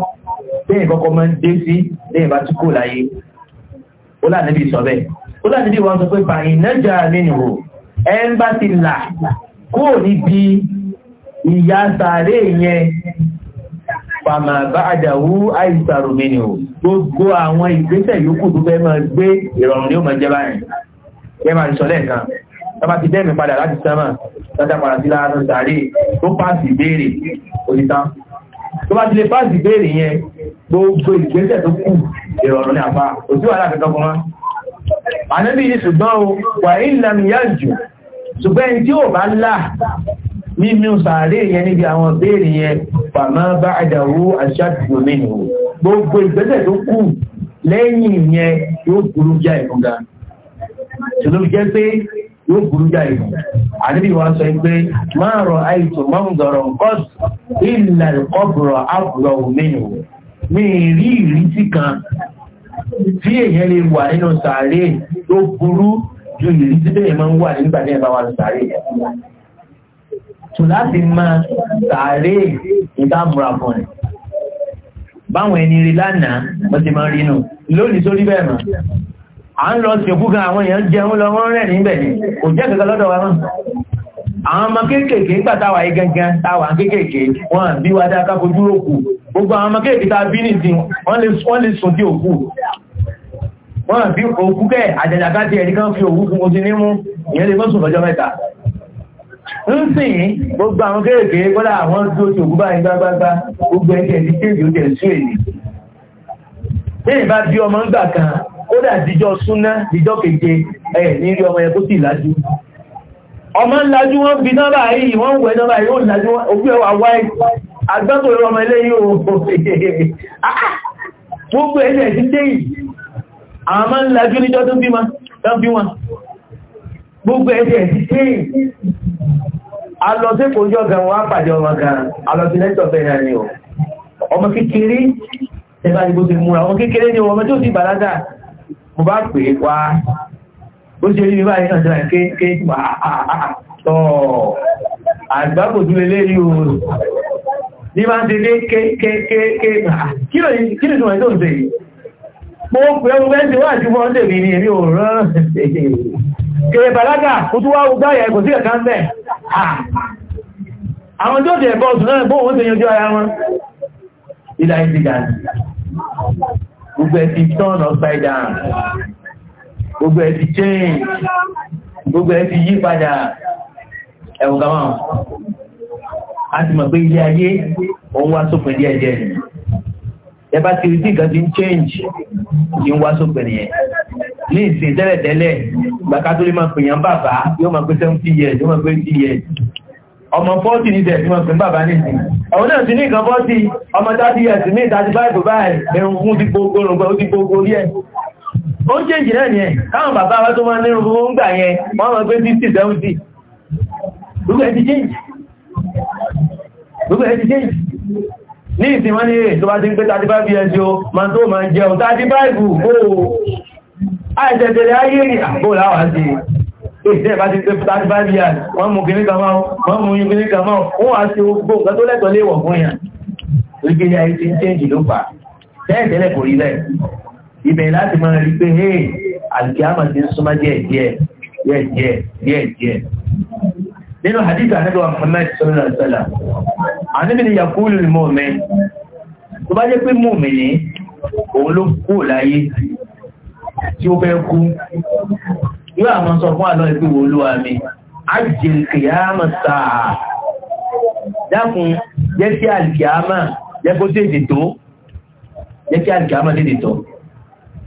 bẹ́ẹ̀ kọ́kọ́ máa ń dé sí bẹ́ẹ̀ bá tún kò láyé ó lá níbi ìsọ bẹ́ẹ̀ ó láti bí wọ́n sọ pé bàyí nájà nínú ẹ ń bá ti là kúrò níbi ìyá sàárè yẹn fàmà bá àdàwú àìsàrò mínú gbogbo àwọn ìgbésẹ̀ yòókù tó fẹ́ máa gbé ìrọ̀rùn ni ó máa jẹ́ báyìí ẹ máa sọ lẹ́ẹ̀kan tọ́bá ti dẹ́mi padà láti sánmà tọ́jà padà sí láàrín sàárè tó pàásì béèrè òtítà tó bá ti lè pàásì béèrè yẹn gbogbo ìgbésẹ̀ tó kù ìrọ̀rùn ní àpá òtí wà láàrín kankan ànábì ní ṣùgbọ́n o wà ìlànà yàjù ṣùgbọ́n tí ó bá lá nínú sàárè yẹn níbi àwọn béèrè yẹn pàmọ́ bá àdàwó àṣàdùgbò mẹ́nu gbogbo ìgbésẹ̀ tó kù lẹ́yìn yẹn yóò burú já ìfúnga ṣùgbọ́n jẹ́ pé yóò burú já ìfún ànábì wa sọ máa rọ àìsàn mọ́ngọ̀rọ̀ nǹkan ìlànà ìrí ìrísí kan tí èèyàn lè wà nínú sàárè tó burú ju ìrírí tí bẹ́ẹ̀ máa ń wà nígbà tí ẹ bá wà ní sàárè yẹn. tò láti mọ sàárè ìdáàbòrà fún rẹ̀ báwọn ẹni rí lánàá wọ́n ti máa rí nù lónìí sórí bẹ́ẹ̀ mọ́ à ń lọ sí òkú àwọn èèyàn jẹun lọ wọ́n rẹ̀ níbẹ̀ ni kò jẹ́ kankan lọ́dọ̀ wa mọ́ àwọn ọmọ kéékèèké nígbàtàwà yìí gangan táwà kéékèèké wọ́n bí wá dá kápojú òkú gbogbo àwọn ọmọ kéékèèké tá bí nìsín wọ́n lè sùn tí òkú wọ́n bí òkú kẹ́ àjàjàká ti ẹ̀rí kan fi òkú fún ojú nímú ìyẹn lè mọ́sùn lọ́jọ́ mẹ́ta ń sìn gbogbo àwọn kéékèèké kọ́lá àwọn tí ó ti òkú báyìí gbágbágbá gbogbo ẹ̀kẹ́ ti kéèkì ó tẹ̀ sú èyí bẹ́ẹ̀ bá bí ọmọ ń gbà kan kódà díjọ́ súná díjọ́ keje ẹ̀ ní rí ọmọ yẹn sì lájú ọmọ ńlájú wọ́n bí náà báyìí wọ́n ń wẹ̀ náà báyìí ó ńlájú ojú ẹwà wáyé àgbẹ́kò ìrọ ọmọ ilé yóò ah, gbogbo ẹ̀lẹ̀ ti dé yìí àwọn máa ń lajú níjọ́ tó bí wọn gbogbo ẹ̀lẹ̀ ti dé yìí alọ́sẹ́ kò jọ gan wọ́n pàdé ọmọ gan alọ́sẹ́ lẹ́tọ̀ bẹ̀rẹ̀ ni o ọmọ kékeré ẹgbà ìgbòsè múra ọmọ kékeré ni ọmọ tó ti bàlágà mo bá pè é wá ó ṣe rí báyìí náà jẹ́ kéèké tọ́ àgbákò tún lè lérí o ní máa ń ṣe kéèkéèkéèké kí lè tún ẹ̀ tó ń ṣe yìí mo pè ọ́ fẹ́ ṣe wá àti fún ọ́ndẹ̀ mi ní èmi ò rán kèrè bàlágà kò tún wá gbá ẹ̀ kò sí ẹ̀ká ń bẹ̀ àwọn tó jẹ́ bọ́ọ̀sù náà bóòwọ́n tó yanjú ara wọn ìlà ìdìgà gbogbo ẹ̀ ti tọ́ọ̀nà upside down gbogbo ẹ̀ ti change gbogbo ẹ̀ ti yí padà ẹ̀wọ̀n kama a ti mọ̀ pé ilé ayé òun wá sópin díẹ̀ díẹ̀ nìyí ẹ bá ti rí tí nǹkan ti ń change ní wá sópin nìyẹn ní ìsìn tẹ́lẹ̀tẹ́lẹ̀ gbàká tó lè máa pèèyàn bàbá yóò máa pé seventy years yóò máa pé eighty years ọmọ fọ́ọ̀tì ní tẹ̀sí máa pèèyàn bàbá nìyẹn àwọn náà ti ní nǹkan fọ́ọ̀tì ọmọ thirty years ní thirty five báyìí ẹ̀rùn fún ti gbogbo ó ti gbogbo orí ẹ̀ ó ń ṣe ìjìnà ní ẹ̀ káwọn bàbá wá tó máa nínú gbogbo ń gbà yẹn wọ́n mọ̀ pé 50 70 gbogbo ẹ̀ ti change gbogbo ẹ̀ ti change ní ìsìn wọ́n ní èrè tó bá ti ń pé 35 years yo máa tó máa jẹun 35 ooo àìsẹ̀tẹ̀lẹ̀ ayé ní àgbò láwà sí ìṣẹ́ bá ti pé 35 years wọ́n mú kìní kan máa wọ́n mú yín kìní kan máa wọ́n wá sí gbogbo nǹkan tó lẹ́tọ̀ọ́ léwọ̀ fún yàn orí gbé ibẹ̀ láti máa rí pé hey alkiyama ti ń súnmọ́ díẹ̀ díẹ̀ díẹ̀ díẹ̀ díẹ̀ díẹ̀ nínú hadith anabi wa muhammad sallallahu alaihi wa sallam anabi ni yakulu ni mu'min tó bá jẹ́ pé mu'min ni òun ló kú láyé tí ó fẹ́ kú yóò àwọn sọ fún àlọ́ ìpé wo olúwa mi ajil kìyàmà sáà dákun jẹ́ kí alkiyama jẹ́ kó tètè tó jẹ́ kí alkiyama tètè tó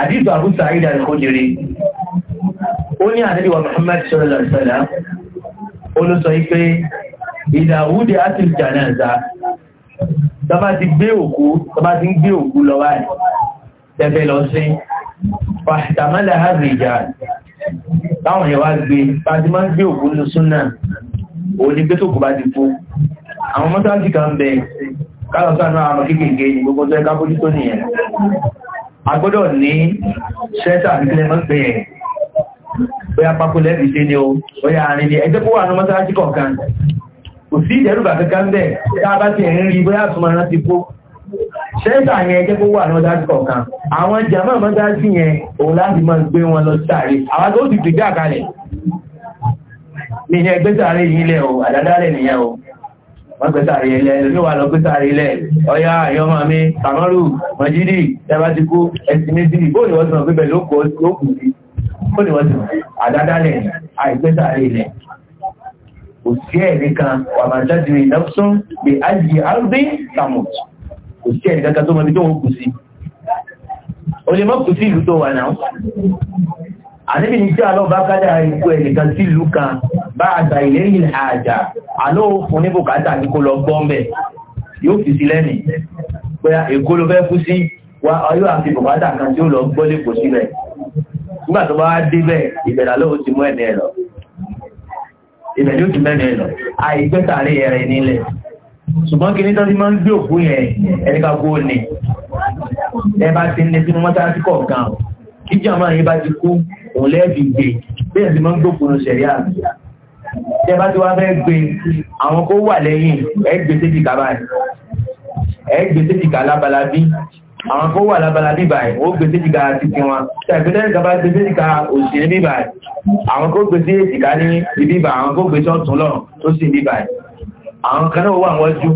hadith Abu Sa'id al-Khudri ó ní Ànábì wa Muhammad sallallahu alaihi wasallam ó ló sọ pé ìdàwúdé àti janaza tọ́bá ti gbé òkú tọ́bá ti ń gbé òkú lọ wáyé tẹ́fẹ́ lọ sí pàtàmọ́lá àríjà táwọn yẹ̀wà gbé pàtímá ń gbé òkú ní súnà òní pé tókù bá ti fún àwọn mọ́sáàtì kan bẹ kálọ̀sánà àmọ́ kéèkéé ní gbogbo tó ẹ agbọ́dọ̀ ní ṣẹ́ta nílẹ̀ mọ́ pé ẹ̀ bóyá pápólẹ́ ti ṣe ni o bóyá àrin ni ẹjẹ́ kó wà ní mọ́sálásí kọ̀ọ̀kan kò sí ìdẹ́rùbà kankan bẹ́ẹ̀ tá bá ti ẹ̀rin rí bóyá súnmọ́ rántí kó ṣẹ́ta yẹn ẹjẹ́ kó wà ní mọ́sálásí kọ̀ọ̀kan àwọn jàmọ́ mọ́sálásí yẹn òun láti máa gbé wọn lọ sáré àwọn tó ti fìdí àkálẹ̀ mi o àdádálẹ̀ nìyẹn o wọ́n gbé sáré ilẹ̀ ẹlòmí wà lọ gbé sáré ilẹ̀ ọya àyọmọ mi kàmọ́rù mọ̀jídì ẹbá ti kú ẹsì méjì bó ni wọ́n ti mọ̀ pé bẹ̀rẹ̀ ó kù sí bó ni wọ́n ti mọ̀ àdádálẹ̀ àìgbé sáré ilẹ̀ kò sí ẹ̀rí kan wà máa jáde ìdáfún pé ájì arúgbé samut kò sí ẹ̀rí kankan tó mọ̀ ibi tó wọ́n kù o lè mọ̀ àníbi ní tí alọ́ bá kádà ikú ẹnìkan sí ìlú kan bá àgbà ìlérí àjà alọ́ fún ní bùkátà ní kó lọ gbọ́mbẹ̀ yóò fi sí lẹ́nì pé èkó ló fẹ́ kú sí wa ọyọ́ àfi bùkátà kan tí ó lọ gbọ́ lè kò sílẹ̀ nígbà tó bá wá débẹ̀ ìbẹ̀rẹ̀ alọ́ ti mú ẹ̀mí ẹ̀ lọ ìbẹ̀rẹ̀ ṣùgbọ́n kí ní tọ́ máa ń gbé òkú yẹn ẹ̀ríkà ní ẹ ti ní sínú mọ́tàlásí kọ̀ọ̀kan kíjà máa yí bá ti kú òun lẹ́ẹ̀bì gbé bẹ́ẹ̀ sí mọ́ gbókùnrin ṣẹ̀rí àmì tẹ́ bá ti wá fẹ́ gbé àwọn kó wà lẹ́yìn ẹgbẹ́ tẹ́jì kàbá ẹgbẹ́ tẹ́jì kà lábalábí àwọn kó wà lábalábí báyìí ó gbé tẹ́jì kà ti fi wọn tẹ́gbẹ́tẹ́ kàbá gbé tẹ́jì kà òṣèré bí báyìí àwọn kó gbé tẹ́jì kà ní ibi báyìí àwọn kó gbé sọ́tún lọ tó sì bí báyìí àwọn kan náà wà wọ́n ti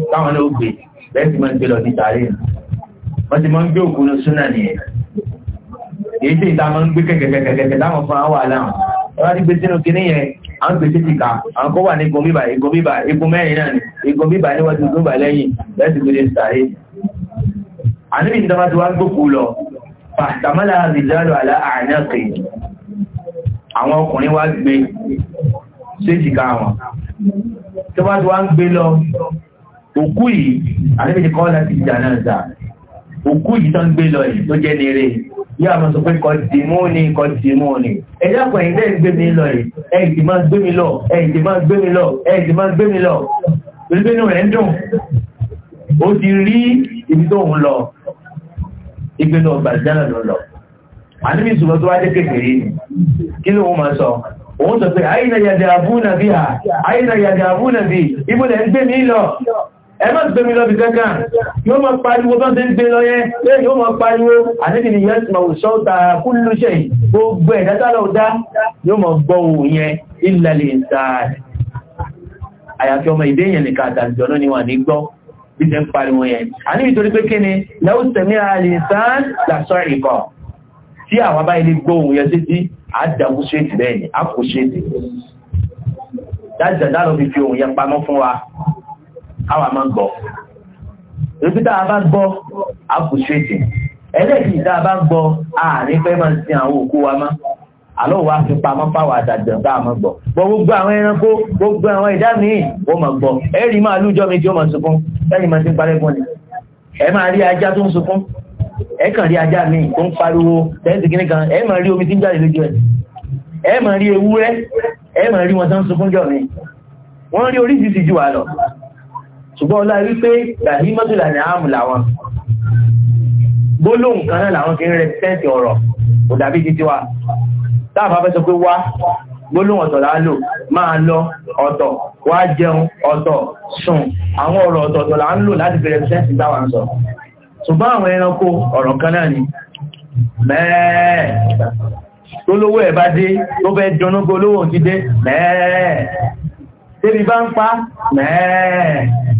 máa ń gbé òkú lọ súnà nìyẹn èyí tí ìta máa ń gbé kẹ̀kẹ̀kẹ̀kẹ̀ táwọn fún àwọn aláwọ̀ wọ́n ti gbé sínú kìíní yẹn a ń pèsè tìka àwọn kọ́ wà ní igun bíbà igun bíbà igun mẹ́rin náà ni igun bíbà níwájú igun bà lẹ́yìn lẹ́sì gbé sàárè àníbi ìjọba ti wá gbókù lọ pàtàmọ́lá rìjálù àlá àárín àkè àwọn ọkùnrin wá gbé séjìká wọn tó bá ti wá ń gbé lọ òkú yìí àníbi ìjọba ti kọ́ láti ìjà náà òkú yìí tán gbé lọ yìí tó jẹ́ ní eré yóò àmọ́ sọ pé kọ̀dìmú ni kọ̀dìmú ni ẹ̀yà kan ẹ̀yìn bẹ́ẹ̀ gbé mi lọ yìí ẹ̀yìn tí máa gbé mi lọ ẹ̀yìn tí máa gbé mi lọ ẹ̀yìn tí máa gbé mi lọ olùgbénu rẹ̀ ń dùn ó ti rí ibi tó ń lọ ìgbénu ọgbà ìdáná ló lọ àníbi ìṣòro tó wá dé kékeré ni kí ló ń máa sọ òun sọ pé àyìnà yàdà àbúnà bí i àyìnà yàdà àbúnà bí i ibùdó ẹ̀ ń gbé mi lọ ẹmọ́ ti gbẹ̀mí lọ bí kankan yóò mọ̀ pariwo tán ti ń gbé lọ́yẹ́ lẹ́yìn yóò mọ̀ pariwo àti ni yẹ́ ma òṣọ́ ta kúlùṣẹ́ gbogbo ẹ̀dátàlọ́ dá yóò mọ̀ gbọ́ òun yẹn ìlàlẹ̀ ìsáàrẹ̀ àyàfi ọmọ ìdẹ́yẹn nìkan àtàlìjọ́ náà ni wà ní gbọ́ bí tẹ́ ń pariwo yẹn a ní ìtorí pé kí ni lẹ́ọ̀sẹ̀mí àlìsán làṣọ ìkọ̀ tí àwọn bá ilé gbóhùn yẹ sí tí a dàmú ṣéètì bẹ́ẹ̀ ni a kò ṣéètì dájàdá lọ fi fi ohun yẹn pamọ́ fún wa àwa máa gbọ́ èyí tá a bá gbọ́ a kò ṣètì ẹlẹ́yìn tá a bá gbọ́ àárín fẹ́ máa sin àwọn òkú wa má àlọ́ wa fi pamọ́ fáwọn àdàgbà tá a máa gbọ́ bọ́ gbogbo àwọn ẹranko gbogbo àwọn ẹ̀dá míì wọ́n máa gbọ́ ẹ̀rì máa lújọ́ mi tí ó máa sunkún ẹ̀rì máa ti ń parẹ́ fún ni ẹ máa rí ajá tó ń sunkún ẹ kàn rí ajá kan ẹ máa rí omi tí ń jáde lójú ẹ̀ ẹ máa rí ewúrẹ́ ẹ máa rí wọn tó ń sunkún jọ mi wọ́n ṣùgbọ́n ọlá wípé gbàdí mọ́tòlá ní àmù làwọn gbólóhùn kan náà làwọn kì í rẹpítẹ́ǹtì ọ̀rọ̀ kò dàbí títí wa táàbà fẹ́ sọ pé wá gbólóhùn ọ̀tọ̀ là á lò máa lọ ọ̀tọ̀ wá jẹun ọ̀tọ̀ sùn àwọn ọ̀rọ̀ ọ̀tọ̀ọ̀tọ̀ là ń lò láti fi rẹpítẹ́ǹtì táwa ń sọ ṣùgbọ́n àwọn ẹranko ọ̀rọ̀ kan náà ni mẹ́ẹ̀ẹ́ tó lówó ẹ̀ bá dé tó fẹ́ dúnnú gbólóhùn ti dé mẹ́ẹ̀ẹ́ tẹ́bi bá ń pa mẹ́ẹ̀ẹ́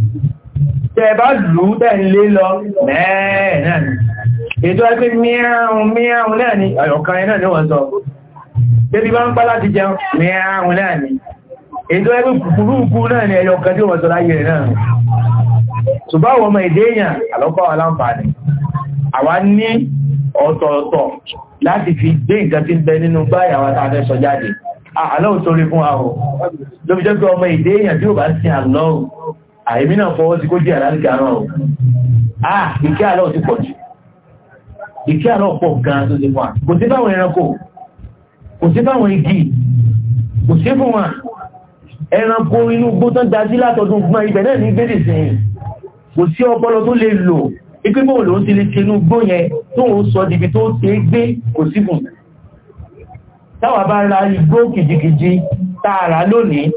tẹ bá lù ú tẹ́ ń lé lọ mẹ́ẹ̀ náà ni ètò ẹgbẹ́ mìíràn mìíràn náà ni ọ̀yọ̀kan ẹ̀ náà ni wọ́n sọ tẹ́bí bá ń pá láti jẹun mìíràn náà ni ètò ẹgbẹ́ kùkùrùkù náà ni ẹ̀yọ̀kan tí wọ́n sọ láyé náà ṣùgbọ́n ọmọ èdè èèyàn àlọ́pàá wà láǹfààní àwa ní ọ̀tọ̀ọ̀tọ̀ láti fi gbé nǹkan tí ń bẹ nínú báyà wa tàbí sọ jáde àlọ́ òtórí fún àwọn lóbi jẹ́ pé ọmọ èdè èèyàn tí ò bá sin àlọ́rùn àìmí náà fọwọ́ sí kó jẹ́ àlálìkà náà o ah ìkẹ́ àlọ́ ti pọ̀ jù ìkẹ́ àlọ́ pọ̀ gan-an tó ti fún wa kò sí báwọn ẹranko kò sí báwọn igi kò sí fún wa ẹranko inú igbó tán dájí látọdún gbọ́n ibẹ̀ náà ní gbédè sí kò sí ọpọlọ tó lè lò ipé bóò ló ti lè ṣe inú yẹn tó ń sọ dìbì tó ṣe gbé kò sí fún táwa bá ra igbó kìjikìji tààrà lónìí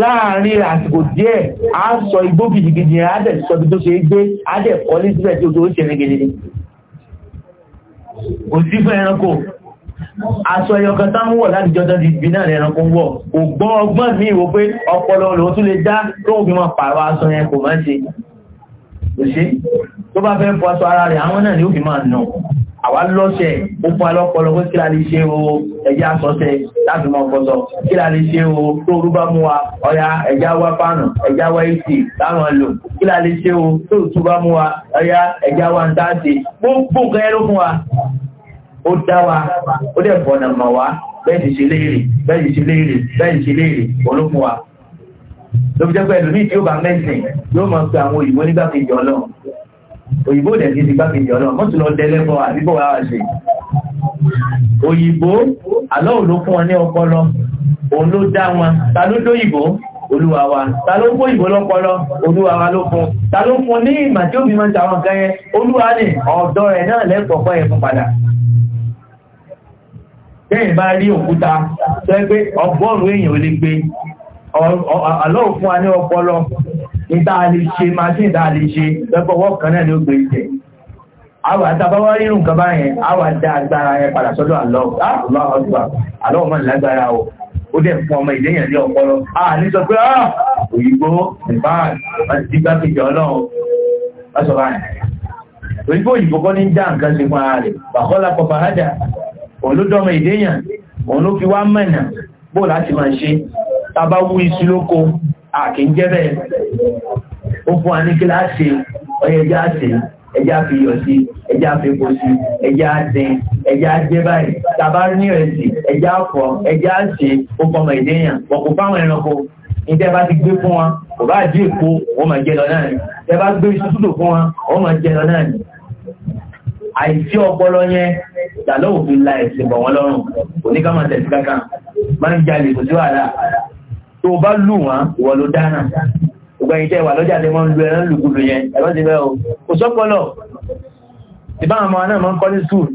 láàrin àsìkò díẹ̀ a sọ igbó gidigidi yẹn adẹ̀ sọ bí tó ṣe gbé adẹ̀ kọ́ ní síbẹ̀ tí ó tó ṣe ní gidigidi kò sí fún ẹranko aṣọ ẹyọkan táwọn wọ̀ láti jọjọ́ di ìgbì náà ẹranko ń wọ̀ kò gbọ́ ọgbọ́n mi wò pé ọpọlọ lò tún lè dá tó òfin wọn pààrọ̀ aṣọ yẹn kò máa ṣe kò ṣe tó bá fẹ́ fọ aṣọ ara rẹ̀ àwọn náà ni ó fi máa nà àwa lọ́sẹ̀ ó fún alọ́pọ̀lọ́ pé kí la lè ṣe o ẹ̀já sọ́sẹ̀ láti mọ ọ̀pọ̀sọ̀ kí la ṣe o tó orú bá mú wa ọya ẹ̀já wá fánù ẹ̀já wá ìsì láwọn lò kí la lè ṣe o tó òtú bá mú wa ọya ẹ̀já wá ń dáàdì gbogbo nǹkan ẹ̀rọ fún wa ó dá wa ó dẹ̀ bọ̀nà mọ̀ wá bẹ́ẹ̀ sì ṣe léèrè bẹ́ẹ̀ sì ṣe léèrè bẹ́ẹ̀ sì ṣe léèrè olókun wa ló fi jẹ́ pé ẹlòmíì òyìnbó dẹ̀ ti di gbákejì ọlọ́run mọ́tò lọ dẹ́lẹ́bọ̀ àbíbọ̀ wá ṣe òyìnbó àlọ́ọ̀ ló fún wọn ní ọpọlọ òun ló dá wọn ta ló dóyìnbó olúwa wa ta ló fún ìbò lọ́pọlọ olúwa wa ló fún ta ló fún ní ìmà tí ó bí máa ń tàwọn kan yẹn olúwa ní ọ̀dọ́ rẹ̀ náà lẹ́kọ̀ọ́kọ́ ẹ̀fún padà tẹ́yìn bá rí òkúta tó ẹgbẹ́ ọgọ́rùn-ún èèyàn ò lè gbé àlọ́ọ̀ fún wa ní ìdáàlè ṣe máa sí ìdáàlè ṣe lọ́pọ̀wọ́ kan náà ló gbé ìtẹ̀ àwà àtàbáwá rírùn nǹkan báyẹn àwà dá agbára yẹn padà sọ́dọ̀ àlọ́ ah, ó dẹ̀ fún ọmọ ìléyàn ní ọpọlọ àà ah, ní sọ pé àà ah, òyìnbó nìbáà àti igbákejì ọlọ́run lọ́sọ̀rọ̀ àyà òyìnbó òyìnbó kọ́ ní já nǹkan sí fún ara rẹ̀ bàkọ́lá pọ̀pọ̀ tàbá wú iṣu lóko àkè jẹ́ bẹ́ẹ̀ ó fún wa ní kí láṣe ọyẹ ẹja ṣe ẹja fi yọ sí ẹja fi kó sí ẹja dín ẹja jẹ báyìí tàbá ní ẹsì ẹja fọ ẹja ṣe ó fọmọ ìdíyàn wọn kò fáwọn ẹranko ìtẹ́ bá ti gbé fún wa kò bá jí èkó wọ́n máa jẹ́ lọ náà ni tẹ́ bá gbé ṣúṣúdò fún wa wọ́n máa jẹ́ lọ náà ni àìsí ọpọlọ yẹn ìdàlọ́wò fi la ẹ̀sìn bọ̀ wọ́n lọ́rùn kò ní ká máa tẹ̀sí kankan máa ń jalè kò sí wàhálà tó bá lù wọ́n ìwọ ló dáná gbogbo ẹ̀yin tẹ́ wà lọ́jà lè wọ́n lu ẹran lùgbùlù yẹn ẹ̀rọ ti bẹ́ o kò sọ́pọ̀lọ̀ ìbáwọn ọmọ náà máa ń kọ́ ní skul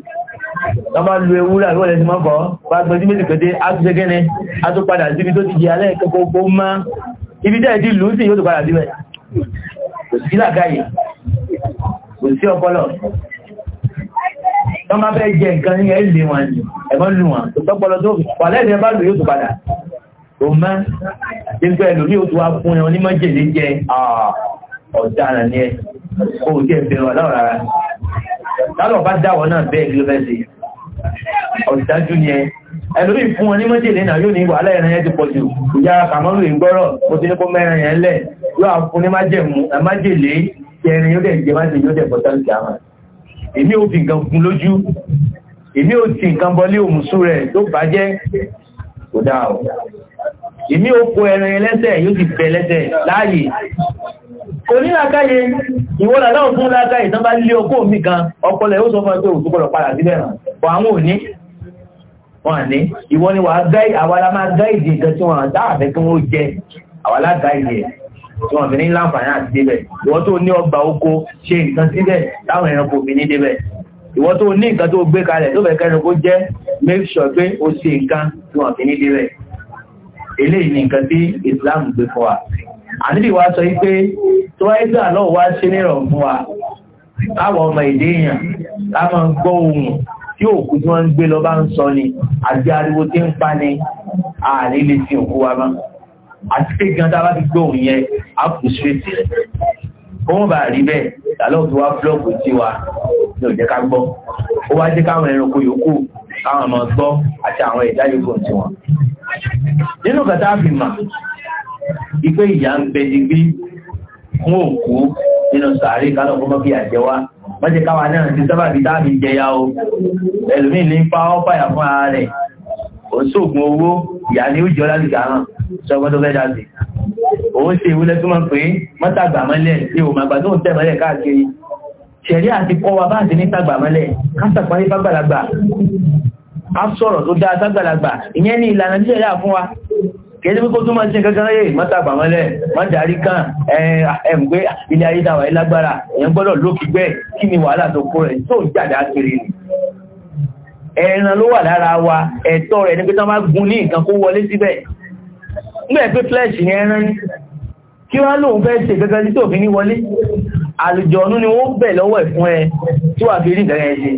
wọ́n bá lu ewúrẹ́ àríwọ̀ lẹ́sìn mọ́kọ́ bá gbọ́n sí méjì pété átúnṣe kẹ́ni a tó padà síbi tó ti di alẹ́ kẹ́kọ́ gbó mọ́ ibi tẹ́ ti lù ú sí yóò tó padà síbẹ̀ kò sí làkàyè kò sí ọpọlọ wọ́n bá fẹ́ jẹ nǹkan ní ẹ̀ lé wọn ẹ̀gbọ́n lù wọn kò sọ́pọlọ tó wà lẹ́sìn tó mọ́ nígbà ẹlòmí ò tó wá fún ẹ onímọ̀jèlé jẹ ọ̀daràn ni ẹ kó o jẹ́ ìbẹ̀rù aláwọ̀ rárá lálọ́ bá dáwọ̀ náà bẹ́ẹ̀ kí ló fẹ́ ṣe ọ̀dájú ni ẹ ẹlòmí fún onímọ̀jèlé náà yóò ní wàhálà ẹran yẹn ti pọ̀ jù ìyá kàmọ́lù ìgbọ́rọ̀ mo ti ní kó mẹ́rin yẹn lẹ̀ yóò fún ní májèlé jẹrin yóò dẹ̀ jẹ májèlé yóò dẹ̀ pọ̀ sáǹtì àmà èmi ò fi nǹkan fún lójú èmi ò ti nǹkan bọlé òmùsù rẹ̀ tó bàjẹ́ kò dáa èmi ò kó ẹran ẹlẹ́sẹ̀ yóò ti bẹ̀ lẹ́sẹ̀ láàyè kò ní làkáyé ìwọ́là láwọn fún làkáyé tán bá lé ọkọ̀ mi kan ọpọlọ yóò sọ fún ẹgbẹ́ òtún gbọ́dọ̀ padà síbẹ̀ ràn bọ̀ àwọn òní wọn ní ìwọ ni wàá gáì àwàlá máa gáìdì nǹkan tí wọn dáàfẹ́ kí wọ́n jẹ àwàlá gáìdì ẹ̀ tí wọ́n fi ní láǹfààní àti débẹ̀ ìwọ tó ní ọgbà oko ṣe nǹkan síbẹ̀ láwọn tó gbé kalẹ̀ tó fẹ́ kó jẹ́ make sure pé o ṣe nǹkan tí wọ́n fi ní débẹ̀ eléyìí ni nǹkan tí Islam gbé fún wa àníbì wá sọ wípé tó wáyé gbà lọ́wọ́ wá ṣe nírọ̀ fún wa káwọn ọmọ èdè èèyàn ká máa gbọ́ ohun tí òkú tí wọ́n ń gbé lọ bá ń sọ ni àti ariwo tí ń pa ni ààrẹ lè fi òkú wa mọ́ àti pé gan tá a bá ti gbọ́ òun yẹn á kù síréètì rẹ̀ kó wọ́n bá rí bẹ́ẹ̀ lálọ́ tó wá búlọ́ọ̀kù tí wa ní òjẹ́ ká gbọ́ káwọn ọmọ gbọ́ àti àwọn ẹ̀dá yòókù tiwọn nínú kàtà fi mà ipé ìyà ń bẹ ti gbé fún òkú nínú sàárè kálọ̀ fún mọ́kí àjẹwá mọ́jẹ káwà náà ti sábà bí táàbí jẹya o ẹlùmí ní pa ọ́pàyà fún ara rẹ̀ ó sóògùn owó ìyà ni ó jẹ́ ọlálùkà hàn sọgbọ́n tó fẹ́ dá sí òun ṣe ìwúlẹ̀ tó máa ń pè é mọ́tàgbà mọ́lẹ̀ ní òun àgbà tó ń tẹ̀ mọ́lẹ̀ káàkiri ṣẹ̀rí àti kọ́ wa bá ti ní tàgbà mọ́lẹ̀ bá gbàlagbà a sọ̀rọ̀ tó dáa ságbàlagbà ìyẹn ni ìlànà tí ẹ̀yà fún wa kẹ́lẹ́ pípọ́ tó máa ṣe kankan yẹ mọ́tàgbà mọ́lẹ̀ mọ́jàrí kan ẹ̀mgbé ilé ayédáwà ilágbára èyàn gbọ́dọ̀ lókígbẹ́ kí ni wàhálà tó kó rẹ̀ tó jàdá kiri ẹ̀ràn ló wà lára wa ẹ̀tọ́ rẹ̀ ní pé tán bá gún ní nǹkan kó wọlé síbẹ̀ nígbẹ̀ pé flesh ni ẹran ní kí wọ́n lóun fẹ́ ṣe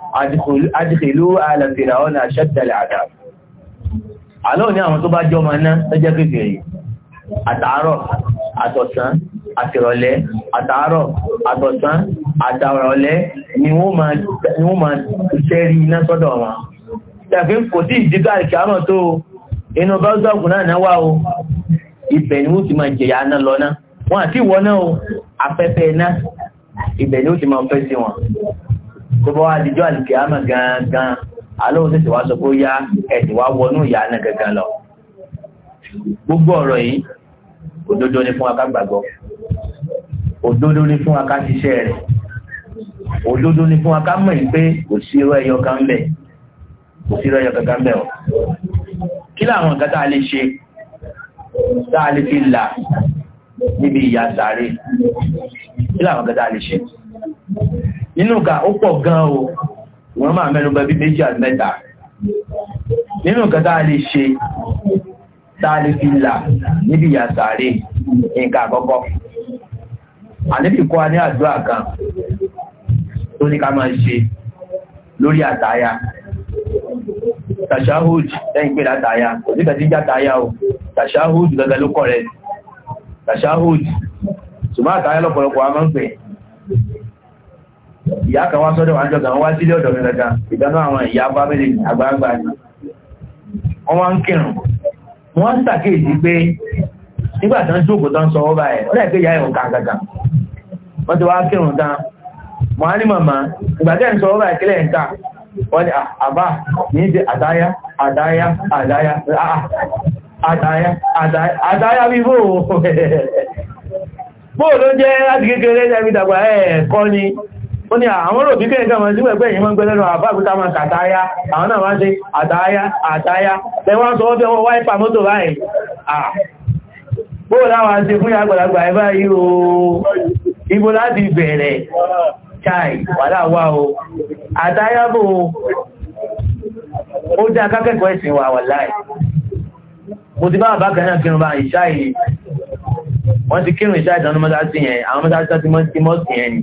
adìkìlú alàfèrè àwọn àṣẹ́tẹ̀lẹ̀ àdá àlọ́ ní àwọn tó bá jọ ma ná tẹ́jẹ́ kékeré àtàárọ̀ àtọ̀sán àtìrọ̀lẹ́ àtàárọ̀ àtọ̀sán àtàrọ̀lẹ́ ni wọ́n ma tẹ́rí iná sọ́dọ̀ wọn tẹ̀fí kò sí ìdíkà ìkàmọ̀ tó inú báúsọ̀kù náà náà wá o ibẹ̀ ni tó bá wá dijọ́ àlìkìyàmọ̀ gangan alóhùn tètè wá sọ pé ó yá ẹ̀sìn wá wọnú ìyá náà gangan lọ gbogbo ọ̀rọ̀ yìí òdodo ni fún wa ká gbàgbọ́ òdodo ni fún wa ká ṣiṣẹ́ rẹ̀ òdodo ni fún wa ká mọ̀ pé kò sí irọ́ ẹyọ kan ń bẹ kò sí irọ́ ẹyọ kankan ń bẹ o kí láwọn nǹkan tá a lè ṣe tá a lè fi là níbi ìyà sàárè kí láwọn nǹkan tá a lè ṣe nínú ìka ó pọ̀ gan o wọ́n máa mẹ́nu bẹ bí méjì àti mẹ́ta nínú nǹkan tá a lè ṣe tá a lè fi là níbi ìyà sàárè nǹkan àkọ́kọ́ àníbì kọ́ ní àdúrà kan tó ní ká máa ṣe lórí àtàyà tàṣáhùd lẹ́yìn pé látàyà kò sí kẹtí játàyà o tàṣáhùd gẹ́gẹ́ ló kọ̀ rẹ̀ tàṣáhùd ṣùgbọ́n àtàyà lọ́pọ̀lọpọ̀ a máa ń pè ìyá kan wá sọ́dọ̀ wá jọga wá sílé ọ̀dọ̀ mẹ́lẹ́ta àwọn ìyá bá mẹ́lẹ̀ wọ́n wá ń kírun wọ́n ń sàkéèsí pé nígbà jókòó tán sọ ọ́ báyẹ̀ ó dẹ̀ pé ìyá ní ní ó ní àwọn òbí kẹ́ ẹ̀kẹ́ wọn síwẹ̀ pẹ́yìn wọ́n gbẹ́lẹ́rọ àbábútà wọn kàtàáyá àwọn náà wọ́n ṣe àtàáyá àtàáyá tẹwọ́n sọ ọ́fẹ́ wọ́n wáìpà mọ́tò báyìí bóò láwà ṣe fún àgbàlagbà ẹbá yíò ibo láti bẹ̀rẹ̀ chai wàláwà o àtàáyábò ó dá akẹ́kọ̀ọ́ ẹ̀sìn wà wà láì mo ti bá àbákan náà kírun bá ìṣáì wọ́n ti kírun ìṣáì tánú mọ́sá sí yẹn àwọn mọ́sá sí mọ́sí yẹn ni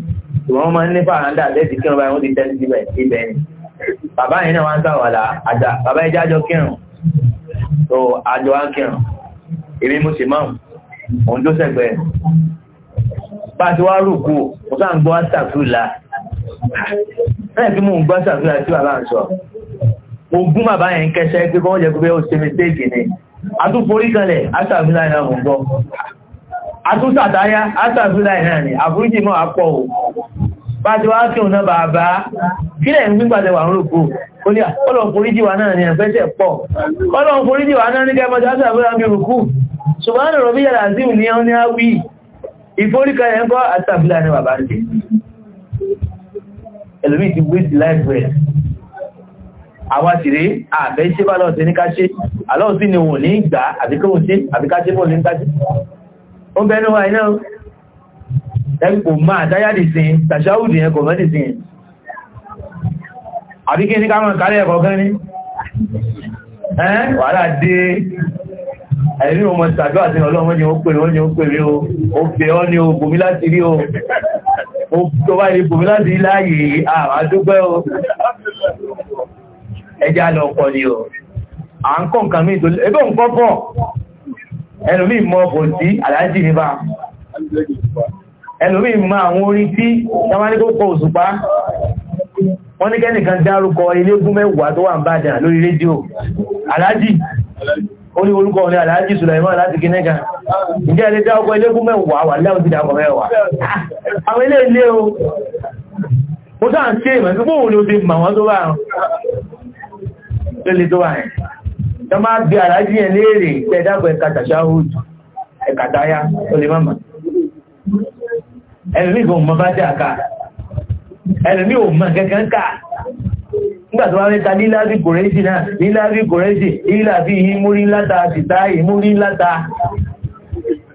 wọ́n máa ń ní fàràǹdà lẹ́sì kírun báyìí wọ́n ti tẹ́lẹ̀ síbẹ̀ ibẹ̀ ni bàbá yìí náà wá ń sàwàlà àjà bàbá yìí jájọ kírun tó àjọ wá ń kírun èmi mo sì máa òun tó sẹ̀gbẹ́ bá a ti wá rù kú mo sáà ń gbọ́ sàfúlà bẹ́ẹ̀ tí mo ń gbọ́ sàfúlà tí bàbá ń sọ mo gún bàbá yẹn kẹsẹ́ pé kọ́ wọ́n jẹ́ pé ó ṣe mi téèkì ni àtúforí kanlẹ̀ àtàfúlà náà mo gbọ́ àtúntàdáyá àtàfílà ìrìn rìn àbúrújì náà pọ̀ ò bá ti wá kí òun bàbá kílẹ̀ ń gbígbàtẹ̀ wà ń rògbò ó ní ọlọ́pùrújì wà náà ní ẹ̀fẹ́sẹ̀ pọ̀ ọlọ́pùrújì wà náà ní gẹ́mọ́jọ́ àtàfílà mi rùkú ṣùgbọ́n rọ̀bí yàrá sí ní ọ́ ní àwí ìforíkẹrẹ ńkọ́ àtàfílà ní bàbá ń ẹlòmí ti wéṣì láìpẹ́ àwọn àṣìrí àbẹ́ ṣe bá ní ká ṣe ni òun ní ìgbà àbíkọ́ òun ṣe àbíkáṣẹ́ bọ́ọ̀lù ní ká ó bẹ́nu wa iná ẹgbò máa dáyàdì sí tàṣáwùdì ẹkọ̀ mẹ́dì sí àbí kí ní ká mọ̀ kálẹ̀ ẹ̀kọ́ kan ní ẹ́ wàhálà dé ẹ̀rí ọmọ tàbí àti ọlọ́mọ ni ó pèrè ó o bòmí o ó tó o ẹjá lọ pọ̀ ni o à ń kọ́ nǹkan mí ìtòlẹ́ ẹgbẹ́ òǹkọ́ pọ̀ ẹlòmí mọ́ kò sí aláàjì nípa ẹlòmí mọ́ àwọn orin tí tamaníkò kọ òṣùpá wọ́n ní kẹ́nìkan dárúkọ ilégún mẹ́wàá tó wà ń bàdàn lórí rédíò aláàjì ó ní orúkọ ní aláàjì Sùlẹ̀mọ́ láti kí nẹ́gà ìjẹ́ ilé dárúkọ ilégún mẹ́wàá wà lẹ́wọ́n ti dàkọ̀ mẹ́wàá àwọn ilé ilé o tó bá bí àrájí yẹn léèrè pé dábọ̀ ẹ̀ka tàṣáhùd ẹ̀ka táyá ó lè má mà ẹlòmí kò mọ bá dà ká ẹlòmí ò mọ kẹkẹ ká nígbà tó wá mẹ́ta níláàbí kòrẹ́sì náà níláàbí kòrẹ́sì níláàbí ìmúrí láta àtìta ìmúrí láta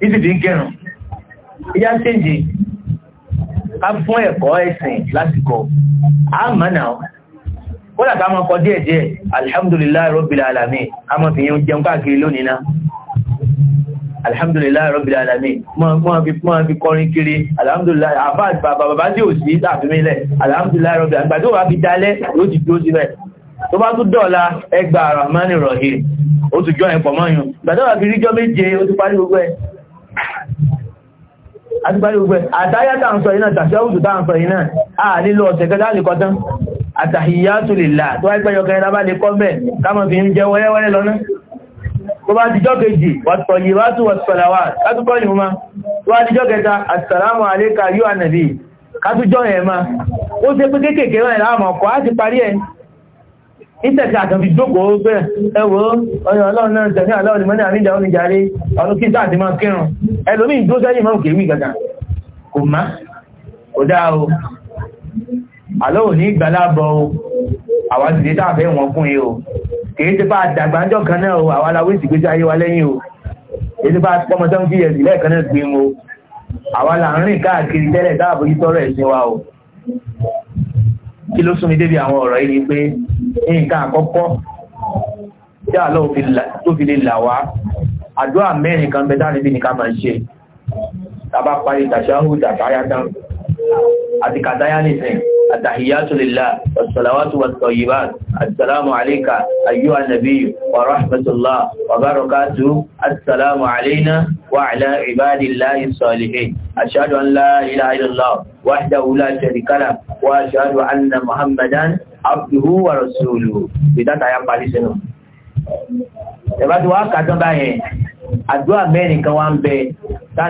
ìsìdí kẹrùn ìyá tẹ́jì ká fún ẹ̀kọ́ ẹ̀sìn lásìkò àmànà kódà ká máa kọ díẹ̀ díẹ̀ alhamdulillah rabbil alamin a máa fi yẹn jẹun káàkiri lónìí náà alhamdulillah rabbil alamin máa fi kọrin kiri alhamdulillah àbá bàbá bàbá tí ò sí àfimílẹ̀ alhamdulillah rabbil alamin gbàdó wà fi dalẹ̀ ló ti dúró síbẹ̀ tó bá tún dọ̀la ẹgbà rahmani rahim ó tún jọ ẹ̀pọ̀ mọ́yún gbàdó wà fi ríjọ́ méje ó ti parí gbogbo ẹ̀ àti parí gbogbo ẹ̀ àtáyá tàǹsọ̀ yìí náà tàṣẹ́ òtù tàǹsọ̀ yìí náà à nílò ọ̀sẹ̀ kẹta lè kọtán àtàhìyàtù lillah tó wáyé ikpe kẹrẹ lábá lè kọ́mẹ̀ káàmọ̀ fi ń jẹ wẹ́rẹ́wẹ́rẹ́ lọ́nà tó bá dijọ́ kejì wat-tayyibatu was-salawat látúkọ́ yìí ma bá ma ti parí ẹ̀ ìtẹ̀kẹ́ àtàfi jókòó pé ẹwọ́ ọyọ̀ ọlọ́run náà tẹ̀kẹ́ àlọ́ ìmọ́lẹ̀ àríjà oníjàre ọdún kí sáà ti máa kírùn ẹlòmí ìdó sẹ́yìn o àlọ́ òní ìgbàlábọ̀ o àwa sì dé tààfẹ́ wọn kún yìí o kìí ti bá dàgbàjọ́ kan náà o àwa aláwé sì gbéjá ayé wa lẹ́yìn o kìí ti bá pọ́mọ tó ń fi ẹ̀sìn lẹ́ẹ̀kan náà gbé mu o àwa là ń rìn káàkiri tẹ́lẹ̀ dáàbò yìí tọ́rọ̀ ẹ̀sìn wa o kí ló sún mi débi àwọn ọ̀rọ̀ yìí ni pé nǹkan àkọ́kọ́ tí àlọ́ tó àti kàtáyá nìsín التحيات لله والصلوات والطيبات السلام عليك أيها النبي ورحمة الله وبركاته السلام علينا وعلى عباد الله الصالحين أشهد أن لا إله إلا الله وحده لا شريك له وأشهد أن محمدا عبده ورسوله بدأت أيام بعد سنة ìbájú wá kàtán báyẹn àdúrà mẹ́rin kan wá ń bẹ táà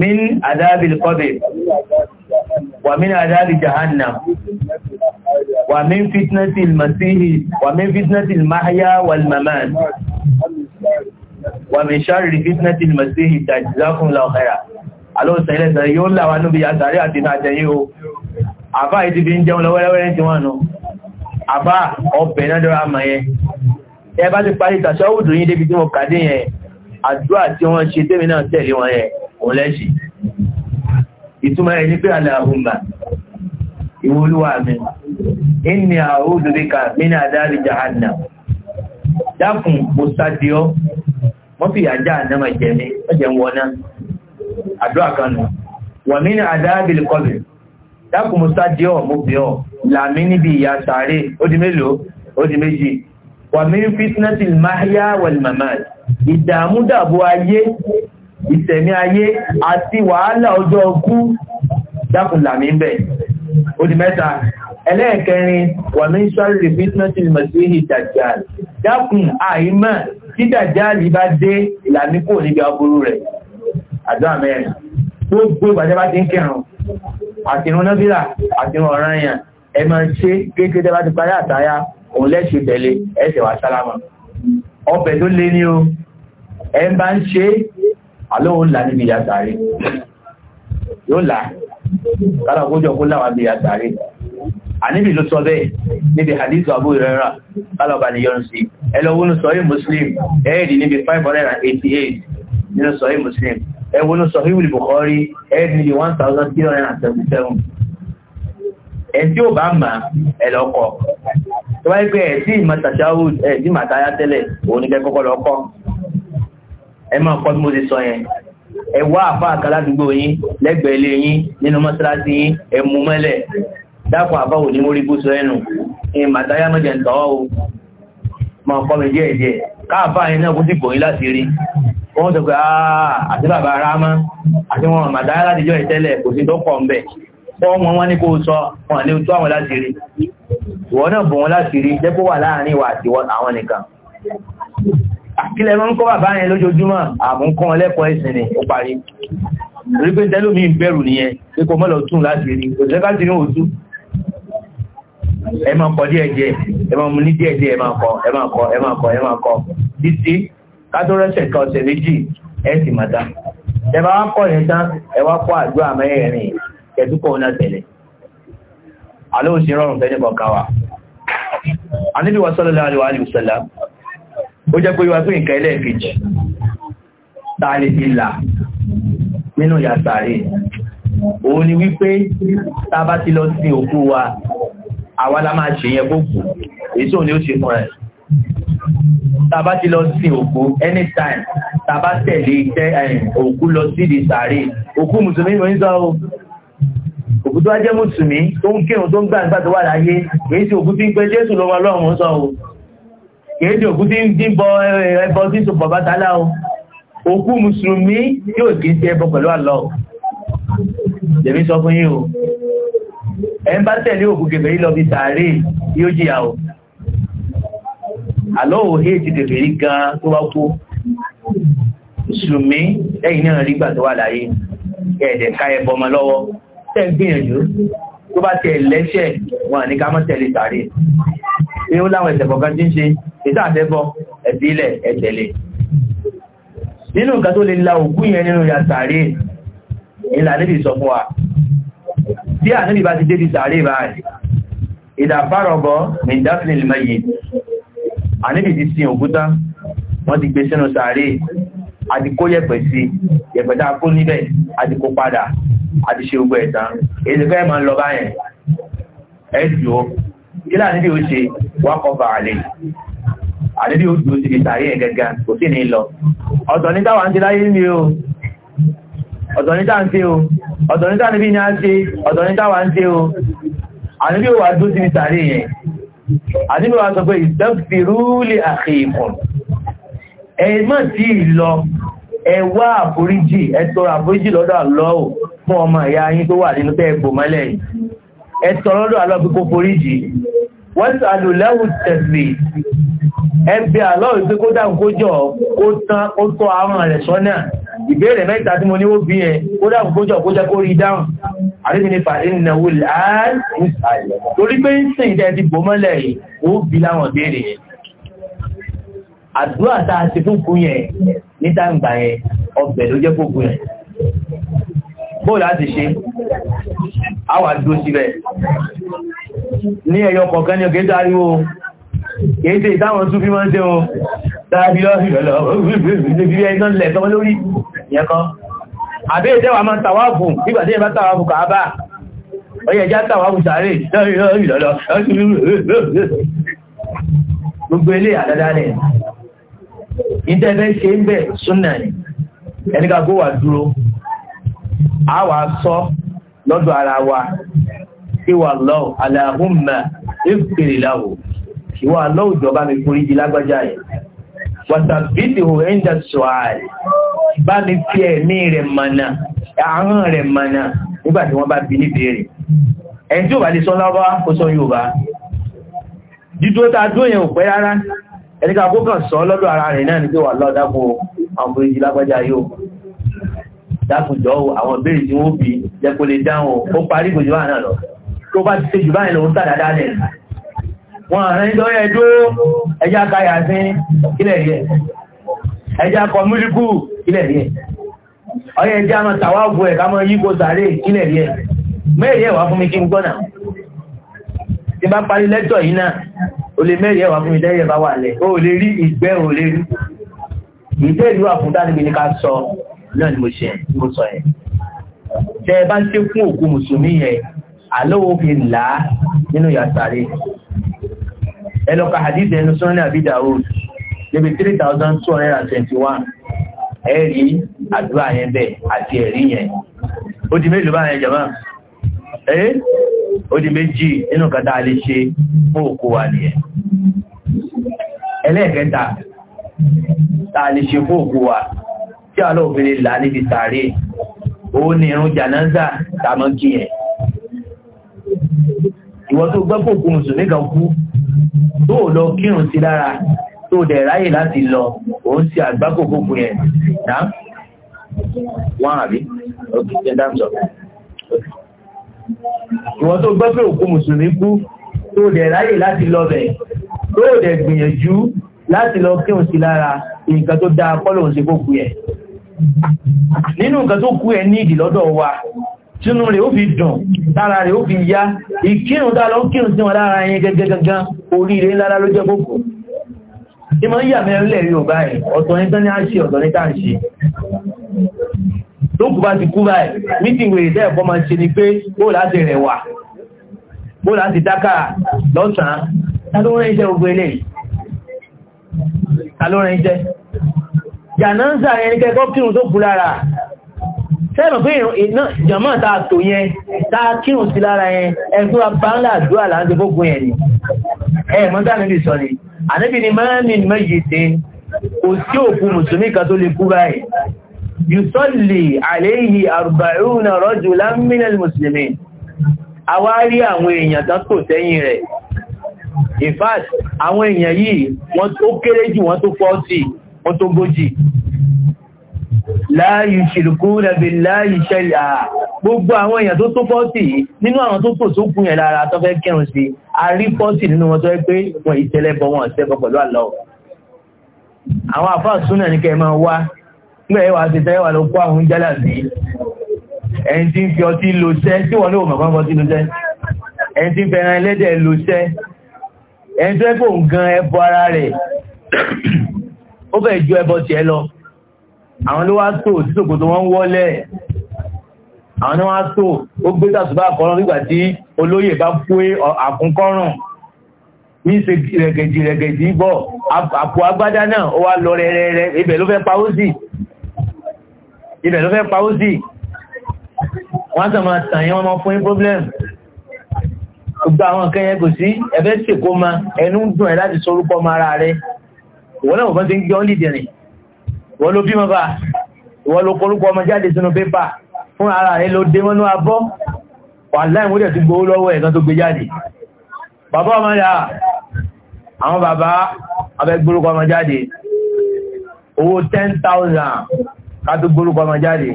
min adábi kọ́bẹ̀ wà min adábi jahannam wà min fitnati ilmasihi wà min fitnati ilmahya walmaman wà min sharri fitnati ilmasihi tajizakun lọ́kẹ́ra alóòsàn ilẹ̀ sẹ̀rẹ̀ yóò láwà níbi àtàrí àti àjẹyí o àbá ìdí bí ń jẹun lọ́wọ́lẹ́wọ́lẹ́ tí wọ́n nù àbá ọbẹ̀ náà dọ́rọ̀ àmà yẹn ẹ bá ti parí ìtàṣọ́wùdù yìí débi tí mo kàdé ọlẹ́ṣì ìtumọ̀ ẹ̀ ní pé aláhùnmá ìwolúwa mi inni a'udhu bika min adari jahannam dákun mo sádìọ́ wọ́n fi àjá àdámà jẹmi ọjẹ́ wọná àdúrà kan nù wọ̀n mí ní àdábìlì kọbìlì dákun mo sádìọ́ mo bẹ̀ ọ́ làmí níbi ìyà sàárè ó di mélòó ó di méjì wọ̀n mí ní fitnatil mahya ìtẹ̀mí ayé àti wàhálà ọjọ́ ọkú dákùnlà mi ń bẹ̀. Ó di mẹ́ta, ẹlẹ́ẹ̀kẹrin wà ní ṣọ́rì fitness in masihi dajjal dákùn àìmọ̀ tí dajjal bá dé ìlànà kò níbi aburú rẹ̀ àdó àmẹ́rin tó gbé ìbàjẹ́ bá ti ń kírun àtìrún nọ́bílà àtìrún ọ̀ràn èèyàn ẹ máa ń ṣe kékeré bá ti parí àtàyà òun lẹ́ṣe tẹ̀lé ẹsẹ̀ wà sálámà ọbẹ̀ tó lé ní o ẹ bá ń ṣe àlóhùn là níbi àtàrí yóò là kára kójọ kó láwọn àbí àtàrí àníbì ló sọ bẹ́ẹ̀ níbi hadith Abu Hurairah kálọ̀bà ni yọrùn sí ẹlọ́wọ́nù sọ́rí Muslim ẹ́ẹ̀dì níbi 588 nínú sọ́rí Muslim ẹwọ́nù sọ́rí Bukhari ẹ́ẹ̀dì níbi 1377 ẹ̀tí ò bá máa ẹ̀lọ́kọ̀ tó wáyé pé ẹ̀tí ìmọ̀tàṣáwù ẹ̀tí màtáyá tẹ́lẹ̀ òun ní kẹ́kọ́kọ́ lọ́kọ́ ẹ máa kọ́ bí mo ti sọ yẹn ẹ wá àfa àkàládùúgbò yín lẹ́gbẹ̀ẹ́ ilé yín nínú mọ́ṣáláṣí yín ẹ mú mọ́lẹ̀ dákun àbáwò ní mórí bó sọ ẹnu ìyẹn màtáyà mọ́jẹ̀ ń tọ́ o máa kọ́ mi díẹ̀ díẹ̀ káàfà yẹn náà kó sì bòyí láti rí wọ́n sọ pé àti bàbá ara mọ́ àti wọn màtáyà látijọ́ ìtẹ́lẹ̀ wọ́n ní kó sọ wọn ní tó àwọn láti rí ìwọ náà bò wọn láti rí jẹ́ wà láàárín ìwà àti àwọn nìkan àkílẹ̀ mọ́ ń kọ́ bàbá yẹn lójoojúmọ́ àmúkọ́ ọlẹ́kọ̀ọ́ ẹ̀sìn ni ó parí orí pé tẹ́lómi ń bẹ̀rù nìyẹn pé kò mọ́lọ̀ tún láti rí òṣèlú láti ní òtú ẹ máa kọ díẹ̀ díẹ̀ ẹ máa mú ní díẹ̀ díẹ̀ ẹ máa kọ ẹ máa kọ ẹ máa kọ ẹ máa kọ títí kátó rẹ́sẹ̀ kan ọ̀sẹ̀ méjì ẹ sì máa dá ẹ bá wá kọ́ yẹn tán ẹ wá kọ́ àdúrà mẹ́rin kẹtùkọ̀ ọ̀nà tẹ̀lẹ̀ àlọ́ òsì rọrùn fẹ́ nípa káwa. àníbi wàsálọ́lá àlùwà àlùsálàm ó jẹ́ pé wá fún ìkà ẹlẹ́ẹ̀kejì tààlè ìlà nínú yàtàrí òun ni wípé tàbá ti lọ sí òkú wa àwa la ṣe yẹn gbogbo èso ni ó ṣe fún ẹ̀ tàbá ti lọ sí òkú anytime tàbá tẹ̀lé tẹ́ òkú lọ sí di sàárè òkú mùsùlùmí ló ń sọ o òkú tó wá jẹ́ mùsùlùmí tó ń kírun tó ń gbà nígbà tó wà láyé èyí tí òkú ti ń pe Jésù lọ́wọ́ Ọlọ́run sọ o kèédè òkú tí ń dín bọ ẹbọ tí tó bọ̀ bátálá o òkú mùsùlùmí yóò kí sí ẹbọ pẹ̀lú àlọ́ jẹ̀mí sọ fún yín o ẹ ń bá tẹ̀lé òkú kèfèrí lọ bí sàárè yóò jìyà o àlọ́ ò hé ti kèfèrí gan tó wá kú mùsùlùmí lẹ́yìn náà rí gbà tó wà láyé ẹ̀ẹ̀dẹ̀ ká ẹbọ ọmọ lọ́wọ́ tẹ́ ń gbìyànjú tó bá tẹ̀ lẹ́ṣẹ̀ wọn ní ká mọ́ tẹ̀lé sàárè pé ó láwọn ẹ̀sẹ̀ kọ̀ọ̀kan tí ń ṣe ìsáàtẹ́bọ́ ẹ̀bílẹ̀ ẹ̀tẹ̀lẹ̀ nínú nǹkan tó lè la òkú yẹn nínú ya sàárè ìlà níbi sọ fún wa tí à níbi bá ti débi sàárè báyìí ìdàfàrọ̀bọ̀ mìndáfìlì lẹ́yìn àníbi ti sin òkúta wọ́n ti gbé sínú sàárè àti kó yẹ̀pẹ̀ sí yẹ̀pẹ̀ tá a kó níbẹ̀ àti kó padà àti ṣe ogun ẹ̀tàn èdè fẹ́ máa ń lọ báyẹn ẹ̀dùn ó kí láà níbi ó ṣe wákọ̀ bàálẹ̀ àdébí ó dúró síbi tààrí ẹ̀ kò sí ní lọ ọ̀tọ̀ ní táwà ń ti láyé ní o ọ̀tọ̀ ní táà ń ṣe o ọ̀tọ̀ ní táà níbi ní a ṣe ọ̀tọ̀ ní táwà ń ṣe o àdébí ó wà dúró síbi tààrí yẹn àdébí wa sọ pé ìsẹ́fìrúlé àkèèkùn wọ́n sàlù lẹ́wù tẹ̀sì ẹgbẹ́ àlọ́rùn pé kó dáhùn kó jọ kó tán ó tọ́ àwọn rẹ̀ sọ́nà ìbéèrè mẹ́ta tí mo níwó bí ẹ kó dáhùn kó jọ kó jẹ́ kó rí dáhùn àríbi nípa ìnáwó láàrín torí pé ń sìn ìdẹ́ ti bò mọ́lẹ̀ yìí ó bí láwọn béèrè yẹn àdúrà tá a ti fún kú yẹn ní dáǹgbà yẹn ọbẹ̀ ló jẹ́ kó kú yẹn bóòlù á ti ṣe àwọn àdúró síbẹ̀ ní ẹ̀yọ kọ̀ọ̀kan ní ọ̀kẹ́ dárí o kìí tẹ ìtàwọn tún fi máa ń tẹ o dábí lọ́rìnlọ́lọ́ ọyẹ já tàwàbù sàárè lọ́rìnlọ́lọ́ gbogbo ilé àdádá rẹ̀ ìtẹ́fẹ́ ṣe ń bẹ̀ súnnà ni ẹnikà kó wà dúró a wà sọ lọ́dọ̀ ara wa síwà lọ́wọ́ aláhùnmá ìfèrè láwò ìwà lọ́wọ́ ìjọba mi forí di lágbájá yẹn wàtàbídì òun ẹ̀ńdà sọ̀hàì bá mi fi ẹ̀mí rẹ̀ mọ̀nà àhán rẹ̀ mọ̀nà nígbà tí wọ́n bá bi ní béèrè ẹni tí ò bá lè sọ lábá kó sọ Yorùbá dídúró tá a dúró yẹn ò pẹ́ rárá ẹni ká kó sọ lọ́dọ̀ ara rẹ̀ náà ni pé wà lọ́ọ̀ dákun àwọn forí di lágbájá yóò dákùnjọ́ àwọn ìbéèrè tí wọ́n bí jẹ́ kó lè dáhùn ó parí gbòjúwà náà lọ tó bá ti ṣe jù báyìí lòun tàdá dálẹ̀ wọn àrẹ ìjọ ẹjọ́ ẹjá káyà sí ilẹ̀ rí ẹ ẹjá kọ múlíkù ilẹ̀ rí ẹ ọyẹ ẹjá mọ tàwáàbù ẹ ká mọ yípo sàárè ilẹ̀ rí ẹ mẹ́rin ẹ̀wà fún mi kí n gbọ́nà tí bá parí lẹ́tọ̀ yìí náà o lè mẹ́rin ẹ̀wà fún mi lẹ́yẹ̀ bá wà lẹ̀ o lè rí ìgbẹ́ o lè rí ìgbẹ́ ìlú àfúntà níbi ká sọ náà ni mo ṣe mo sọ ẹ̀ tẹ́ ẹ bá ń ṣe fún òkú mùsùlùmí yẹn àlówó fi là á nínú yàtàrí ẹlọ́ka hadith ẹnu sọ́nà àbí Dawud níbi 3221 ẹ̀rí àdúrà yẹn bẹ́ẹ̀ àti ẹ̀rí yẹn ó di mélòó báyẹn jàmá ẹ́ ó di méjì nínú kàtà alé ṣe fún òkú wa nìyẹn ẹlẹ́ẹ̀kẹta tàà lè ṣe fún òkú wa tí a lọ́ọ̀fẹ́ lè là níbi tààrí òun ni irun jànáza tàmọ́kì yẹn ìwọ́n tó gbọ́ kòkó mùsùlùmí kan kú tó lọ kírun sí lára tó dẹ̀ ráyè láti lọ òun sí àgbákòkò kù yẹn náà wọ́n àbí òkè ṣe dáńtọ̀ ìwọ́n tó gbọ́ pé òkú mùsùlùmí kú tó dẹ̀ ráyè láti lọ bẹ̀ tó dẹ̀ gbìyànjú láti lọ kírun sí lára nǹkan tó dáa kọ́ lòun ṣe kó kú yẹn nínú nǹkan tó kú yẹn ní ìdí lọ́dọ̀ wa tínú rẹ̀ ó fi dùn lára rẹ̀ ó fi yá ìkírùn tá lọ kírùn sí wọn lára yẹn gẹ́gẹ́ gangan oríire ńlára ló jẹ́ gbogbo ìmọ̀ yà mẹ́rin lẹ̀ rí ò báyìí ọ̀tọ̀ ní tán ní àṣì ọ̀tọ̀ ní tàn ṣe lókù bá ti kú báyìí mítì kírùn tó kú lára sẹ́rọ̀ pé ìrìnà jàmáà tàà tó yẹn tàà kírùn sí lára yẹn ẹgbẹ́ wa bá ń láàdúrà láti gbógun ẹ̀rì ẹ̀mọ́ta níbi sọ ni àníbi ni mẹ́rin méjì tí kò sí òkú mùsùlùmí kan tó lè kú báyìí yùsọ́lì àléhì àrùbàrún rọ́jù lámínẹ̀lì mùsùlùmí àwárí àwọn èèyàn tán kò sẹ́yìn rẹ̀ in fact àwọn èèyàn yìí wọ́n tó kéré jù wọ́n tó 40 wọ́n tó 40 láàyù ṣìrìkú rẹ̀bì láàyù ṣẹ́yà gbogbo àwọn èèyàn tó tó fọ́ọ̀tì nínú àwọn tó tò tó kún yẹn lára tó fẹ́ kírun sí a rí fọ́ọ̀tì nínú wọn tó yẹ pé wọn yìí tẹ́lẹ̀ bọ́ wọn ṣẹ́kọ̀ pẹ̀lú àlọ́ àwọn àfáà súnà ní kẹ́ẹ̀ máa wá nígbà yẹn wà á ti tẹ́ wà ló tí ń lọ àwọn ló wá tó tí sòkò tó wọ́n wọ́lẹ̀ àwọn náà wá tó ó gbé tàṣùbá kọrùn nígbà tí olóyè bá pé àkúnkọrùn ní ṣe rẹ̀gẹ̀dì rẹ̀gẹ̀dì bọ̀ àpò agbádá náà ó wá lọ rẹ̀rẹ̀rẹ̀ ibẹ̀ ló fẹ́ pawó sí ibẹ̀ ló fẹ́ pawó sí wọ́n sọ máa tàn yín wọ́n máa fún yín problem gbogbo àwọn nǹkan yẹn kò sí ẹ̀fẹ́ sèkó ma ẹnu ń dùn ẹ̀ láti sorúkọ ọmọ ara rẹ̀ wọ́n ló bímọ bá wọ́n ló korúkọ ọmọ jáde sínú pépà fún ara rẹ̀ ló dé mọ́nú abọ́ wà láì múlẹ̀ tí gbówó lọ́wọ́ ẹ̀kan tó gbé jáde bàbá ọmọ yà àwọn bàbá abẹ́ gbórúkọ ọmọ jáde owó 10,000 kátó gbórúkọ ọmọ jáde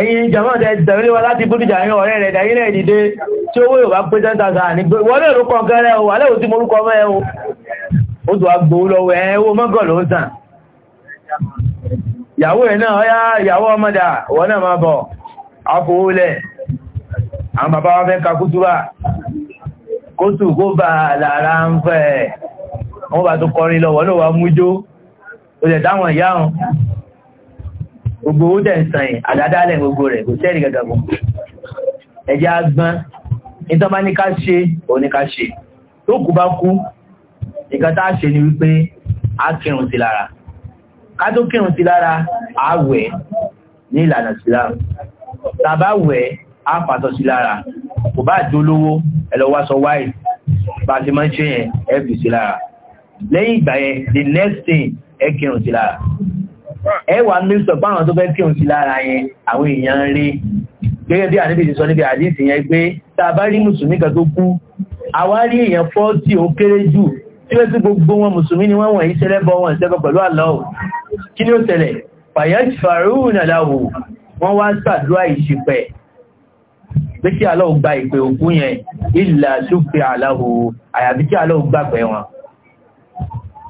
ẹ̀yin jàmọ́ tẹ́ wa láti búrújà ní ọ̀rẹ́ rẹ̀ dàí rẹ̀ dìde tí owó yóò bá pé 10,000 ní gbé wọ́n lè rú kọ̀ọ̀kẹ́rẹ́ o wà lẹ́wọ̀ tí ó tó wá gbówó lọ́wọ́ ẹ̀ sàn ìyàwó ẹ̀ náà ọyá ìyàwó ọmọdà wọ́n náà máa bọ̀ afòólẹ̀ àwọn bàbá wá fẹ́ kakútúbà kótù kó bà lára ń fẹ́ wọ́n bá tó kọrin lọ wọ́n náà wá mújó ó lẹ̀ dáwọn ìyá hàn gbogbo ó dẹ̀ ń sàn àdádálẹ̀ gbogbo rẹ̀ kò sẹ́rì gẹ́gẹ́ bọ̀ ẹjẹ́ agbọ́n ìtọ́bá ní ká ṣe òní ká ṣe tó kù bá kú nǹkan kátó kírun sí lára àwẹ̀ ní ìlànà sílámù tàbá wẹ̀ á fàtọ̀ sí lára kò bá jó lówó ẹlọ́wà wáì bá ti máa ṣe yẹn ẹ sí lára lẹ́yìn ìgbà yẹn the next thing ẹ kírun sí lára ẹ wà mílíọ̀tọ̀ báwọn tó fẹ́ kírun sí lára yẹn àwọn èèyàn rí gẹ́gẹ́ bí àníbi ti sọ níbi àdísì tí ó sí gbogbo wọn mùsùlùmí ni wọ́n wọ̀nyí sẹ́lẹ́bọ̀ wọn ìṣẹ́bọ̀ pẹ̀lú Allah kí ni ó tẹ̀lẹ̀ fàyẹ́jì fàrúhùn aláwò wọ́n wá sàdúrà ìṣìpẹ̀ pé kí Allah gba ìpè òkú yẹn ìlà ṣúfẹ́ aláwò àyàbí kí Allah gbà pẹ̀ wọn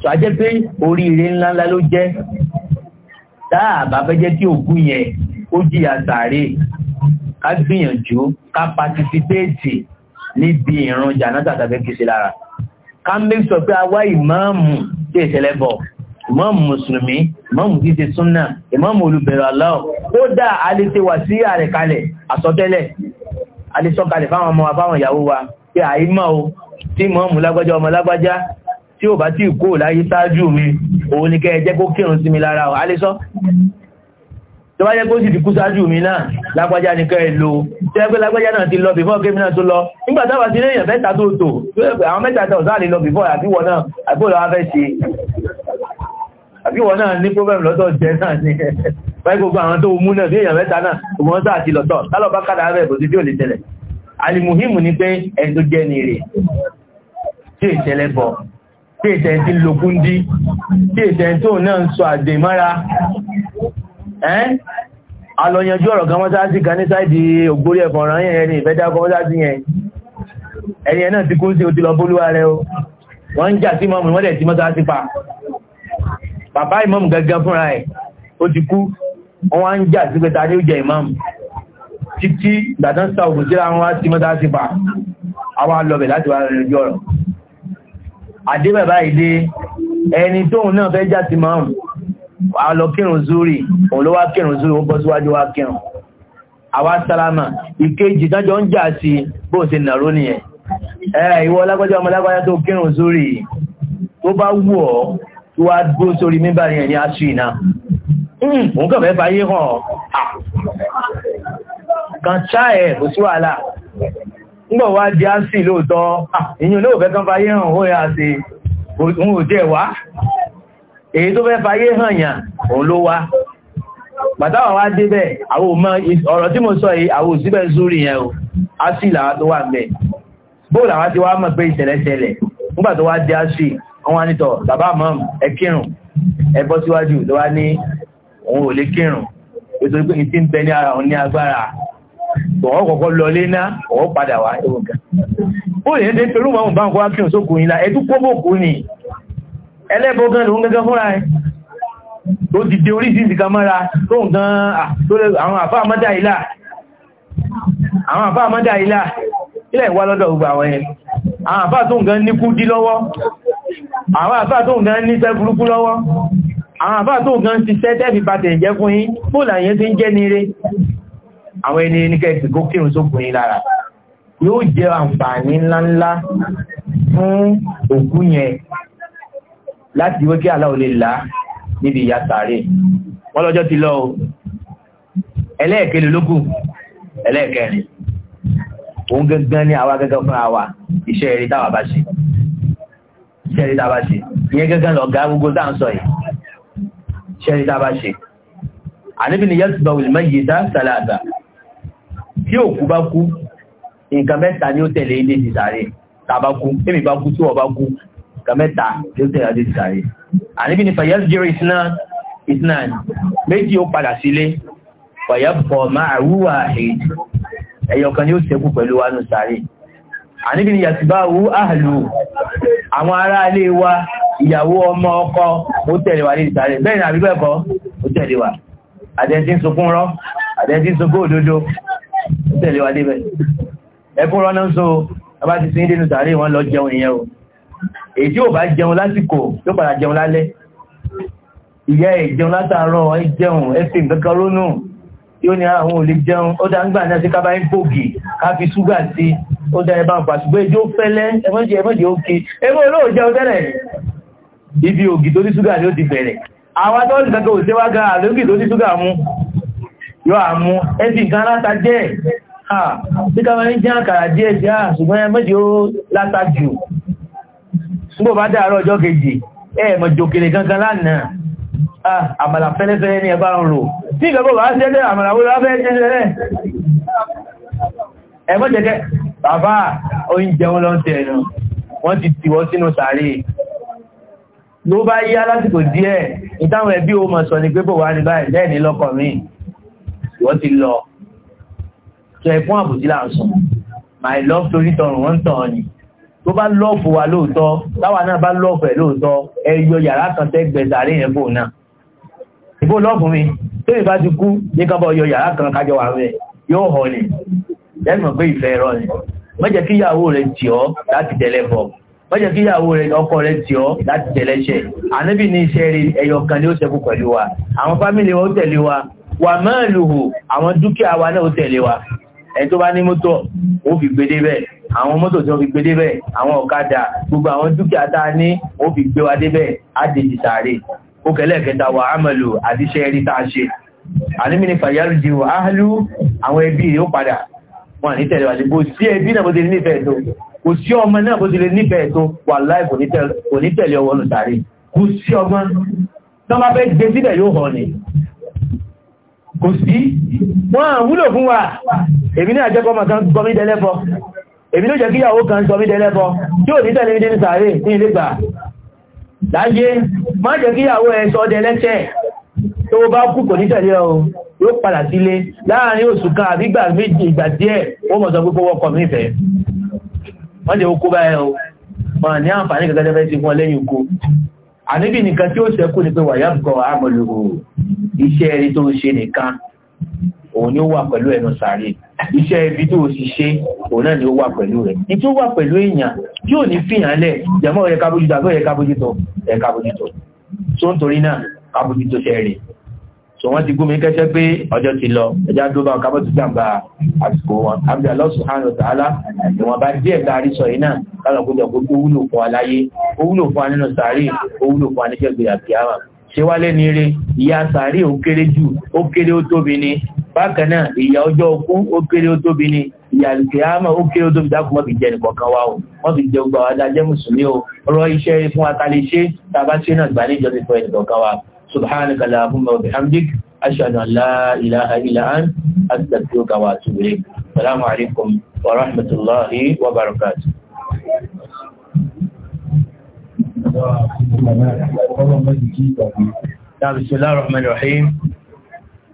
tó a jẹ́ pé oríire ńláńlá ló jẹ́ táà bá fẹ́ kambin sọ pé awá ìmáàmù tí ìṣẹ̀lẹ̀ bọ̀ ìmáàmù mùsùlùmí ìmáàmù tí ṣe súnnà ìmáàmù olùbẹ̀rẹ̀ Allah ó dá alẹ́sẹ̀ wà sí ààrẹ kalẹ̀ àsọtẹ́lẹ̀ alẹ́sọ́kalẹ̀ fáwọn ọmọ àbáwọn ìyàwó wa pé mi òun ni kẹ́ ẹ jẹ́ kó kírun tó bá jẹ́ pé ó sì ti kú sáájú mi náà lágbájá ní kẹ́ lò tó yẹ pé lágbájá náà ti lọ bìfọ́ kémi náà tó lọ nígbà táwà sí lẹ́yìn mẹ́ta tó tò àwọn mẹ́ta tó sáà lè lọ bìfọ́ àbíwọ̀ náà àbíwọ̀ náà fẹ́ ṣe àbíwọ̀ náà ní problem lọ́tọ̀ jẹ́ náà ní pẹ́ gbogbo àwọn tó mú náà bí èèyàn mẹ́ta náà gbogbo wọn sáà ti lọ́tọ̀ tálọ́ alimuhimu ni pé ẹni tó jẹ́ nìrè tí ìṣẹ̀lẹ̀ bọ̀ tí alọ́yanjú ọ̀rọ̀ kan mọ́sáàsì kan ní sáìdì ògbórí ẹ̀fọ̀n rányẹ̀ ẹni ìfẹ́dá ọkọ̀ mọ́sáàsì yẹn ẹni ẹ̀ náà ti kún sí o ti lọ bólúwa rẹ o wọ́n ń jà sí mọ́mù wọ́n dẹ̀ ti mọ́sáàsì pa bàbá ìmọ́mù gangan fúnra ẹ̀ O ti kú wọ́n wá ń jà sí pé ta ní ó jẹ ìmọ́mù títí ìgbàdán sa pa àwa lọ́bẹ̀ láti wá lọ́yanjú ọ̀rọ̀ àdébẹ̀bá ìdí ẹni tóun náà fẹ́ jà sí a lọ kírun zúrì òun ló wá kírun zúrì ó bọ́ síwájú wá kírun àwa sálámà ìkejì dájọ́ ń jà sí bó ṣe nàró nìyẹn ẹ̀ ìwọ lágbájá ọmọ lágbájá tó kírun zúrì tó bá wù ọ́ tó wá dúró sórí mímbà yẹn ní aṣù ìná hmm, òun kàn ẹ̀ kò sí èyí tó fẹ́ fayé hànyàn òun ló wá pàtàwà wá débẹ̀ àwọn ọmọ ọ̀rọ̀ tí mo sọ yìí àwọn òsíbẹ̀ zúrí yẹn o ásì làwá tó wà mẹ́ bóòlù àwá ti wá mọ̀ pé ìṣẹ̀lẹ̀ṣẹ̀lẹ̀ nígbà tó wá dé ásì wọ́n wá nítọ̀ bàbá mọ́ ẹ kírun síwájú ló wá ní òun ò lè kírun ètò ìpín ẹlẹ́bọ̀gán lòun gẹ́gẹ́ fúnra ẹ̀ ó ti dé orí sísì kan mọ́ra tó ń gan àwọn àfá àmọ́dá ìlà àwọn àfá àmọ́dá ìlà ilẹ̀ ìwà lọ́dọ̀ gbogbo àwọn ẹ̀ àwọn àfá tó ń gan ní kúdí lọ́wọ́ àwọn àfá tó ń gan ní ṣẹ́ burúkú lọ́wọ́ àwọn àfá tó ń gan ti ṣẹ́ tẹ́fì ẹni yóò jẹ́ àǹfààní ńláńlá fún òkú yẹn láti wé kí aláwò lè là níbi ìyà sàárè wọ́n lọ́jọ́ ti lọ ẹlẹ́ẹ̀kẹ́lẹ̀ lógún ẹlẹ́ẹ̀kẹ́rin òun gẹ́gẹ́ ní àwa gẹ́gẹ́ fún àwa iṣẹ́ eré ni yẹ́sù bá wùlùmọ́ yìí dá sàlàdà tí òkú bá kú nǹkan mẹ́ta ni ó tẹ̀lé ilé ti sàárè tá a tí wọ́n bá kú kàmẹ́ta tí ó tẹ̀lá dé sàárè àníbí ni fàyẹ́ jẹ́ ìsiná ìsiná méjì ó padà sílé fàyẹ́ pọ̀ máa rúwà èdè ẹ̀yọ̀kan ni ó sẹ́kù pẹ̀lú wánú sàárè àníbí ni yàtìbá wú àhàlù àwọn ará ilé wa ìyàwó ọmọ ọkọ ó tẹ̀lé wa ní sàárè bẹ́ẹ̀ ni àbí bẹ́ẹ̀ kọ́ ó tẹ̀lé wa àdẹ́ntí ń sunkún rọ́ àdẹ́ntí ń sunkún òdodo ó tẹ̀lé wa débẹ̀ ẹkún rọ́ náà ń so ọba ti sin dénú sàárè wọn lọ jẹun ìyẹn o èyí tí ò bá jẹun lásìkò yóò padà jẹun lálẹ́ ìyá ẹ̀ jẹun látàárọ̀ ẹ jẹun ẹ fi nǹkan kan rónú yóò ní àwọn ah, ò lè jẹun ó dá ń gbà náà sí ká bá ń gbògì ká fi ṣúgà sí ó dá ẹbá pa ṣùgbọ́n ejó fẹ́lẹ́ ẹmọ́jì ẹmọ́jì òkè ẹmọ́ olóò jẹun tẹ́lẹ̀ ibi ògì tó ní ṣúgà ni ó ti bẹ̀rẹ̀ àwọn tó ní kankan ò sí wága àlógì tó ní ṣúgà mú yóò àmú ẹbí nǹkan láta jẹ́ sí ah, ṣùgbọ́n ẹmọ́jì ó láta jù nígbò bá dáàrọ̀ ọjọ́ kejì ẹ̀ẹ̀mọ̀ jòkèrè kankan lánàá àmàlà fẹ́lẹ́fẹ́lẹ́ ní ẹgbà ń rò tí ìgbàgbọ́ bá ṣẹ́lẹ̀ àmàlà wọ́n láfẹ́ ṣẹ́lẹ̀ ẹ̀mọ́ jẹ́kẹ́ bàbá oúnjẹ wọn lọ tẹ̀ ẹ̀nà wọ́n ti tìwọ́ sínú sàárè ló bá yá lásìkò díẹ̀ ìtàwọn ẹbí o mọ̀ sọ ní pé bò wá ní báyìí lẹ́ẹ̀ ní lọ́kọ̀ mi wọ́n ti lọ sọ ẹ̀fún àbùsí là ń sọ my love torí tọrùn wọ́n ń tọ̀ ọ́ ni tó bá lọ́ọ̀fù wa lóòótọ́ táwa náà bá lọ́ọ̀fù ẹ̀ lóòótọ́ ẹ yọ yàrá kan tẹ́ gbẹ̀sàrí yẹn fò náà ìbò lọ́ọ̀fù mi tó ìbá ti kú ní kan bọ́ yọ yàrá kan kájọ wà rẹ̀ yóò hàn ní lẹ́mọ̀ pé ìfẹ́ ẹ̀rọ ni mọ́jẹ̀ kí ìyàwó rẹ̀ tì ọ́ láti tẹ̀lé bọ̀ mọ́jẹ̀ kí ìyàwó rẹ̀ ọkọ rẹ̀ tì ọ́ láti tẹ̀lé ṣẹ̀ ànábì ní iṣẹ́ rí ẹyọ kan ni ó ṣẹ́kù pẹ̀lú wa àwọn fámìlì wa ó tẹ̀lé wa wà máa lùhù àwọn dúkìá wa náà ó tẹ̀lé wa ẹni tó bá ní mọ́tò ó fi gbé débẹ̀ àwọn mọ́tò tí wọ́n fi gbé débẹ̀ àwọn ọ̀kadà gbogbo àwọn dúkìá tá a ní ó fi gbé wa débẹ̀ á dèjì sàárè ó kẹlẹ́ kẹta wà á mọ̀lò àti iṣẹ́ rí tá a ṣe àníbi ni fàyàrù di wà á lú àwọn ẹbí rẹ̀ ó padà wọn ní tẹ̀lé wàlẹ̀ kò sí ẹbí náà bó ti nífẹ̀ẹ́ tó kò sí ọmọ náà bó ti lè nífẹ̀ẹ́ tó wà láì kò ní tẹ̀lé ọwọ́ nù sàárè kò sí ọgbọ́n tó bá fẹ́ gbé síbẹ̀ yóò hàn ní kò sí wọ́n wúlò fún wa èmi náà jẹ́ kọmọ kan gọmí dẹlẹ́fọ́ èmi ló jẹ́ kí ìyàwó kan gọmí dẹlẹ́fọ́ tí ò ní tẹ̀lé ní sàárè ní ilé gbà láyé má jẹ́ kí ìyàwó ẹ sọ dẹlẹ́ṣẹ̀ tó bá kú kò ní tẹ̀lé ọ yóò padà sílé láàrin oṣù kan àbígbà méjì ìgbà díẹ̀ wọ́n mọ̀ sọ pé wọ́kọ̀ mi fẹ́ wọ́n jẹ́ okó báyẹ̀ o wọ́n ní àǹfààní kẹkẹ́ fẹ́ sí fún ọ lẹ́yìn okó àníbì nìkan tí ó ṣẹ́kù ni pé wà yá bùkọ̀ àmọ̀lò iṣẹ́ ẹni tó ń ṣe nìkan òun ni ó wà pẹ̀lú ẹnu sàárè iṣẹ́ ibi tó sì ṣe òun náà ni ó wà pẹ̀lú rẹ̀ ní tí ó wà pẹ̀lú èèyàn tí ò ní fìyàn lẹ̀ jẹmọ́ ẹ̀ka bójútó àbẹ́ ẹ̀ka bójútó ẹ̀ka bójútó tó ń torí náà ká bójútó ṣe rè so wọ́n ti gún mi kẹ́sẹ́ pé ọjọ́ ti lọ ẹjá tó bá ọkà gbàǹgbà àsìkò wọn abdul Allah subhanahu wa ta'ala ìwọ̀n bá díẹ̀ kárí sọ yìí náà kálọ̀ kó jọ pé ó wúlò fún aláyé ó wúlò fún anínú sàárè ó wúlò fún aníṣẹ́gbè àti ṣe wá lẹ́ni ire ìyà sàárì ó kéré jù ó kéré ó tóbi ni bákan náà ìyà ọjọ́ okú ó kéré ó tóbi ni ìyà àlùkìyámà ó kéré ó tóbi dákun mọ́ fi jẹ nìkọ̀ọ̀kan wa o wọ́n fi jẹ gbogbo àwọn adájẹ́ mùsùlùmí o rọ iṣẹ́ fún atalẹ́ṣẹ́ tàbá ṣe náà gbà níjọ ti fọ ẹnìkọ̀ọ̀kan wa subhanaka allahumma wa bihamdik ashhadu an la ilaha illa ant بسم الله الرحمن الرحيم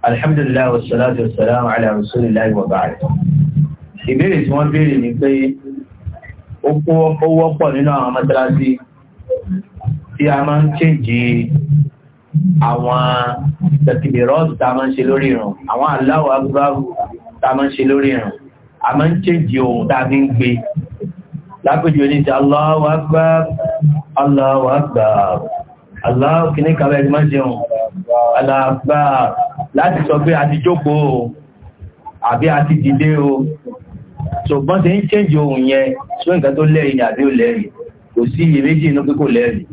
الحمد لله والصلاة والسلام على رسول الله وبعد ìbéèrè tí wọ́n béèrè ní pé ó wọ́pọ̀ nínú àwọn mọ́sálásí tí a máa ń kéjì àwọn tẹ̀kìbìrọ́ọ̀tù tá a máa ń ṣe lórí ìrun àwọn aláwọ̀ agbáwù tá máa ń ṣe lórí ìrun a máa ń kéjì ohun tá a gbé lápèjì oníṣe Allahu Akbar Allahu Akbar Allahu kìíní kàwẹ́ ẹ̀rí máa jẹun Allahu Akbar láti sọ pé a ti jókòó àbí a ti dìde o ṣùgbọ́n ṣe ń ṣẹ́jì ohun yẹn ṣó nǹkan tó lẹ́rìí ni àbí ò lẹ́rìí kò sí iyèméjì inú pé kò lẹ́rìí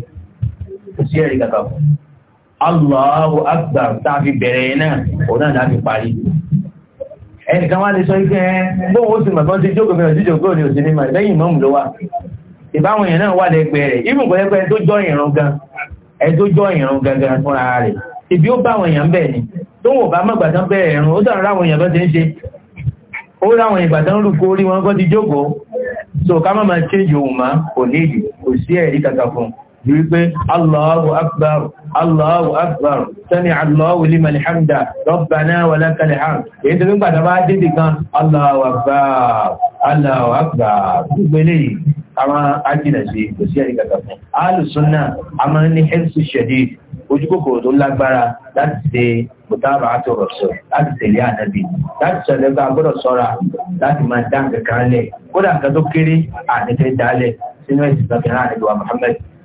ẹnìkan wá lè sọ ikẹ́ bóun ó sì mọ̀tán ti jókòó mẹ́rin sí jókòó ní òsì ní màá lẹ́yìn mọ́mù ló wà ìbáwọn èèyàn náà wà lẹ́gbẹ̀ẹ́ rẹ̀ ibùn kò lẹ́gbẹ̀ẹ́ tó jọ ìrun gan ẹ tó jọ ìrun gangan fúnra rẹ̀ ìbí ó báwọn èèyàn bẹ́ẹ̀ ni tó wò bá mọ̀gbà tán bẹ́ẹ̀ ẹ̀rùn ó sàn ráwọn èèyàn bá ti ń ṣe ó ráwọn ìgbà tán rúkọ orí wọn kọ́ ti jókòó so ká má máa change òun má kò nídìí kò sí ẹ̀rí kankan fún un ju wípé Allahu Akbar Allahu Akbar sani Allahu liman hamda Rabbana wa lakal hamd èyí tó nígbà tàbá dédì kan Allahu Akbar Allahu Akbar gbogbo eléyìí àwọn ajínà sí kò sí ẹ̀rí kàkà fún alùsùnà a máa ń ní àti ọ̀rọ̀sọ̀ láti tẹ̀lé ànábì láti sọ̀rọ̀ ẹgbẹ́ agbọ́dọ̀ sọ́ra láti máa dá nǹkan kan kódà nǹkan tó kéré àníkẹ́ dálẹ̀ sínú ẹ̀sìn kankan náà àníkẹ́ wa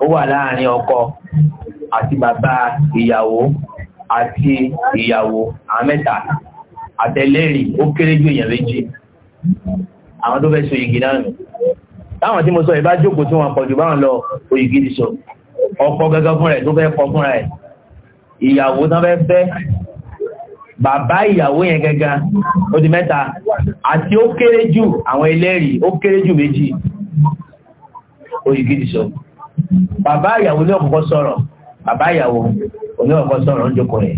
ó wà láàrin ọkọ àti bàbá ìyàwó àti ìyàwó àwọn mẹ́ta àtẹlẹ́rì ó kéré jù èèyàn méjì àwọn tó fẹ́ so igi náà nù táwọn tí mo sọ ìbá jókòó tí wọn pọ̀jù báwọn lọ òyìgì ti sọ ọkọ gẹ́gẹ́ fún rẹ̀ tó fẹ́ kọ fúnra ẹ̀ ìyàwó tán fẹ́ fẹ́ bàbá ìyàwó yẹn gẹ́gẹ́ ó di mẹ́ta àti ó kéré jù àwọn ẹlẹ́rìí ó kéré jù méjì òyìgì ti sọ bàbá ìyàwó ní ọ̀kọ̀kọ́ sọ̀rọ̀ bàbá ìyàwó ní ọ̀kọ̀kọ́ sọ̀rọ̀ ń jókòó rẹ̀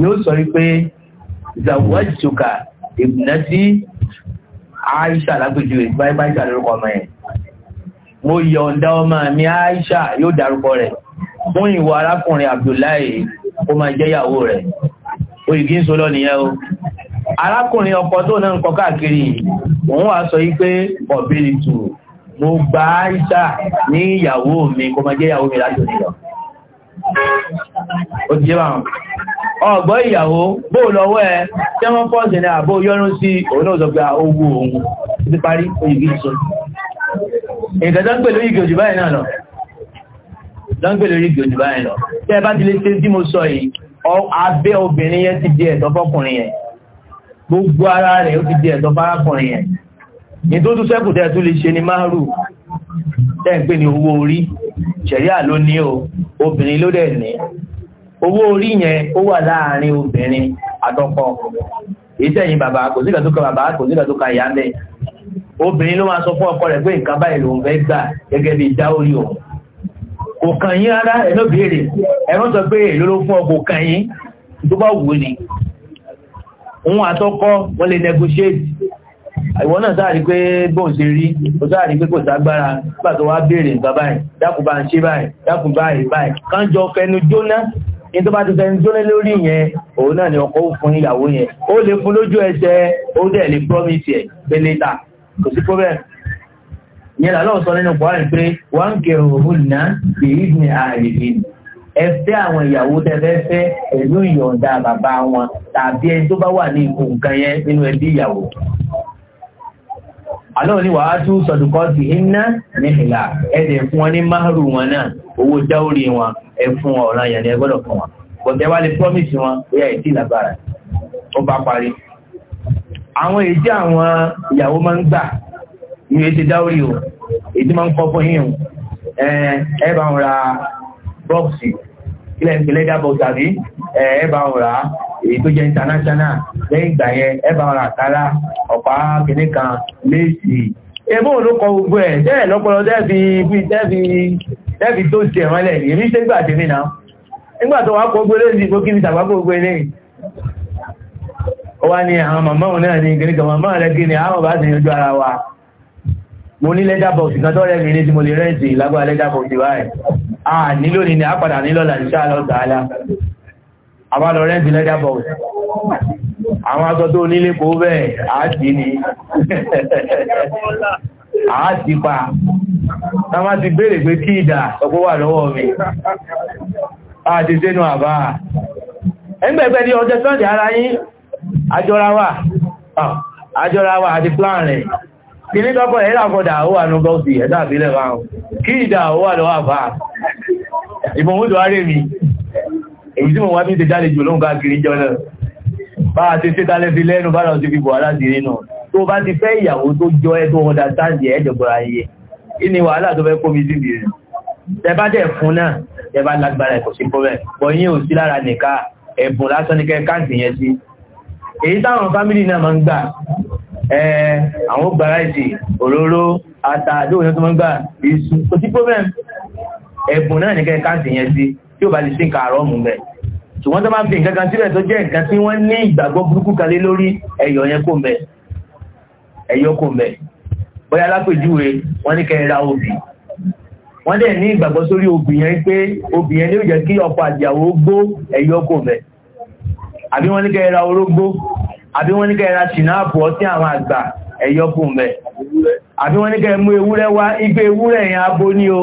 yóò sọ wípé zawajtuka ibnati Aisha lágbèjúwe báyìí Aisha lórúkọ ọmọ yẹn mo yọ̀ǹda ọmọ mi Aisha yóò dárúkọ rẹ̀ fún ìwọ arákùnrin Abdullahi ó máa jẹ́ ìyàwó rẹ̀ oyìgí ń so lọ nìyẹn o arákùnrin ọkọ tó náà ń kọ káàkiri òun wà sọ wípé ọ̀bẹ̀rẹ̀ tù mo gba Aisha ní ìyàwó mi kó máa jẹ́ ìyàwó mi láti òní lọ ó ti jẹ́ báwọn ọ̀gbọ́ ìyàwó bóò lọ́wọ́ ẹ tí wọ́n pọ́ọ̀sì ní àbó yọ́rún sí òun náà sọgbà owó òun ti parí oyìgì sọ ìgbẹ̀dọ́ ń pè lórí ìgbẹ̀ òjò báyìí náà lọ lọ́ngbè lórí ní tó tún sẹ́kù tẹ́ tún lè ṣe ni márù tẹ́ ń pè ní owó orí ṣẹ̀ríà ló ní o obìnrin ló dẹ̀ ní owó orí yẹn ó wà láàárín obìnrin àtọkọ ìtẹ̀yìn bàbá kò síkà tó ka bàbá kò síkà tó ka ìyá mẹ́ obìnrin ló máa sọ fún ọkọ rẹ̀ pé nǹkan báyìí lòun fẹ́ gbà gẹ́gẹ́ bí dá orí òun kò kàn yín rárá ẹ̀nà béèrè ẹ̀rọ sọ pé èló fún ọkọ kàn yín tó bá wù ní òun àtọkọ wọn lè negotiate ìwọ náà sáàrí pé bóun ṣe rí o sáàrí pé kò ságbára nígbà tó wá béèrè nǹkan báyìí dákun bá ń ṣe báyìí dákun báyìí báyìí kán jọ fẹnu jóná ní tó bá ti fẹnu jóná lórí yẹn òun náà ni ọkọ fún ìyàwó yẹn ó lè fún lójú ẹsẹ̀ ó dẹ̀ lè promise ẹ̀ pé later kò sí problem yẹn làlọ́ sọ nínú buhari pé wọ́n kẹrù òun náà bí ìdí ààrẹ̀bìn ẹfẹ́ àwọn ìyàwó tẹ́fẹ́fẹ́ pẹ̀lú ìyọ̀ǹda bàbá wọn tàbí ẹni tó bá wà ní ipò nǹkan yẹn nínú ẹbí ìyàwó aláwọ̀ ni wàá tún sọ̀dùkọ́ ti iná níhìlá ẹ̀dẹ̀ fún wọn ní máàrù wọn náà owó dáórí wọn ẹ̀fún ọ̀ràn yẹn ni ẹgbọ́dọ̀ fún wọn bọ̀tẹ́ wá lè promise wọn bóyá ètí lágbára ó bá parí àwọn èyí tí àwọn ìyàwó máa ń gbà ní ètè dáórí o èyí tí máa ń kọ́ fún yín ẹ bá wọn ra bọ́ọ̀sì ilẹ̀ ìpínlẹ̀ dábọ̀ tàbí ẹ bá wọn ra èyí tó jẹ́ international lẹ́yìn ìgbà yẹn ẹbà ọ̀rà àkàrà ọ̀pá kìíní kan léèsì ebó ló kọ gbogbo ẹ̀ tẹ́ẹ̀ lọ́pọ̀lọ́ tẹ́ẹ̀fì tó ti ẹ̀wọ́n lẹ̀ èmi ṣe gbà tèmi náà nígbà tó wá kọ gbélé ní ni tàbá kọ gbélé ó wá ní àwọn màmá òun náà ní kìíní kan màmá rẹ kí ni àwọn bá ti yanjú ara wa mo ní lẹ́jà bọ̀ọ̀sì kan tó rẹ̀ mi ní tí mo àwọn lọ rẹ́ǹtì lẹ́dà bọ̀wọ̀ àwọn aṣọ tó nílé kó bẹ́ẹ̀ àti ni àti pa táwọn ti béèrè pé kí ìdà ọkọ̀ wà lọ́wọ́ mi àti sínú àbá ẹgbẹ̀gbẹ̀ ní ọjọ́ sọ́ndì ara yín àjọra wà àjọra wà àti plan rẹ̀ kí ní tọ́kọ̀ ẹ̀lá fọ́dà ó wà ní gọ́ọ̀sì ẹ̀dà àbílẹ̀ báhùn kí ìdà ó wà lọ́wọ́ àbá ìbòmúdò arẹ́ mi èyí tí mo wá bí ṣe jáde jù lóhun káàkiri jọ náà bá a ṣe ṣétálẹ́ fi lẹ́nu bá lọ́sí fipò aláṣìírí náà tó bá ti fẹ́ ìyàwó tó jọ ẹ́ tó ọdá sáàdì ẹ̀jọ̀gbọ̀ra iye ní wàhálà tó fẹ́ kó mi síbi rẹ̀ tẹbá dẹ̀ fún náà tẹbá lágbára ẹ̀kọ̀ sí pọ́rẹ̀ bọ̀ yí ò sí lára nìka ẹ̀bùn lásán ní kẹ́kàǹtì yẹn sí èyí táwọn fámìlì náà máa ń gbà àwọn gbàrá ìsì òróró ata àdóhùn tó máa ń gbà iṣu kò sí pọ́rẹ̀ ẹ̀bùn náà ní kẹ́kàǹtì yẹn sí tí ó bá lè ṣe nǹkan àárọ̀ mú bẹ̀ ṣùgbọ́n tó bá fi nǹkan kan síbẹ̀ tó jẹ́ nǹkan tí wọ́n ní ìgbàgbọ́ burúkú kan lé lórí ẹ̀yọ̀ yẹn kò mẹ́ ẹ̀yọ̀ kò mẹ́ bóyá lápèjúwe wọ́n ní kẹrẹ́ra obì wọ́n dẹ̀ ní ìgbàgbọ́ sórí obì yẹn pé obì yẹn ló jẹ́ kí ọkọ àjàwó gbó ẹ̀yọ̀ kò mẹ́ àbí wọ́n ní kẹrẹ́ra orógbó àbí wọ́n ní kẹrẹ́ra ṣìnáàpù ọtí àwọn àgbà ẹ̀yọ̀ kò mẹ́ àbí wọ́n ní kẹrẹ́ mú ewúrẹ́ wá igbe ewúrẹ́ yẹn abo ní o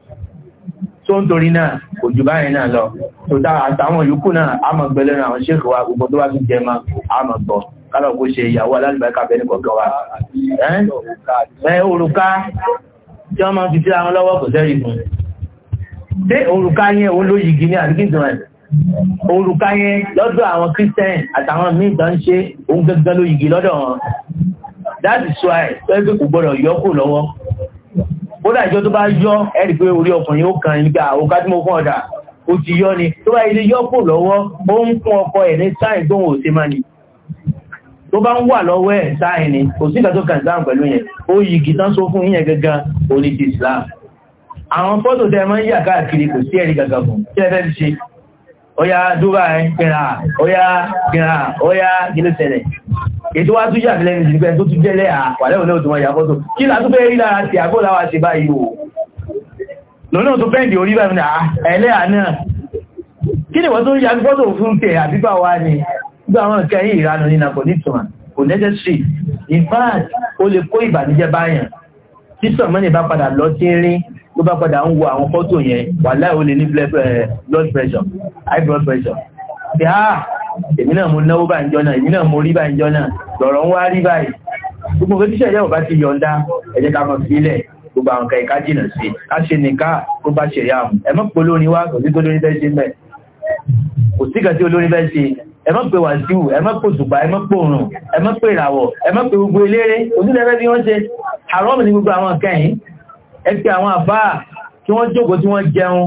tó ń torí náà kò jù báyìí náà lọ tó dá àtàwọn yòókù náà a mọ̀ gbẹ́lẹ́ àwọn ṣéèkì wa gbogbo tó bá fi jẹ ma a mọ̀ gbọ́ kálọ̀ kó ṣe ìyàwó alálùbáríkà bẹ́ẹ̀ wa ẹ́ òrùka tí wọ́n máa fi síra wọn lọ́wọ́ kò sẹ́rì fún dé òrùka yẹn òun ló yìí gíní àdúgbò ìdùn that is why ẹgbẹ́ kò gbọ́dọ̀ yọ́kù lọ́wọ́ bódà ìjọ tó bá yọ ẹ̀rì pé orí ọkùnrin ó kàn nígbà òkà tí mo fún ọ̀dà ó ti yọ ni tó bá ilé yọ́pò lọ́wọ́ ó ń fún ọkọ ẹ̀ ní sáìn tó ń wò sí máa ni tó bá ń wà lọ́wọ́ ẹ̀ sáìn ni kò sí ìgbà tó kàn sáà pẹ̀lú yẹn ó yí igi tán só fún yíyẹn gangan òní ti Islam àwọn fọ́tò tẹ máa ń yà káàkiri kò sí ẹ̀rí gangan fún tí ẹ fẹ́ ti ṣe ọya dúbà ẹ̀ kìnà ọya kìnà ọya gílẹ̀sẹ̀lẹ̀ ètò wá tún yà ní lẹ́nu ìgbẹ́ tó tún jẹ́lẹ́ àpàlẹ́wò náà tó wọ́n yàbọ́ tó kí látú fẹ́ rí lára ti àgbò láwá ṣe báyìí o lónà tó fẹ́ǹdì orí bá mìíràn ẹlẹ́à ni wọ́n tó yà ní fọ́tò fún tẹ̀ àbíbà wá ní gbà àwọn nǹkan yìí ìranu ní nàkọ̀ nítumà kò nẹ́jẹ́ sí in fact ó lè kó ìbànújẹ́ báyàn tí sọ̀mọ́nì bá padà lọ eh, blood pressure high blood pressure ah, èmi náà mo náwó bá ń jọ náà èmi náà mo rí bá ń jọ náà lọ̀rọ̀ ń wá rí báyìí gbogbo nǹkan tíṣẹ̀ yẹ́wò bá ti yọ̀ǹda ẹ jẹ́ ká mọ̀ sílẹ̀ gbogbo àwọn nǹkan ìka jìnà sí ká ṣe nìka tó bá ṣẹ̀yà mu ẹ mọ̀ pé olórin wá kò sí tó lórí fẹ́ ṣe mẹ́ kò sí kan tí olórin fẹ́ ṣe ẹ mọ̀ pé wàsíù ẹ mọ̀ pé òṣùpá ẹ mọ̀ pé òrùn ẹ mọ̀ pé ìràwọ̀ ẹ mọ̀ pé gbogbo eléré òsìlẹ́fẹ́ bí wọ́n ṣe àrọ́mù ní gbogbo àwọn kẹ́yìn ẹ pé àwọn àbá kí wọ́n jókòó tí wọ́n jẹun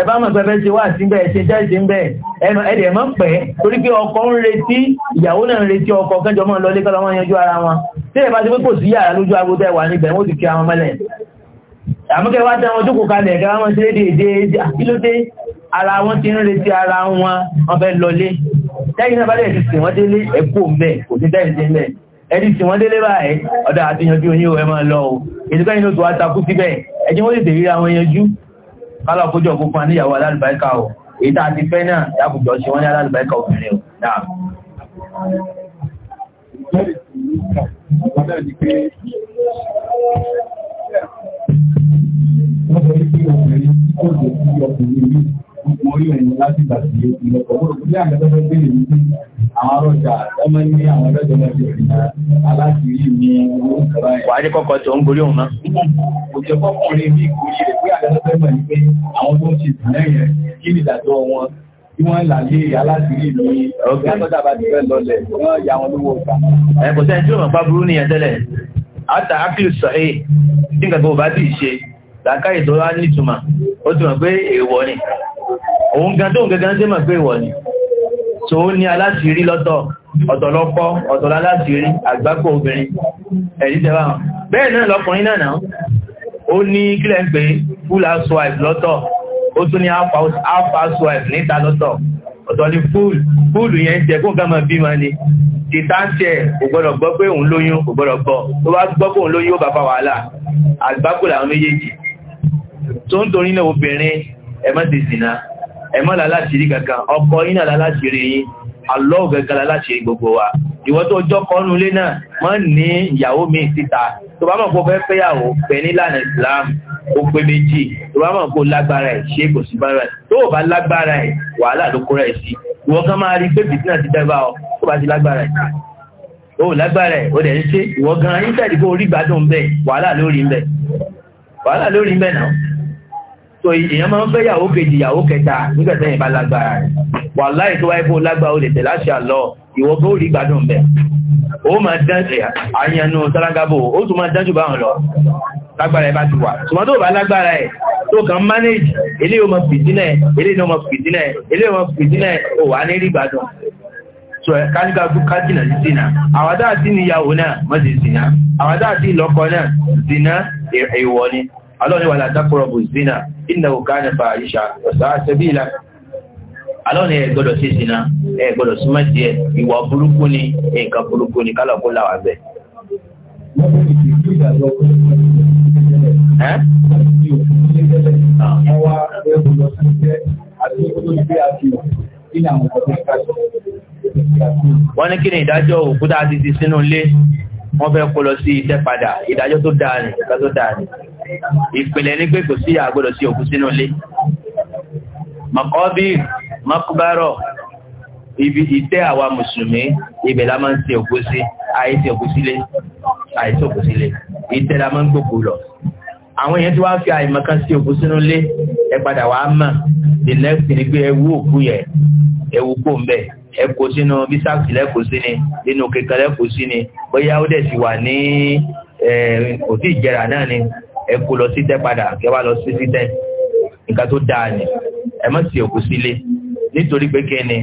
ẹ̀bá mọ̀ pẹ́fẹ́ ṣe wà sí bẹ́ẹ̀ ṣe jẹ́ ṣe ń bẹ́ẹ̀ ẹnu ẹ̀dẹ̀ mọ́ pẹ́ torí pé ọkọ ń retí ìyàwó náà ń retí ọkọ kẹjọ mọ́ lọlé kọ́lọ́ wọn yanjú ara wọn tí ẹ̀bá ti pé kò sí yàrá lójú aago tẹ́ wà níbẹ̀ wọ́n ti kí àwọn mọ́lẹ̀ àmúkẹ́ wá tẹ́ wọn jókòó kalẹ̀ kẹ́ wọ́n ṣe déédé kílódé ara wọn ti ń retí ara wọn wọn fẹ́ lọlé tẹ́yìn náà bá dẹ̀ ti tí wọ́n délé báyìí ọ̀dà àti yanjú oyin ò ẹ máa lọ tó wá takú síbẹ̀ ẹjẹ́ wọ́n lè tèrí àwọn yanjú kálọ̀ kójọ kó fún níyàwó alálùbáríkà o èyí tá a ti fẹ́ náà dákùjọ ṣe wọ́n ní alálùbáríkà obìnrin o dáa. Wọ́n sọ wípé obìnrin kò lè fi ọkùnrin yìí orí òun láti ìgbà sí ìlọ́pọ̀ gbọ́dọ̀ bí àgbẹ̀tọ́fẹ́ bèèrè ní pé àwọn arọ́jà ọmọ ní àwọn ọlọ́jọ́ náà ti rìn aláṣìírí mi òun kọ̀ọ̀rọ̀ ẹ̀. wàá rí kọ́kọ́ tó ń gorí òun náà. kò jẹ́ kọ́kùnrin bí ìkórè rẹ̀ bí àgbẹ̀tọ́fẹ́ mọ̀ ní pé àwọn tó ń ṣe ìdílé yẹn kí ni ìdájọ́ wọn tí wọ́n là lé aláṣìírí mi látọ́jà bá ti fẹ́ lọlẹ̀ wọ́n yà wọn làkáyì tó wá nítumà ó ti mọ̀ pé èèwọ̀ ni òun gan tó ń gẹ́gẹ́ sí mọ̀ pé èèwọ̀ ni tó ní aláṣìírí lọ́tọ̀ ọ̀tọ̀lọ́pọ̀ ọ̀tọ̀lá aláṣìírí àgbákò obìnrin ẹ̀rí tẹ́wà bẹ́ẹ̀ náà lọ́kùnrin náà náà ó ní kílẹ̀ ń full housewife lọ́tọ̀ ó tún ní half housewife níta lọ́tọ̀ ọ̀tọ̀ ni full full yẹn jẹ́ kó gama ni títà ń tẹ́ ò gbọ́dọ̀ gbọ́ pé òun lóyún ò gbọ́dọ̀ gbọ́ tó bá gbọ́ pé òun lóyún ó bá fa wàhálà àgbákò làwọn méjèèjì tó ń torí náà obìnrin ẹ̀mọ́ ti sìnà ẹ̀mọ́ láláṣìírí kankan ọkọ iná láláṣìírí yín alọ́ gẹ́gẹ́ láláṣìírí gbogbo wa ìwọ tó jọ́ kọ́nú ilé náà má ní ìyàwó mi síta tó bá mọ̀ kó fẹ́ fẹ́yàwó pẹ̀ nílànà Islam ó pé méjì tó bá mọ̀ kó lágbára ẹ̀ ṣe kò sí bára ẹ̀ tó bá lágbára ẹ̀ wàhálà ló kó rẹ̀ sí ìwọ kan máa rí pé bìtínà ti dẹ́gbà ọ tó bá ti lágbára ẹ̀ ó lágbára ẹ̀ ó dẹ̀ ń ṣe ìwọ gan orí gbádùn bẹ́ẹ̀ wàhálà lórí bẹ́ẹ̀ wàhálà lórí mẹ́nà so èèyàn máa ń fẹ́ yàwó kejì yàwó kẹta nígbàtẹ́ yẹn bá lágbára rẹ̀ wà láì tó wáyé fún lágbára olè tẹ̀lá ṣe àlọ́ ìwọ bó rí gbádùn bẹ̀ ó máa dán àyànnú sálágábò ó tún máa dán jù báwọn lọ lágbára ẹ bá ti wà ṣùgbọ́n tó bá lágbára ẹ tó kàn manage eléyìí ó máa fìdínẹ̀ eléyìí ó máa fìdínẹ̀ eléyìí ó máa fìdínẹ̀ ó wà ní rí gbádùn sọ ẹ káníkà kú kájìnà sí zina àwàdà àti níyàwó náà má ṣe zina àwàdà náà zina èèwọ̀ ni alọ́ni wà látàkùrọ̀bù zina innahu kana fahisha ọ̀sán sabila alọ́ni sí zina ẹ gbọ́dọ̀ súnmọ́ sí ẹ ìwà burúkú ni nǹkan burúkú ni kálọ̀kú làwà bẹ́ẹ̀. Ẹ́ ọwọ́ ẹgbẹ̀rún lọ sí jẹ́ àti olóògbé àti ìlànà ọ̀gbọ̀n wọ́n ní kí ni ìdájọ́ òkúta ti ti sínú ilé wọ́n fẹ́ kó lọ sí iṣẹ́ padà ìdájọ́ tó dáa ni ìdájọ́ tó dáa ni ìpìlẹ̀ ní pé kò sí àgbọ́dọ̀ sí òkú sínú ilé mọ̀kọ́bí mọ́kúbárọ̀ ibi ìtẹ́ àwa mùsùlùmí ibẹ̀ la máa ń ṣe òkú sí àìsí òkú sílé àìsí òkú sílé ìtẹ́ la máa ń gbòkú lọ àwọn èèyàn tí wá fi àìmọ̀kan sí òkú sínú ilé ẹ padà wàá mọ̀ the next thing ni pé ẹ wú òkú yẹn ẹ wú ń bẹ́ẹ̀ ẹ̀kọ́ sínú bísàkì lẹ́kọ̀ọ́ sí ni nínú kékeré lẹ́kọ̀ọ́ sí ni bóyá ó dẹ̀ sì wà ní òtí ìjẹrà náà ni ẹ̀kọ́ lọ sí tẹ́ padà kẹwàá lọ sí nka nǹkan tó dáa ni ẹ má sì òkú sílé nítorí pé kí ni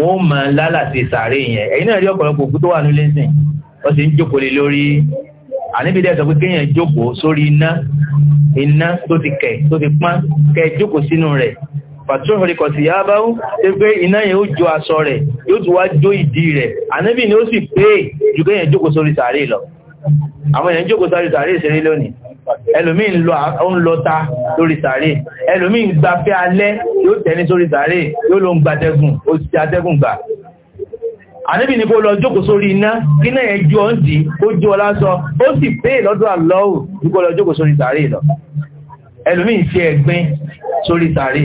wọ́n ma lálàsì sàárè yẹn ẹ̀yin náà rí ọ̀pọ̀lọpọ̀ òkú tó wà nílé sìn wọ́n sì ń jókòó lé lórí àníbìdẹ́ sọ pé kéèyàn jókòó sórí iná iná tó ti kẹ̀ tó ti pọ́n kẹ́ jókòó sínú rẹ̀ fàtíhùrí kọ̀ sí yábáwú tí pé iná yẹn ó jó aṣọ rẹ̀ yóò tó wá jó ìdí rẹ̀ ànábì ni ó sì pé jùgẹ́ yẹn jókòó sórí sàárè lọ àwọn èèyàn jókòó sórí sàárè ṣeré lónìí ẹlòmí ń lọ ta lórí sàárè ẹlòmí ń gbafẹ́ alẹ́ yóò tẹ́ni sórí sàárè yóò ló ń gbatẹ́gùn ó ti atẹ́gùn gbà àníbì ní kó lọ jókòó sórí iná kí náà yẹn jó ń dì ó jó ọlá sọ ó sì pé lọ́dọ̀ àlọ́wù ní kó lọ jókòó sórí sàárè lọ ẹlòmí ń ṣe sórí sàárè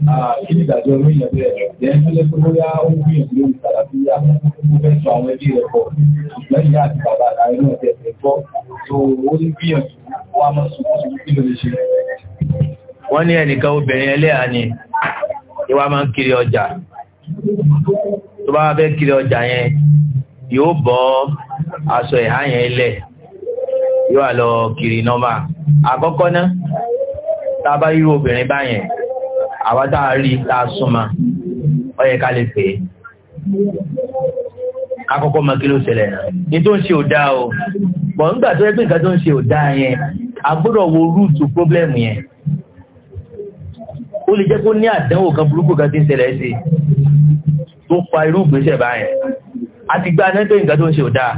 kí ni ìdájọ́ orí èèyàn bẹ́ẹ̀ jẹ́ tó lé pé bóyá ó ń gbìyànjú lórí sàlàfíà ó fẹ́ sọ àwọn ẹbí rẹ̀ pọ̀ ṣùgbọ́n ìyá àti bàbá àtàrí náà tẹ̀ fẹ́ gbọ́ tó ó ń gbìyànjú wá mọ́ sùn kí ló lè ṣe. wọ́n ní ẹnìkan obìnrin ẹlẹ́yà ni ìwà máa ń kiri ọjà tó bá fẹ́ kiri ọjà yẹn yóò bọ́ aṣọ ìhá yẹn lẹ̀ yóò lọ kiri nọ́mà àkọ́kọ́ ná tá a bá yírú obìnrin àwọn a rí tá a súnmọ́ ó ká lè pè é akọ́kọ́ mọ kí ló ṣẹlẹ̀ ní tó ń ṣe ò dáa o bọ̀ nígbà tó yẹ pé nǹkan tó ń ṣe ò dáa yẹn a gbọ́dọ̀ wo rúùtù pọ́blẹ́mù yẹn ó lè jẹ́ kó ní àdánwò kan burúkú kan tí ń ṣẹlẹ̀ sí tó fa irú ìgbésẹ̀ báyẹn a ti gba aná tó nǹkan tó ń ṣe ò dáa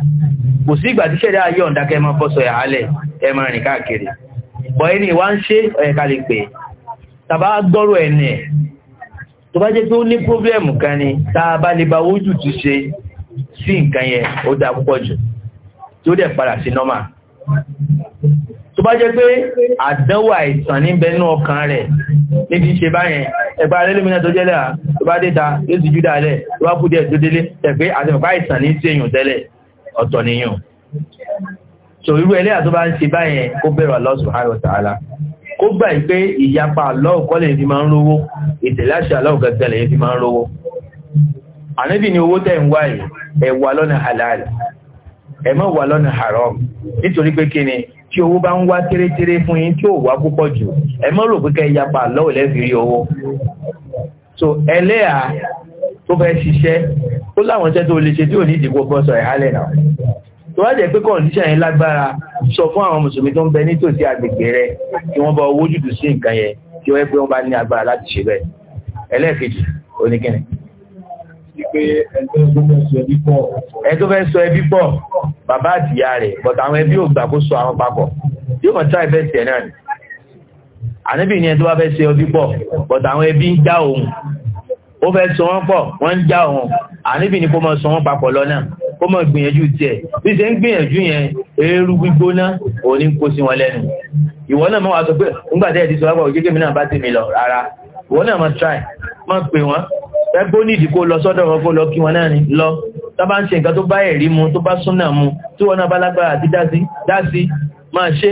kò sí ìgbà tí ṣẹ̀dá ayé kẹ́ máa fọ́sọ̀ ẹ̀ hálẹ̀ máa rìn káàkiri bọ̀ ẹni ìwá ń ṣe ó lè pè é tàbá gbọ́rọ̀ ẹni ẹ̀ tó bá jẹ́ pé ní pọ́blẹ́mù kan ni tàà bá lè bá wójú tún ṣe sí nǹkan yẹn ó dá púpọ̀ jù tí ó dẹ̀ padà sí nọ́mà tó bá jẹ́ pé àdánwò àìsàn ní bẹnú ọkàn rẹ̀ níbi ṣe báyẹn ẹgbà alẹ́lẹ́mìnà tó jẹ́lẹ̀ tó bá déta yóò ti júdà alẹ́ tó bá kúdẹ̀ tó délé tẹ̀gbé àtẹ̀mọ̀pá àìsàn ní sí èyàn tẹ́lẹ̀ ọ̀tọ̀ nìyàn so irú ẹlẹ́yà tó bá ń ṣe báyẹn kó bẹ̀rù Allah subhanahu wa ta'ala kó gbà pé ìyapa Allahu kọ́ lè fi máa ń rówó ìtẹ̀láṣẹ Allahu gẹ́gẹ́ lè fi máa ń rówó ànábì ni owó tẹ́ ń wá yìí lọ́nà halal ẹ má lọ́nà haram nítorí pé kí ni tí owó bá ń wá térétéré fún yín tí ò wá púpọ̀ jù ẹ rò pé kẹ́ ìyapa Allahu so ẹlẹ́à tó fẹ́ ṣiṣẹ́ ó láwọn iṣẹ́ tó lè tó wá jẹ́ pé kọ̀ǹdíṣàn yẹn lágbára sọ fún àwọn mùsùlùmí tó ń bẹ nítòsí agbègbè rẹ kí wọ́n bá owó jùdù sí nǹkan yẹn kí wọ́n pé wọ́n bá ní agbára láti ṣe bẹ́ẹ̀ ẹlẹ́ẹ̀kejì oníkẹ́ni. ẹ tó fẹ́ sọ ẹbí pọ̀ bàbá àtìyá rẹ̀ bọ̀tà àwọn ẹbí ò gbà kó sọ àwọn papọ̀ yóò kàn tíra ìfẹ́ tiẹ̀ náà ni àníbì ni ẹ tó bá fẹ́ ṣe ẹbí pọ̀ bọ̀tà àwọn ẹbí ń já òun ó fẹ́ sọ wọ́n pọ̀ wọ́n ń já òun àníbì ni kó mọ sọ wọ́n papọ̀ lọ náà kó mọ̀ gbìyànjú tiẹ̀ bí ṣe ń gbìyànjú yẹn eérú gbígbóná òní ń kó sí wọn lẹ́nu ìwọ náà mọ́ wá sọ pé ńgbàdẹ́ ẹ̀dí sọ wá pọ̀ gẹ́gẹ́ mi náà bá ti mi lọ rárá ìwọ náà mọ́ try mọ́ pè wọ́n ẹgbó nídìí kó lọ sọ́dọ̀ wọn kó lọ kí wọn náà ní lọ tó bá ń ṣe nǹkan tó bá ẹ̀rí mu tó bá súnà mu tí wọn náà bá lágbára àti dásí dásí máa ṣe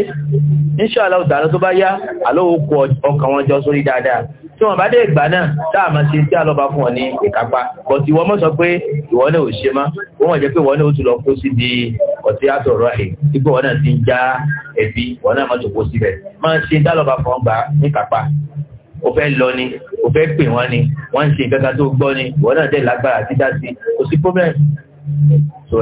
inshallah ta'ala tó bá yá àlọ́ òkú ọkàn wọn jọ sórí dáadáa tí wọ́n bá dé ìgbà náà táà máa ṣe tí a lọ́ba fún ọ ní ìkápá bọ̀ tí wọ́n mọ̀ sọ pé ìwọ náà ò ṣe mọ́ wọ́n mọ̀ jẹ́ pé wọ́n náà ó tún lọ kó sí di ọ̀tí àtọ̀rọ̀ ẹ̀ dípò wọ́n náà ti ń já ẹ̀bí wọ́n náà máa tòkó síbẹ̀ máa ṣe tí a lọ́ba fún ọ gbà ní ìkápá o fẹ́ lọ ni o fẹ́ pè wọ́n ni wọ́n ń ṣe kankan tó gbọ́ ni wọ́n náà dẹ̀ lágbára àti dá sí kò sí problem so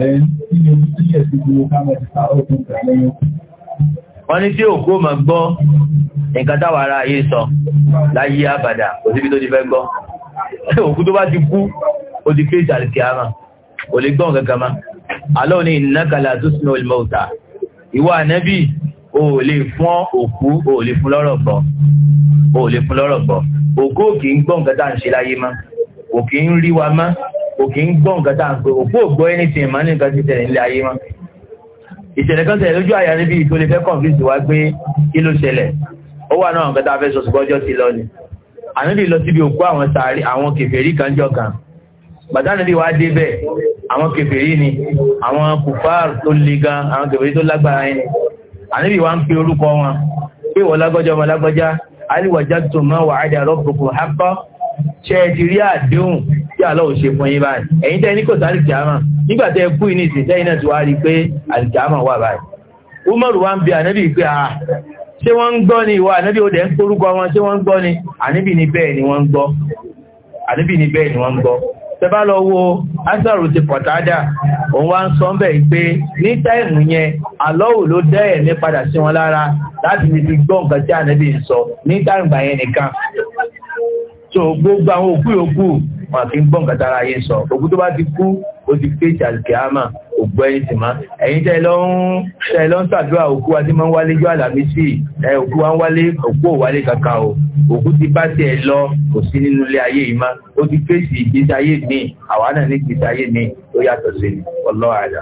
wọ́n ní tí òkú ma gbọ́ nǹkan táwà ara ayé sọ láyé àbàdà òsìbí tó ti fẹ́ gbọ́ òkú tó bá ti kú ó ti kéèsì àti àmà ò lè gbọ́n kankan ma alọ́ ní ìnákàlà tó sínú olùmọ̀ta ìwà ànábì ò lè fún òkú ò lè fún lọ́rọ̀ gbọ́ ò lè fún lọ́rọ̀ gbọ́ òkú òkì ń gbọ́n kankan tá à ń ṣe láyé má òkì kò kí ń gbọ́ nǹkan tá à ń pè òkú ògbọ́ ẹni tí ìmọ̀ nìkan ti tẹ̀lé ilé ayé wọn ìṣẹ̀lẹ̀ kan tẹ̀lé lójú àyà níbi ìtò lè fẹ́ kọ̀ǹfìsì wá pé kí ló ṣẹlẹ̀ ó wà náà nǹkan tá a fẹ́ sọ ṣùgbọ́jọ́ ti lọ ni ànábì lọ síbi òkú àwọn sàárì àwọn kèfèrí kan jọ kan bàtà níbi wá dé bẹ́ẹ̀ àwọn kèfèrí ni àwọn kùfáà tó le gan àwọn kèfèrí tó lágbára yẹn ànábì wá ń pe orúkọ wọn pé wọ́n lágbọ́jọ́ ọmọ lágbọ́já aliwàjá tó máa wà á ṣẹ́ẹ̀dìrí àdéhùn tí àlọ́ ò ṣe fún yín báyìí ẹ̀yin tẹ́ ní kò sáré kìámà nígbà tẹ́ kú ní ìsìn tẹ́yìn náà ti wá rí pé àlìkìámà wà báyìí Umaru wa ń bi ànábì pé a ah, ṣé wọ́n ń gbọ́ ni ìwọ ànábì ó dẹ̀ ń korúkọ wọn ṣé wọ́n ń gbọ́ ni ànábì ni bẹ́ẹ̀ ni wọ́n ń gbọ́ ànábì ni bẹ́ẹ̀ ni wọ́n ń gbọ́ tẹ́bá lọ wo asaru ti pọ̀tádà òun wá ń sọ ń bẹ̀ pé ní táìmù yẹn alọ́wù ló dẹ́ ẹ̀mí padà sí wọn lára láti fi gbọ́ nǹkan tí ànábì ń sọ ní táìmù yẹn nìkan so gbogbo àwọn òkú yòókù wọn àfi ń gbọ́ nǹkan tára yé sọ òkú tó bá ti kú ó ti pé ṣàlùkìámà ògbó ẹ̀yìn sì máa ẹ̀yìn tẹ́ lọ ń tẹ́ lọ ń ṣàdúrà òkú wa tí máa ń wálé jọ àlàmísì ẹ̀ òkú wa ń wálé òkú ò wálé kankan o òkú ti bá tiẹ̀ lọ kò sí nínú ilé ayé yìí má ó ti fèsì ìgbésí ayé mi àwa náà ní ìgbésí ayé mi ó yàtọ̀ sí mi ọlọ́wà àdá.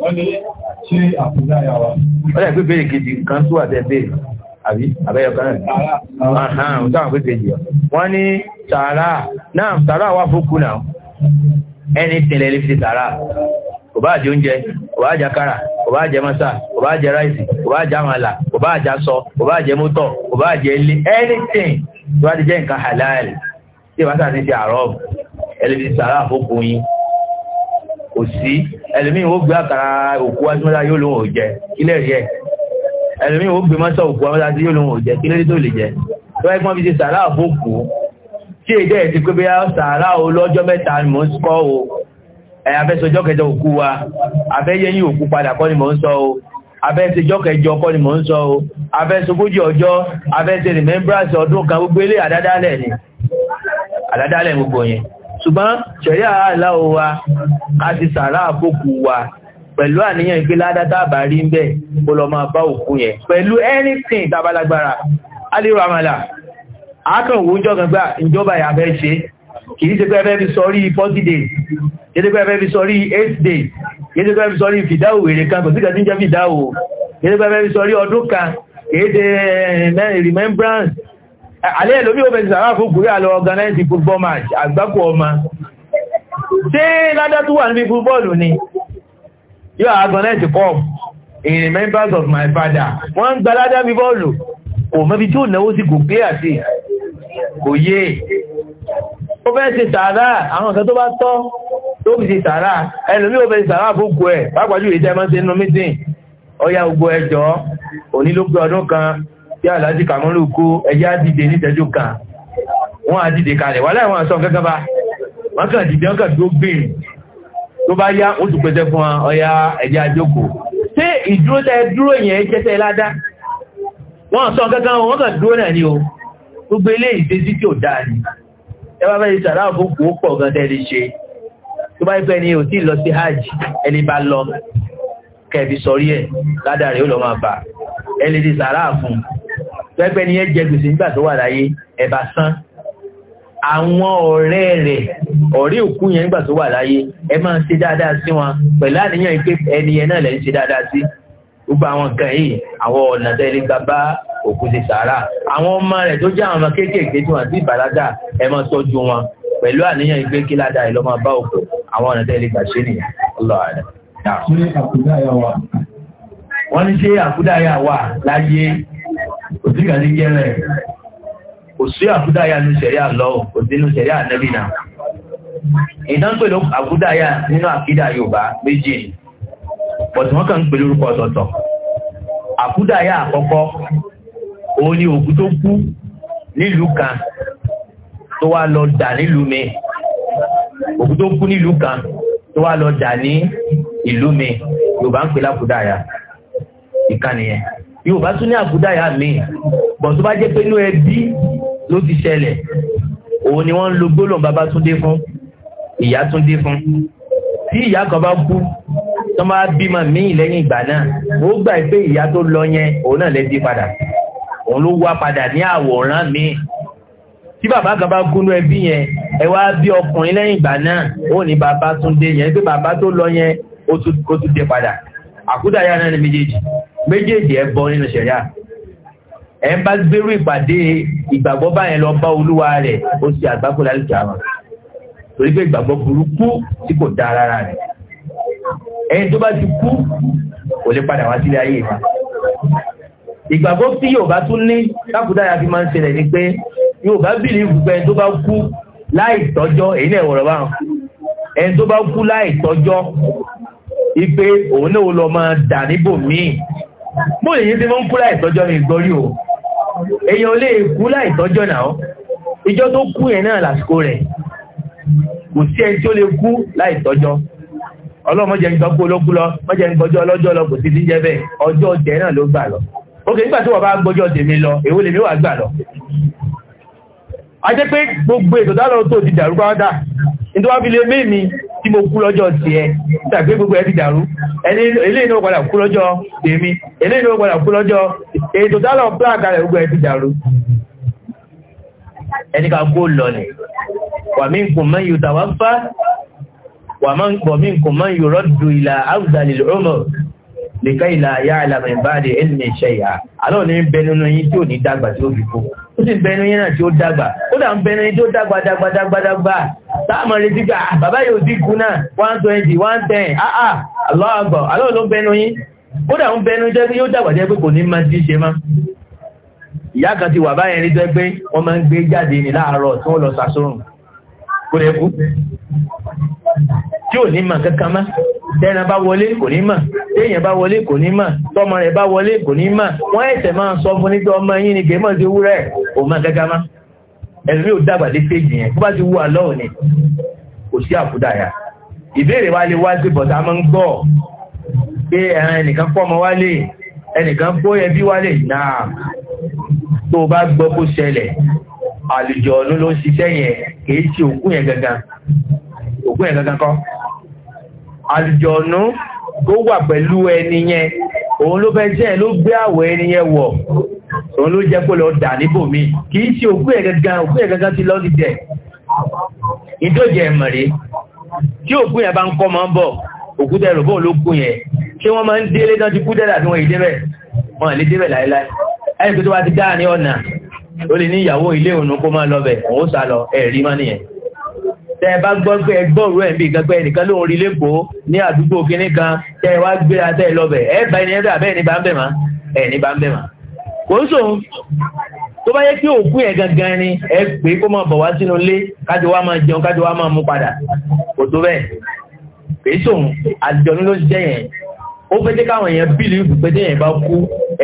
wọ́n ní ṣé àpòjá yà wá. ó dà pé bẹ́ẹ̀ kejì kan tó wà tẹ́ bẹ́ẹ̀ àbí àbẹ́yọkan náà ọ̀hún sáwọn pé kejì wọ́n ní sàárà náà sàárà wà fókù náà ẹni tìlẹ̀ lè fi sàárà kò bá jẹ oúnjẹ kò bá jẹ kára kò bá jẹ mọ́sá kò ráìsì kò bá àmàlà kò bá jẹ aṣọ kò mọ́tọ̀ kò bá ilé anything tó bá halal tí ìwádà ti fi àárọ̀ ẹlẹ́bí sàárà àfókù yín kò sí ẹlẹ́mí ìwó gbé àkàrà òkú wájú mọ́tà yóò ẹlòmí ò gbé mọ́sọ̀ òkú ọmọdá tí yóò lóun ò jẹ́ kí lórí tó lè jẹ́ tó ẹgbọ́n fi ṣe sàárà òfókù tí èdè ẹ̀ ti pé bí sàárà o lọ́jọ́ mẹ́ta ni mò ń kọ́ o àfẹ́sọjọ́ kẹjọ òkú wa àfẹ́yẹyìn òkú padà kọ́ ni mò ń sọ o àfẹ́sọjọ́ kẹjọ kọ́ ni mò ń sọ o àfẹ́sọgójì ọjọ́ àfẹ́sọ wa ká ti sàárà pẹ̀lú àníyàn ìgbé ládátà bá rí ń bẹ̀ kó lọ máa bá òkú yẹn pẹ̀lú anything tàbálágbára alérò àmàlà àákànwò jọ́gbẹ̀gbà ìjọba ìyàfẹ́ ṣe kìí ṣe pé ẹbẹ́ fi sọrí 40 days kìí ṣe pé ẹbẹ́ fi sọrí 8 days kìí ṣe pé ẹbẹ́ fi sọrí fìdáwò èrè kan kò sí kẹ́ tí ń jẹ́ fìdáwò kìí ṣe pé ẹbẹ́ fi sọrí ọdún kan kìí ṣe eh, remembrance alẹ́ ìlòmí ò bẹ̀rẹ̀ sàrá fún kúrí àlọ́ organize football match You are going to come in members of my father One wọ́n ń gbaládá bí bọ́ọ̀lù kò mẹ́bí tí ó náwó sí kò clear sí kò yé ó fẹ́ ṣe tààrà àwọn ọ̀sẹ̀ tó bá tọ́ tó fi ṣe tààrà ẹlòmí ó fẹ́ ṣe tààrà fókù ẹ̀ pápájú ìjẹ́ mọ́ sí inú meeting ọya ogbó ẹjọ́ òní ló pé ọdún kan tí aláàjì kàmúlù kú ẹjẹ́ àdìdè nítẹ́jú kan wọ́n àdìdè kalẹ̀ wà láìwọ̀n àṣọ kẹ́kẹ́ bá wọ́n kàn dìde wọ́n kàn tó gbìyànjú tó bá yá ó sì pẹ́sẹ́ fún ọya ẹ̀jẹ́ àjókò tí ìdúró tẹ́ dúró yẹn jẹ́tẹ́ ládá wọ́n sọ kankan wọ́n kàn dúró náà ni o gbogbo ilé ìdésí tí ò dáa ni ẹwà fẹ́ ti sàrá fún kò pọ̀ gan tẹ́ lè ṣe tó bá ipẹ́ ni ò tí lọ sí hajj ẹni bá lọ kẹfì sọrí ẹ̀ ládà rẹ̀ ó lọ máa bà ẹni ti sàrá fún pẹ́pẹ́ ni ẹ jẹ àwọn ọ̀rẹ́ rẹ̀ ọ̀rẹ́ òkú yẹn nígbà tó wà láyé ẹ máa ṣe dáadáa sí wọn pẹ̀lú àníyàn pé ẹni yẹn náà lẹ́ ń ṣe dáadáa sí gbogbo àwọn nǹkan yìí àwọn ọ̀nà tẹ́lẹ̀ gba bá òkú ti sàárà àwọn ọmọ rẹ̀ tó jẹ́ àwọn ọmọ kéékèèké tí wọ́n ti bàlágà ẹ máa tọ́jú wọn pẹ̀lú àníyàn pé kí ládàá ẹ lọ́ máa bá òkú àwọn ọ̀nà tẹ́lẹ̀ gbà ṣe nìyẹn ọlọ́ọ̀rẹ́ wọ́n ní ṣé àkúdáyà wà láyé òtí kàdé jẹ́ rẹ̀ kò sí àkúdáyà ní ṣẹ̀rí àlọ́ kò sí ní ṣẹ̀rí ànẹ́bì náà ìdánpẹ̀lú àkúdáyà nínú àkídà Yorùbá méjì pọ̀tù wọ́n kàn ń pè lórúkọ ọ̀tọ̀ọ̀tọ̀ àkọ́kọ́ òun ni òkú tó kú nílùú kan tó wá lọ dà nílùú mi òkú tó kú nílùú kan tó wá lọ dà ní ìlú mi Yorùbá ń pè lákúdáyà ìkànnì yóò bá tún ní àbúdáyà mi bọ̀ tó bá jẹ́ pé inú ẹbí ló ti ṣẹlẹ̀ òun ni wọ́n ń lo gbólóhùn bàbá túndé fún ìyá túndé fún tí ìyá kan bá kú tó máa bímọ míì lẹ́yìn ìgbà náà ó gbà pé ìyá tó lọ yẹn òun náà lẹ́bí padà òun ló wá padà ní àwòrán míì tí bàbá kan bá kú ní ẹbí yẹn ẹ wá bí ọkùnrin lẹ́yìn ìgbà náà ó ní bàbá túndé yẹn pé bàbá tó lọ yẹn ó tún dé padà àkúdàyà náà ni méjèèjì méjèèjì ẹ bọ nínú ṣẹ̀yà ẹ bá gbérú ìpàdé ìgbàgbọ́ báyẹn lọ bá olúwa rẹ̀ ó ṣe àgbákò lálùkì àwọn torí pé ìgbàgbọ́ burúkú tí kò dáa rárá rẹ̀ ẹni tó bá ti kú kò lè padà wá sílé ayé ìfà ìgbàgbọ́ tí yóò bá tún ní kákùdáyà fi máa ń ṣẹlẹ̀ ni pé yóò bá bìlífù pé tó bá kú láì tọ́jọ́ èyí náà wọ̀rọ̀ báwọn ẹni tó bá kú láì tọ́jọ́ ipe òun náà lọ máa dà níbòmíì bó lè yí sí mọ́ ń kú láìtọ́jọ́ ní ìgbọ́rí o èyàn lè kú láìtọ́jọ́ náà ìjọ tó kú yẹn náà lásìkò rẹ̀ kò sí ẹni tí ó lè kú láìtọ́jọ́ ọlọ́mọjẹ nǹkan kú olókú lọ mọ́jẹ nǹkanjọ́ ọlọ́jọ́ lọ kò sí ní jẹ́bẹ̀ ọjọ́ tẹ̀ náà ló gbà lọ òkè nígbà tí wọ́n bá gbọ́jọ́ tèmi lọ èwo lèmi wà gbà lọ a jẹ́ pé gbogbo ètò dálọ́ tó ti dàrú pátá nítorí wá fi lè mé mi tí mo kú lọ́jọ́ ti ẹ tàbí gbogbo ẹ ti dàrú eléyìí náà padà kú lọ́jọ́ tèmi eléyìí náà padà kú lọ́jọ́ ètò tálọ̀ pláàkà rẹ̀ gbogbo ẹ ti dàrú ẹni ká kó lọlẹ̀ wà mí nkùn mọ́ yóò tàwá fá wà mí nkùn mọ́ yóò rọ́dù ìlà áwùdàlẹ̀ ọmọ lèkẹ́ ìlà ayá ìlànà ìbáde ẹ̀lìmì iṣẹ́ ìyá ní tí ò ní dàgbà tí ó fi kú ó sì bẹnu yí náà tí ó dàgbà ó ń bẹnu tí ó dàgbà dàgbà dàgbà dàgbà táàmù rẹ̀ bàbá yóò ti kú náà one twenty one ten ah ah aláwọ̀ aláwọ̀ ń bẹnu jẹ́ tí ò ní mọ̀ kankan mọ́ tẹ́ran bá wọlé kò ní mọ̀ téèyàn bá wọlé kò ní mọ̀ tọmọ rẹ̀ bá wọlé kò ní mọ̀ wọ́n ẹ̀sẹ̀ máa sọ fún nígbà ọmọ yín ni kèémọ̀ sí wúrẹ́ ò mọ̀ kankan mọ́ ẹ̀rí ò dàgbà dé stage yẹn bó bá ti wú àlọ́ọ̀ ni kò sí àkúdàyà ìbéèrè wa lè wá sí bọ̀tà máa ń gbọ́ pé ẹnìkan pọ́ ọmọ wálé ẹnìkan kó ẹbí wálé náà tó bá gbọ́ kó ṣẹlẹ̀ àlùjọ̀ọ́nú ló ń ṣiṣẹ́ yẹn kì ṣe òkú yẹn gangan òkú yẹn gangan kọ́ àlùjọ̀nú tó wà pẹ̀lú ẹni yẹn òun ló fẹ́ jẹ́ ló gbé àwọ̀ ẹni yẹn wọ̀ òun ló jẹ́ pé lọ dà níbòmí kì í ṣe òkú ẹ̀ gangan òkú ẹ̀ gangan ti lọ ti dẹ̀ ìdójẹ ẹ̀mọ̀rẹ́ tí òkú yẹn bá ń kọ́ máa ń bọ̀ òkú dẹ̀rù bóun ló kú tẹ́ bá gbọ́ pé ẹgbọ́rú ẹ̀mí gẹ́gbẹ́ ẹnìkan ló ń rí lẹ́kọ̀ọ́ ní àdúgbò kínní kan tẹ́ wá gbé atẹ́ lọ́bẹ̀ ẹ bá ẹni ẹ̀dá bẹ́ẹ̀ ni bá ń bẹ̀ mà ẹ̀ ní bá ń bẹ̀ mà. kò ń sòun tó bá yẹ kí òkú yẹn gangan ni ẹ pé kó máa bọ̀ wá sínú ilé kájọ wá máa jẹun kájọ wá máa mú padà kò tó bẹ́ẹ̀ pé sòun àjọyún ló jẹ́ yẹn ó fẹ́ jẹ́ káwọn èèyàn bílíù pé téèyàn bá kú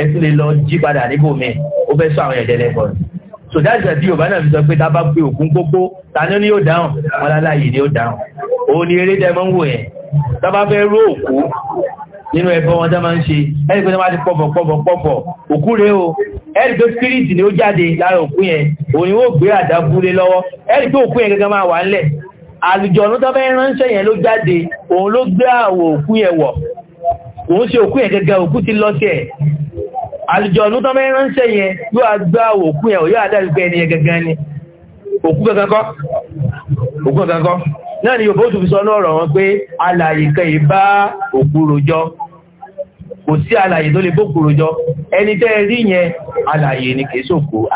ẹ tún lè lọ jí padà níbòmíì ó fẹ́ sọ àwọn èèyàn dẹ́lẹ́kọ̀ọ́ sòdájà bí yorùbá náà fi sọ pé tábà pé òkun kókó tani ni yóò dáhùn wọn láláyè ni yóò dáhùn òun ni eré dẹ́mọ́ ń wò yẹn tábà fẹ́ ró òkú nínú ẹbọ wọn tó máa ń ṣe ẹni pé wọ́n ti pọ̀pọ̀ pọ̀pọ̀ pọ̀pọ̀ òkú rẹ̀ o ẹni pé spirit ni ó jáde lára òkú yẹn òun ni ó gbé àdábúlé lọ́wọ́ ẹni pé òkú yẹn gẹ́gẹ́ máa wà ńlẹ̀ àlùjọ̀nú tó fẹ́ ránṣẹ́ yẹn ló jáde òun ló gbé àwọ̀ òkú yẹn wọ̀ òun ṣe òkú yẹn gẹ́gẹ́ òkú ti lọ àlùjọ̀nú tó mẹ́rin ránṣẹ́ yẹn yóò agbá òkú ẹ̀ yóò adájú pé ẹni gẹ́gẹ́ ni òkú gẹ́gẹ́kọ́ òkú gẹ́gẹ́kọ́ náà ni yóò tó fi sọ lọ́rọ̀ wọn pé alàyè kan ìbá òkú rojọ́ kò sí alàyè tó lè bókú rojọ́ ẹni tẹ́ rí yẹn alàyè ni kìí sòkú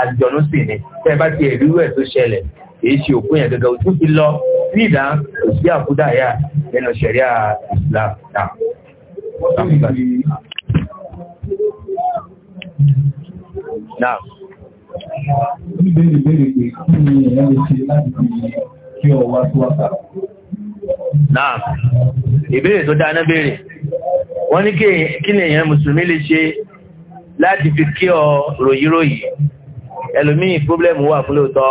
Náà. Bẹ́ẹ̀rẹ̀ bẹ́ẹ̀rẹ̀ pé kí ni ẹ̀yà lè ṣe láti fi kí ọ wá tó wáta? Náà. Ìbéèrè tó dáná béèrè. Wọ́n ní kí ni èèyàn Mùsùlùmí lè ṣe láti fi kí ọ ròyíròyí. Ẹlòmíì pọ́blẹ́mù wà fún lóòótọ́.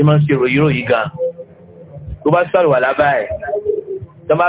Ìmọ̀ ń ṣe ròyíròyí gan. Tó bá sàrùwàlá báyìí, tó bá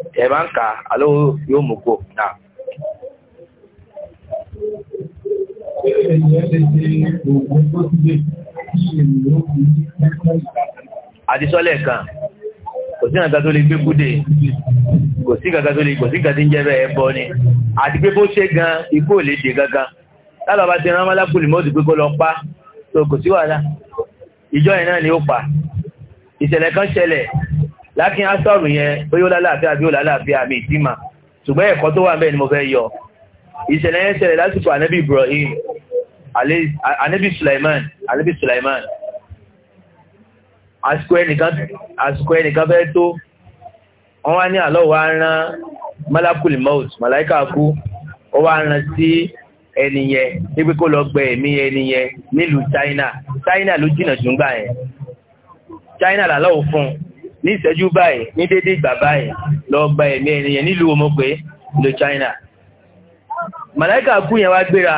ẹ máa ń kà á aló yóò mú kó náà. àdìsọ́lẹ̀ kan kò sí nǹkan tó lè gbé kúdè kò sí tó lè kò sí tí ń ni àti pé bó ṣe gan ikú ò lè dé gangan bá ti rán mọ́lákùlì mọ́tò pé kó lọ pa tó kò sí náà lákín asọ́rù yẹn ó yóò lálàáfíà bí ó lálàáfíà mi ìtíma ṣùgbọ́n ẹ̀kọ́ tó wà bẹ́ẹ̀ ni mo fẹ́ yọ ìṣẹ̀lẹ̀ yẹn lásìkò anabi ibrahim anabi sulaiman anabi sulaiman àsìkò ẹnìkan àsìkò ẹnìkan fẹ́ tó wọ́n wá ní àlọ́ wa rán malakul maut malaika kú ó wá rán sí ẹni yẹn china china ló jìnnà jù ń china làlọ́ òfun ní ìṣẹ́jú báyìí ní dédé ìgbà báyìí lọ gba ẹ̀mí ènìyàn nílùú omogbe ìlú China màláìkà kú yẹn wá gbéra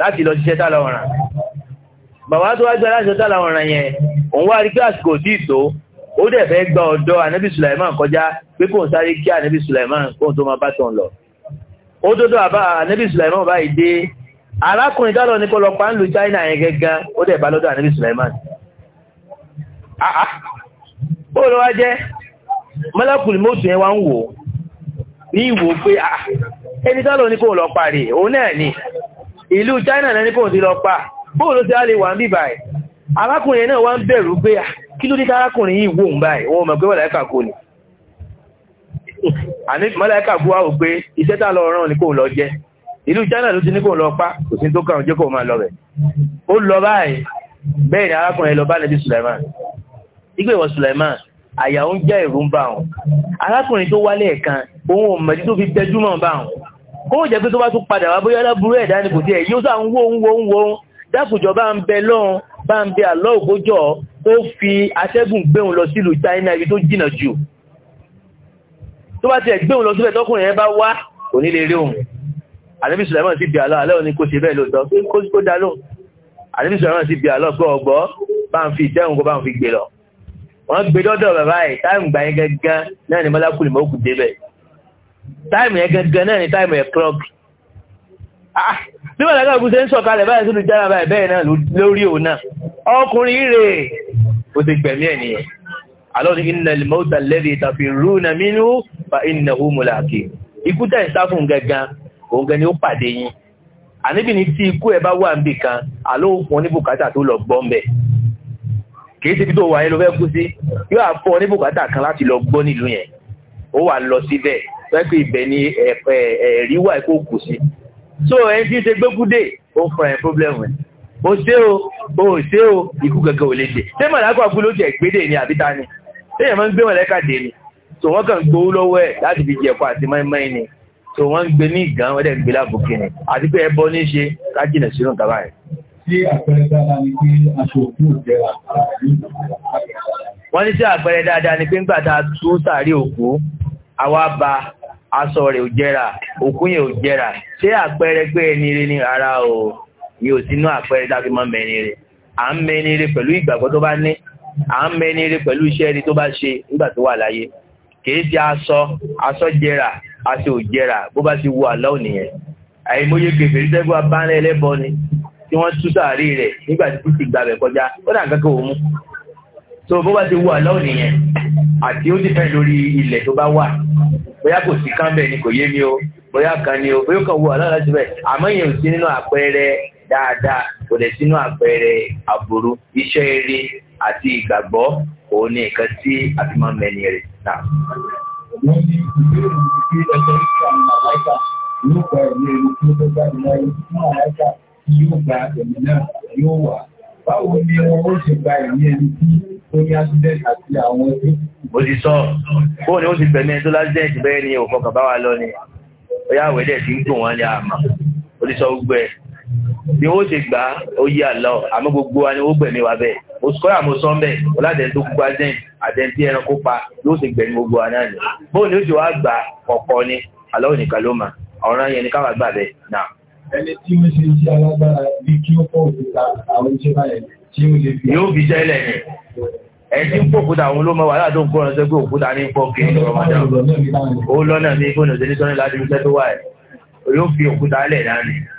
láti lọ ṣiṣẹ́ tálà ọ̀ràn bàbá tó wá gbéra láti ṣiṣẹ́ tálà ọ̀ràn yẹn òun wá rí pé àsìkò tí ìtò ó dẹ̀ fẹ́ gba ọ̀dọ̀ ànábì Sulaiman kọjá pé kò ń sáré kí ànábì Sulaiman kó tó máa bá tàn lọ ó tó àbá ànábì Sulaiman báyìí dé arákùnrin dálọ ní kọlọpàá ń lu China yẹn gẹ́gẹ́ ó dẹ̀ bá lọ́dọ̀ ànábì Sulaiman o wá jẹ́ mọ́lákùlù mọ́tò wá ń wò ní ìwò pé ẹni tọ́lọ lọ pa rè òun náà ni ìlú China náà ní kò ti lọ pa bóòlù tí a lè wà ń bíbà ẹ̀ arákùnrin náà wá ń bẹ̀rù pé kí ló yìí wò ń báyìí wọ́n mọ̀ pé wọ́n ní bẹ́ẹ̀ ni arákùnrin lọ bá nẹbí Suleiman àyà ń jẹ́ ẹ̀rù ń bà wọn arákùnrin tó wálé ẹ̀kan òun ò mọ̀ tó fi tẹjúmọ̀ bà wọn kó jẹ́ pé tó bá tún padà wá bóyá láburú ẹ̀dá ni kò tiẹ̀ yóò sáà ń wó ń wó ń wó dákùjọ bá ń bẹ lọ́run bá ń bẹ àlọ́ òkójọ́ ó fi atẹ́gùn gbéhùn lọ sílùú China ibi tó jìnà jù tó bá tiẹ̀ gbéhùn lọ síbẹ̀ tọkùnrin yẹn bá wá kò ní lè rí òun àdébí Sulaiman sì bí àlọ́ àlọ́ ní kó ṣe bẹ́ẹ̀ lóòótọ́ kó dá lóhùn àdébí Sulaiman sì bí àlọ́ pé ọgbọ́ bá ń fi ìtẹ́hùn kó bá ń fi gbé lọ wọ́n gbé dọ́dọ̀ bàbá yìí táìmù gbà yẹn gangan náà ni mọ́lákùlù mọ́kù débẹ̀ táìmù yẹn gangan náà ni táìmù yẹn clock ah, bí wọ́n lágbàgbù ṣe ń sọ̀kalẹ̀ báyìí sínú jára báyìí bẹ́ẹ̀ náà lórí òun náà ọkùnrin rè ó ti gbẹ̀mí ẹ̀ nìyẹn alọ́ni iná lèmọ́ta lẹ́dí ìtàfi rúnà mínú fa iná húmùlàkì ikú tẹ́ ń sáfún gangan òun gan ni ó pàdé yín àníbì ní tí ikú ẹ bá wà níbì kan alóhùn fún oníbùkátà tó lọ gbọ́n bẹ́ẹ̀ kìí síbi tó wà yẹn ló fẹ́ kú sí yóò àfọ ní bùkátà kan láti lọ gbọ́ nílùú yẹn ó wà lọ síbẹ̀ fẹ́ ibẹ̀ ni ẹ̀rí wà kó kù sí so ẹni tí ń ṣe gbẹ́kúdé ó ń fọyín pọ́blẹ́mù ẹ̀ o ṣe o o ṣe o ikú kankan ò lè dé ṣé mọ̀lákọ̀ àbúrò ló jẹ́ ìgbédè ni àbí ta ni ṣéyàn máa ń gbé mọ̀lẹ́kà dé ni so wọ́n kàn gbowó lọ́wọ́ ẹ̀ láti fi jẹ̀kọ́ àti mọ́ínmọ́ín ni so wọ́n ń gbé ní ìgàn wọ́n dẹ̀ ń gbé lábùkì ni àti pé ẹbọ ní í ká jìnà sínú kaba yẹn sí àpẹẹrẹ dáadáa ni pé aṣọ òkú òjẹ́ra wọ́n ní sí àpẹẹrẹ dáadáa ni pé ń gbàtà tú òkú àwa bá aṣọ rẹ̀ òjẹ́ra òkú yẹn òjẹ́ra ṣé àpẹẹrẹ pé ẹni rẹ̀ ní rárá o ni ò sínú àpẹẹrẹ dábí mọ́ mẹ́ni rẹ̀ à ń mẹ́ni rẹ̀ pẹ̀lú ìgbàgbọ́ tó bá ní à ń mẹ́ni rẹ̀ pẹ̀lú iṣẹ́ ẹni tó bá ṣe nígbà tó wà láyé kìí ti aṣọ aṣọ jẹrà aṣọ òjẹrà bó bá ti wo àlọ́ nìyẹn àìmọye kẹfẹ́ rí sẹ́gun ni tí wọ́n tú sàárè rẹ̀ nígbà tí títí gbàbẹ̀ kọjá ó dà nǹkan kan tó so bó bá ti wù àlọ́ nìyẹn àti ó dìpẹ́ lórí ilẹ̀ tó bá wà bóyá kò sí kán ni kò yé mi o bóyá kan ni o bóyá kan láti bẹ̀ àmọ́ ò sí nínú àpẹẹrẹ dáadáa kò dẹ̀ sínú àpẹẹrẹ àbúrú iṣẹ́ eré àti ìgbàgbọ́ òun ni nǹkan tí a fi máa mẹ́ni rẹ̀ wọ́n ní yóò gba ẹ̀mí náà yóò wà. Báwo ni wọn ó ṣe gba ẹ̀mí ẹni tí ó ní accident àti àwọn ẹbí? Ó ti sọ, bó ni ó ti gbẹ̀mí ẹni tó lásìdẹ̀t bẹ́ẹ̀ ni òfin ọkàn bá wa lọ ni. Ọyá àwẹ̀dẹ̀ ti ń gùn wọn ní àmà. Ó ti sọ gbogbo ẹ̀. Bí ó ṣe gbà á, ó yí àlọ́, àmọ́ gbogbo wa ni ó gbẹ̀mí wa bẹ́ẹ̀. Mo sọ àmọ́ sọ mẹ́, ọ̀làdẹ̀ni tó kú accident, àdẹ̀ntí ẹranko pa ló ṣe gbẹ̀mí gbogbo wa náà ni. Bó ni ó ṣe wá gbà ọ̀kọ́ ni, àlọ́ òníkà ló mà, ọ̀ràn yẹn ni káwà gbà bẹ́ẹ̀ náà ẹni tí ó ṣe iṣẹ́ alágbára bí kí ó pọ̀ òkúta àwọn iṣẹ́ báyẹn tí ó lè fi. yóò fi jẹ́ ilẹ̀ yẹn ẹ̀ tí ń pọ̀ òkúta àwọn olómọ wà láàdó ń kọ́ran sẹ́gbẹ́ òkúta ní pọ̀ kí ní ọmọdé ó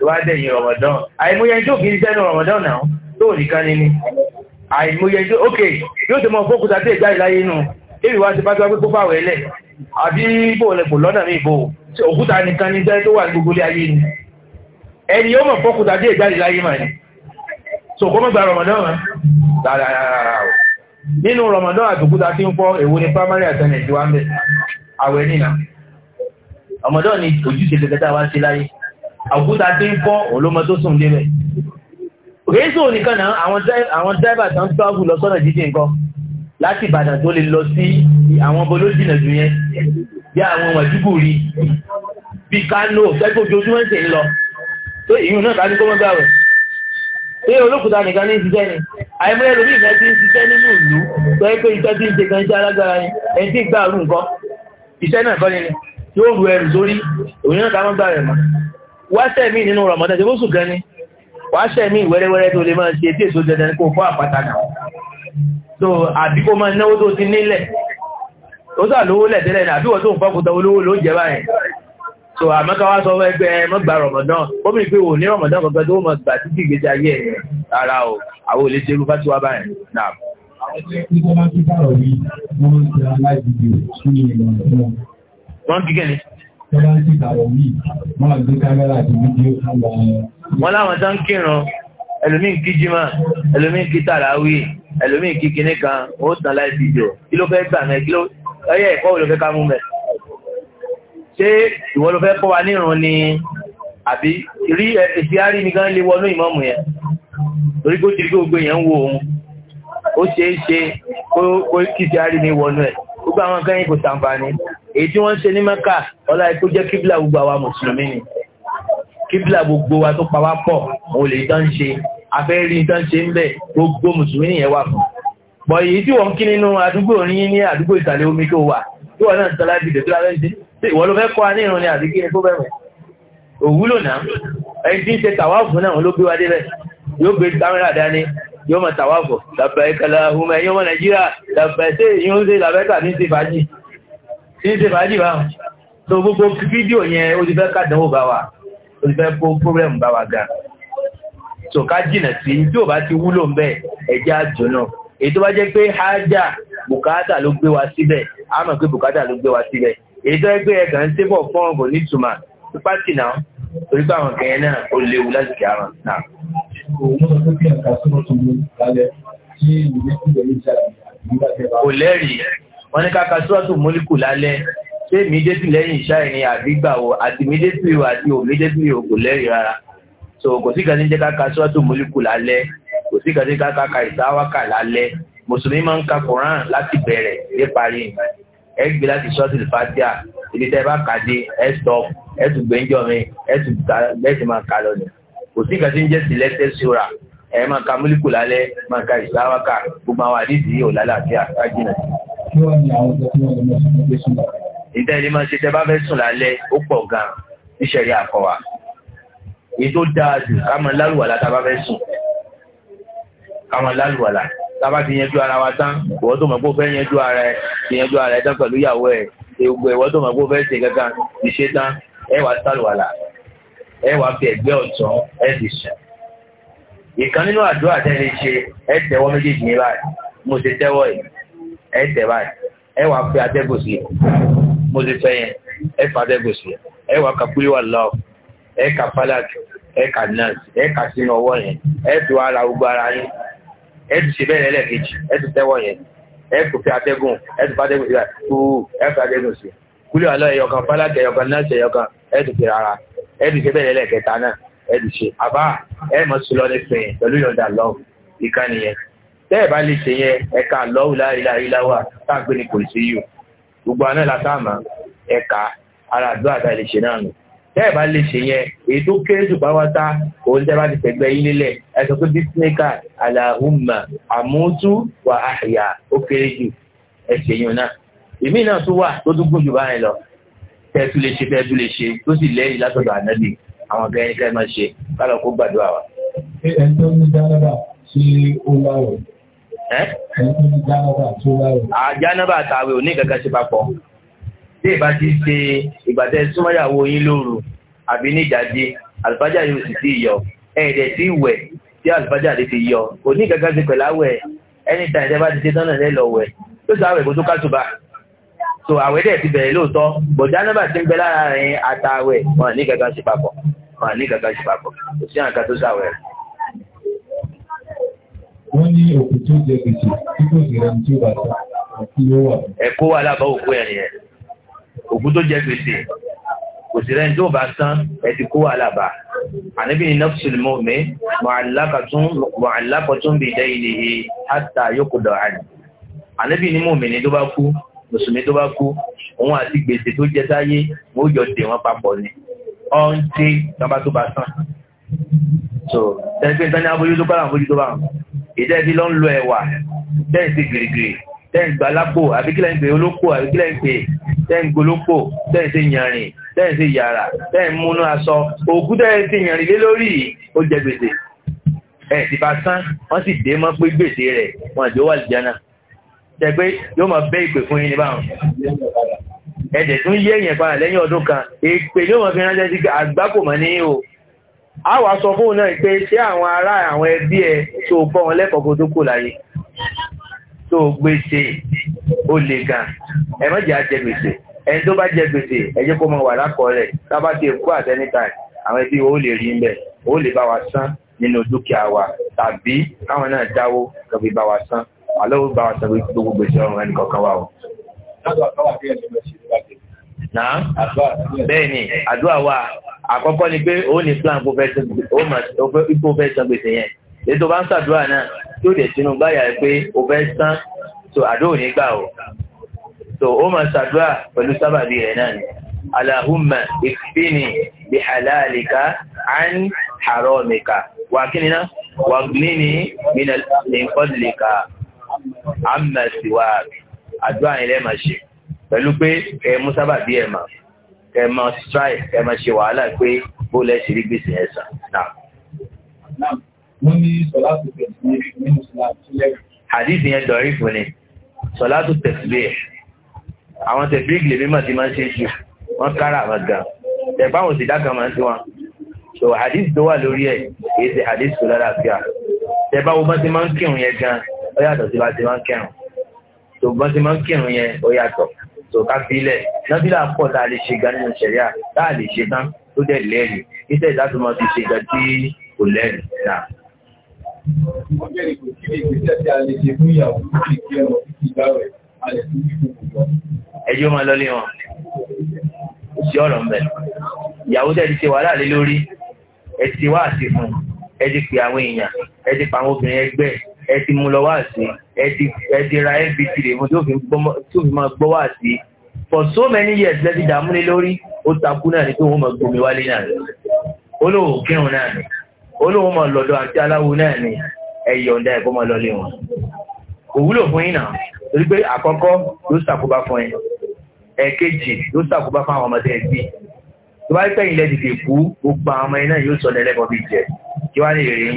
wá Ramadan àìmọye tó kì í Ramadan náà tó ni àìmọye tó ok yóò ti mọ fókúta tó ìjà ìláyé nù èmi wá ti bá tó wá pé kó fáwọn ẹlẹ àbí bò lẹ kò lọ́nà mi bò òkúta nìkan ní iṣẹ́ tó wà gbogbo ilé ayé ni ẹni yóò mọ̀ fọ́kùtà dé ìjáde láyé máa ní so kó mọ́ gba rọmọdán wọn dáadáa nínú rọmọdán àtòkúta tí ń fọ́ èwo ni primary attendant ti wá ń bẹ̀ àwẹ̀ nínà rọmọdán ni ojúṣe tẹ̀tẹ̀tẹ̀ wá sí láyé àkúta tí ń fọ́ òlómọ tó sùn débẹ̀ òkèèsò nìkan náà àwọn dráìbà tán ń tọ́wọ́ lọ sọ́nà jíjìn nǹkan láti Ìbàdàn tó lè lọ sí àwọn ọbọ ló jìnà jù yẹn bí àwọn ọmọ ìdúgbò rí bí Kánò tẹ́kọ̀ọ́ ojoojúmọ́ ń sè ń lọ pé ìyún náà tàbí kó mọ́ gbàwẹ̀ pé olókùúta nìkan ní ìṣiṣẹ́ ni àìmọ́lẹ́ lórí ìfẹ́ tí ń ṣiṣẹ́ nínú ìlú tó yẹ pé iṣẹ́ tí ń ṣe kan iṣẹ́ alágbára ni ẹni tí gbà rú nǹkan iṣẹ́ náà kọ́ni ni tí ó ru ẹrù sórí òun náà tàbí gbàwẹ̀ mọ́ wá sẹ́mi nínú Ramadan tí ó sùn gan ni wá sẹ́mi wẹ́rẹ́wẹ́rẹ́ tó lè máa ṣe tí èso dandan kó fọ́ àpáta náà so àbí kó máa náwó tó ti nílẹ̀ ó sà lówó lẹ̀ tẹ́lẹ̀ ní àbí wọ́n tó ń fọ́kùtà olówó ló jẹ́ báyìí so àmọ́ká wá sọ ẹgbẹ́ mọ́gbà rọ̀mọ̀dán ó mi pé wò ní rọ̀mọ̀dán kankan tó mọ̀ gbà títí ìgbésí ayé ẹ̀ ara o àwọn ò lè ṣe irúfá tí wá báyìí náà. wọ́n kíkẹ́ ni. wọ́n láwọn tán kírun ẹlòmíì kí jimá ẹlòmíì kí tàràwí ẹlòmíì kí kinní kan ó tàn láì fídíò kí ló fẹ́ gbà mẹ́ kí ló ẹyẹ ẹ̀kọ́ wo ló fẹ́ ká mú mẹ́ ṣé ìwọ ló fẹ́ kọ́ wa nírun ni àbí rí ìfíárí nìkan lè wọnú ìmọ̀mù yẹn torí kó ti rí gbogbo èèyàn ń wo òun ó ṣe é ṣe kó kí ìfíárí ni wọnú ẹ̀ gbogbo àwọn kan yìí kò sàǹfààní èyí tí wọ́n ń ṣe ní mẹ́kà ọlá ikú jẹ́ kíbla gbogbo àwa mùsùlùmí ni kíbla gbogbo wa tó pa wá pọ̀ òun lè tán ṣe afẹ́ rí tán ṣe ń bẹ̀ gbogbo mùsùlùmí nìyẹn wà fún bọ̀ èyí tí wọ́n kí nínú àdúgbò ní àdúgbò ìsàlẹ̀ omi tó wà tí wọ́n náà sọ láti dèbí lábẹ́ ṣe tí ìwọ ló fẹ́ kọ́ ní ìrun ni àbí kí ni kó bẹ̀rẹ̀ òwúlò náà ẹni tí ń ṣe tàwáàfù náà ló gbé wa débẹ̀ yóò gbé kámẹ́rà dání yóò mọ̀ tàwáàfù làbẹ̀ kẹlẹ́ ọmọ ẹ̀yìn ọmọ nàìjíríà làbẹ̀ sí ìyún ń ṣe làbẹ́ ní ṣe fàájì ní ṣe so gbogbo fídíò yẹn ó ti fẹ́ kàdánwò bá wa ó ti fẹ́ kó pírọ́blẹ̀mù bá wa gan so ká jìnà sí tí ò bá ti wúlò ń bẹ̀ ẹ̀já jóná èyí tó bá jẹ́ pé hájà bùkátà ló gbé wa síbẹ̀ á mọ̀ pé bùkátà ló gbé wa síbẹ̀ èdè ẹgbẹ́ ẹ̀gàn ń tébọ̀ fún ọ̀gọ̀ nítumà pípa tì náà torí pé àwọn kẹyẹ náà ó léwu láti kí ara náà. kò lẹ́rìí wọ́n ní káka sọ́ọ̀tù mólíkù lálẹ́ ṣé ìmídétì lẹ́yìn iṣẹ́ ìrìn àdígbà wo àti ìmídétì wo àti òmídétì wo kò lẹ́rìí rárá so kò sí kàdé jẹ́ káka sọ́ọ̀tù mólíkù lálẹ́ kò sí kàdé káka kàìsáwákà lálẹ́ mùsùlùmí máa ń ka koran láti bẹ̀rẹ̀ dé parí ìgbà yìí ẹ gbé láti ṣọ́ọ̀tì fàtíà ibi tẹ́ bá kàdé ẹ stop ẹ tún gbé ńjọ mi ẹ tún bẹ́ẹ̀ ti máa kà lọ ni kò sí nǹkan tí ń jẹ́ selected sura ẹ máa ka múlíkù lálẹ́ máa ka ìsáwáka gbogbo àwọn àdìsí yìí ò lálàáfíà kájínà. ìdá ilé máa ṣe tẹ́ bá fẹ́ sùn lálẹ́ ó pọ̀ gan-an níṣẹ̀rí àkọwà èyí tó dáa jù ká lálùwàlà tá a bá fẹ́ sùn ká lálùwàlà tába ti yanjú ara wa tán ìwọ tó mọ̀ pé o fẹ́ yanjú ara ẹ ti yanjú ara ẹ tán pẹ̀lú ìyàwó ẹ egbò ìwọ tó mọ̀ pé o fẹ́ ṣe kankan ti ṣe tán ẹ wàá sàlùwàlà ẹ wàá fi ẹ̀gbẹ́ ọ̀tún ẹ ti sùn. ìkan nínú àdúrà tẹ́lẹ̀ ṣe ẹ tẹ́wọ́ méjèèjì ní báyìí mo ti tẹ́wọ́ yìí ẹ tẹ́ báyìí ẹ wàá fi atẹ́gùn sí mo ti fẹ́ yẹn ẹ fa atẹ́gùn sí ẹ wàá kàkúlẹ̀ wà lọ ẹ kà fálàkì ẹ kà náà ẹ kà sínú ọwọ́ yẹn ẹ fi wàá gbogbo ara yín ẹ ti ṣe bẹ́ẹ̀ lẹ́ẹ̀kejì ẹ ti tẹ́wọ́ yẹn ẹ kò fi atẹ́gùn ẹ ti fàtẹ́gùn sí ẹ fi atẹ́gùn sí kúlẹ̀ àlọ́ ẹ̀yọkan fálákẹ́ ẹ̀yọkan nọ́ọ̀sì ẹ̀yọkan ẹ ti fi rárá ẹ ti ṣe bẹ́ẹ̀ lẹ́ẹ̀kẹta náà ẹ ti ṣe àbá ẹ mọ̀ sí lọ́ọ́ nífẹ̀ẹ́ pẹ̀lú yọ̀ǹda lọ́wọ́ ìkànnì yẹn tẹ́ ẹ̀ bá lè ṣe yẹn ẹ̀ka lọ́wọ́ láìláìláwà táàgbé ni kò sí yù gbogbo àná làtàmà ẹ̀ka ara àdúrà tá ẹ̀ lè ṣe náà tẹ́ẹ̀bá lè ṣe yẹn èyí tó kéré jù bá wáta òun tẹ́ẹ̀bá ti tẹ̀gbẹ́ yín nílẹ̀ ẹ sọ pé bísíníkà aláhùnmá àmútú wà àyà ó kéré jù ẹ ṣe yẹn náà èmi náà tún wà tó tún gùn jù báyìí lọ tẹ́ẹ̀tú lè ṣe tẹ́ẹ̀tú lè ṣe tó sì lẹ́yìn látọ̀dọ̀ ànábì àwọn akẹ́yìn kẹ́ máa ṣe kálọ̀ kó gbàdúrà wa. ẹ ẹ tó ní dáadáa ṣe ó láwọ̀. ẹ ẹ tó ní dáadáa ṣe tí ìbá ti ṣe ìgbàdẹ súnmọ́yàwó yín lóru àbí níjàdí àlùfájà yóò sì ti yọ ẹ̀ẹ́dẹ̀ tí ìwẹ̀ tí àlùfájà lè fi yọ kò ní gàgà sí pẹ̀lú àwẹ̀ ẹni tàn ìjẹba ti ṣe tọ́nà lẹ́lọ wẹ̀ tó sọ àwẹ̀ kó tó kásùbà so àwẹ̀ dẹ̀ ti bẹ̀rẹ̀ lóòótọ́ bọ̀dá nọ́mbà ti ń bẹ lára rìn àtàwẹ̀ wọn ní gàgà sí papọ̀ wọn ní gàgà sí papọ̀ kò sí àǹkà tó sàwẹ̀ wọ́n ní òkú tó jẹ gbèsè tí kò sì rẹ̀ tí ó bá àti ó wà. ẹ̀kọ́ wà lábọ́ òkú ẹ̀ ògùn tó jẹ gbèsè kò sí rẹ́ni tó bá san ẹ ti kó àlàbà àníbí ní nafsul mu'min mu'allaqatun bi daynihi hatta yuqda anhu àníbí ní mu'min ní tó bá kú mùsùlùmí tó bá kú òun àti gbèsè tó jẹ sáyé wọn ó jọ dè wọn papọ̀ ni ọ̀ ń dé tọ́ba tó bá san so tẹ́gbẹ́ tán ní abójú tó bá àwọn abójú tó bá àwọn ìdẹ́ẹ̀bí ló ń lo ẹ̀wà bẹ́ẹ̀ sí gírígírí tẹ́ǹ gbalápò àbí kílẹ̀ ń pè olóko àbí kílẹ̀ ń pè tẹ́ǹ gbolóko tẹ́ǹ ṣe yànrìn tẹ́ǹ ṣe yàrá tẹ́ǹ múnú aṣọ òkú tẹ́ǹ ṣe yànrìn lé lórí ó jẹ gbèsè ẹ̀ ti bá sán wọ́n sì dé mọ́ pé gbèsè rẹ̀ wọn àjọ wà lìjánà tẹ́ pé yóò máa bẹ́ ìpè fún yín ní báwọn ẹ̀dẹ̀ tún yé èèyàn padà lẹ́yìn ọdún kan èpè yóò máa fi ránṣẹ́ sí àgbákò mọ́ ní o a wà sọ fóun náà pé ṣé àwọn ará àwọn ẹbí ẹ tó bọ́ wọn lẹ́kọ̀ọ́ tó gbé ṣe ó le gan ẹ má jẹ́ àjẹ gbèsè ẹni tó bá jẹ gbèsè ẹ jẹ́ kó mọ wà lákọọ́lẹ̀ tábà ti kú at any time àwọn ẹbí ó lè rí mbẹ ó lè bá wa san nínú dúkìá wa tàbí káwọn náà dáwó kọfí bá wa san àlọ́ bá wa san gbogbo gbèsè ọ̀run ẹnì kọ̀ọ̀kan wa o. Náà bẹ́ẹ̀ àdúrà wa àkọ́kọ́ ni pé ó ní plan kó fẹ́ san gbèsè yẹn ètò bá ń ṣàdúrà náà tí ó dẹ̀ sínú báyà pé o fẹ́ sán tó àdúrà ní gbà o tó o máa ṣàdúrà pẹ̀lú sábàbí rẹ̀ náà ni alahumma ikfini bihalalika an haramika wà kí ni náà wà gbìn ní min fadlika àdúrà yẹn máa ṣe pẹ̀lú pé ẹ mú sábàbí ẹ̀ máa kẹ mọ strike kẹ mọ ṣe wàhálà pé bó lẹ rí gbèsè ẹ sàn náà wọ́n ní sọ̀látù tẹ̀sílẹ̀ nínú sọ̀látù lẹ́yìn. hadith yẹn dọ̀rí fún ni sọ̀látù tẹ̀sílẹ̀ àwọn tẹ̀sílẹ̀ lè mímọ̀ tí máa ń ṣe jù wọ́n kára àwọn gan tẹ̀báwọn sì dákan máa ń tí wọn. so hadith tó wà lórí ẹ̀ èyí ti hadith tó lára fíà tẹ̀báwọn bá ti máa ń kírun yẹn gan ó yàtọ̀ sí bá ti máa ń kírun tó bá ti máa a lè ṣe gan nínú ṣẹ̀ríà tá a lè ṣe tán tó dẹ̀ lẹ́rìí iṣẹ́ ìdásùnmọ́ ẹjọ́ máa lọ lé wọn sí ọ̀rọ̀ ń bẹ̀. ìyàwó tẹ́ ti ṣe wàhálà lé lórí ẹ ti wá àti fún ẹ ti pè àwọn èèyàn ẹ ti pa obìnrin ẹgbẹ́ ẹ ti mú lọ wá àti ẹ ti ra fbt rè fún tí ó fi máa gbọ́ wá àti for so many years lẹ́ti dààmú lé lórí ó takú náà ní pé wọ́n máa gbomi wálé náà olóòkírun olóhùn mọ̀ lọ́dọ̀ àti aláwo náà ni ẹ̀yọ̀ ọ̀dà ẹ̀kọ́ mọ̀ lọ́lé wọn kò wúlò fún yín náà torí pé àkọ́kọ́ ló ṣàkóbá fún ẹ ẹ̀kejì ló ṣàkóbá fún àwọn ọmọdé ẹbí tó bá pẹ́yìn lẹ́dìdì kú gbogbo àwọn ọmọ iná yóò sọ lẹ́lẹ́kọ̀ọ́ bíi jẹ kí wá lè rí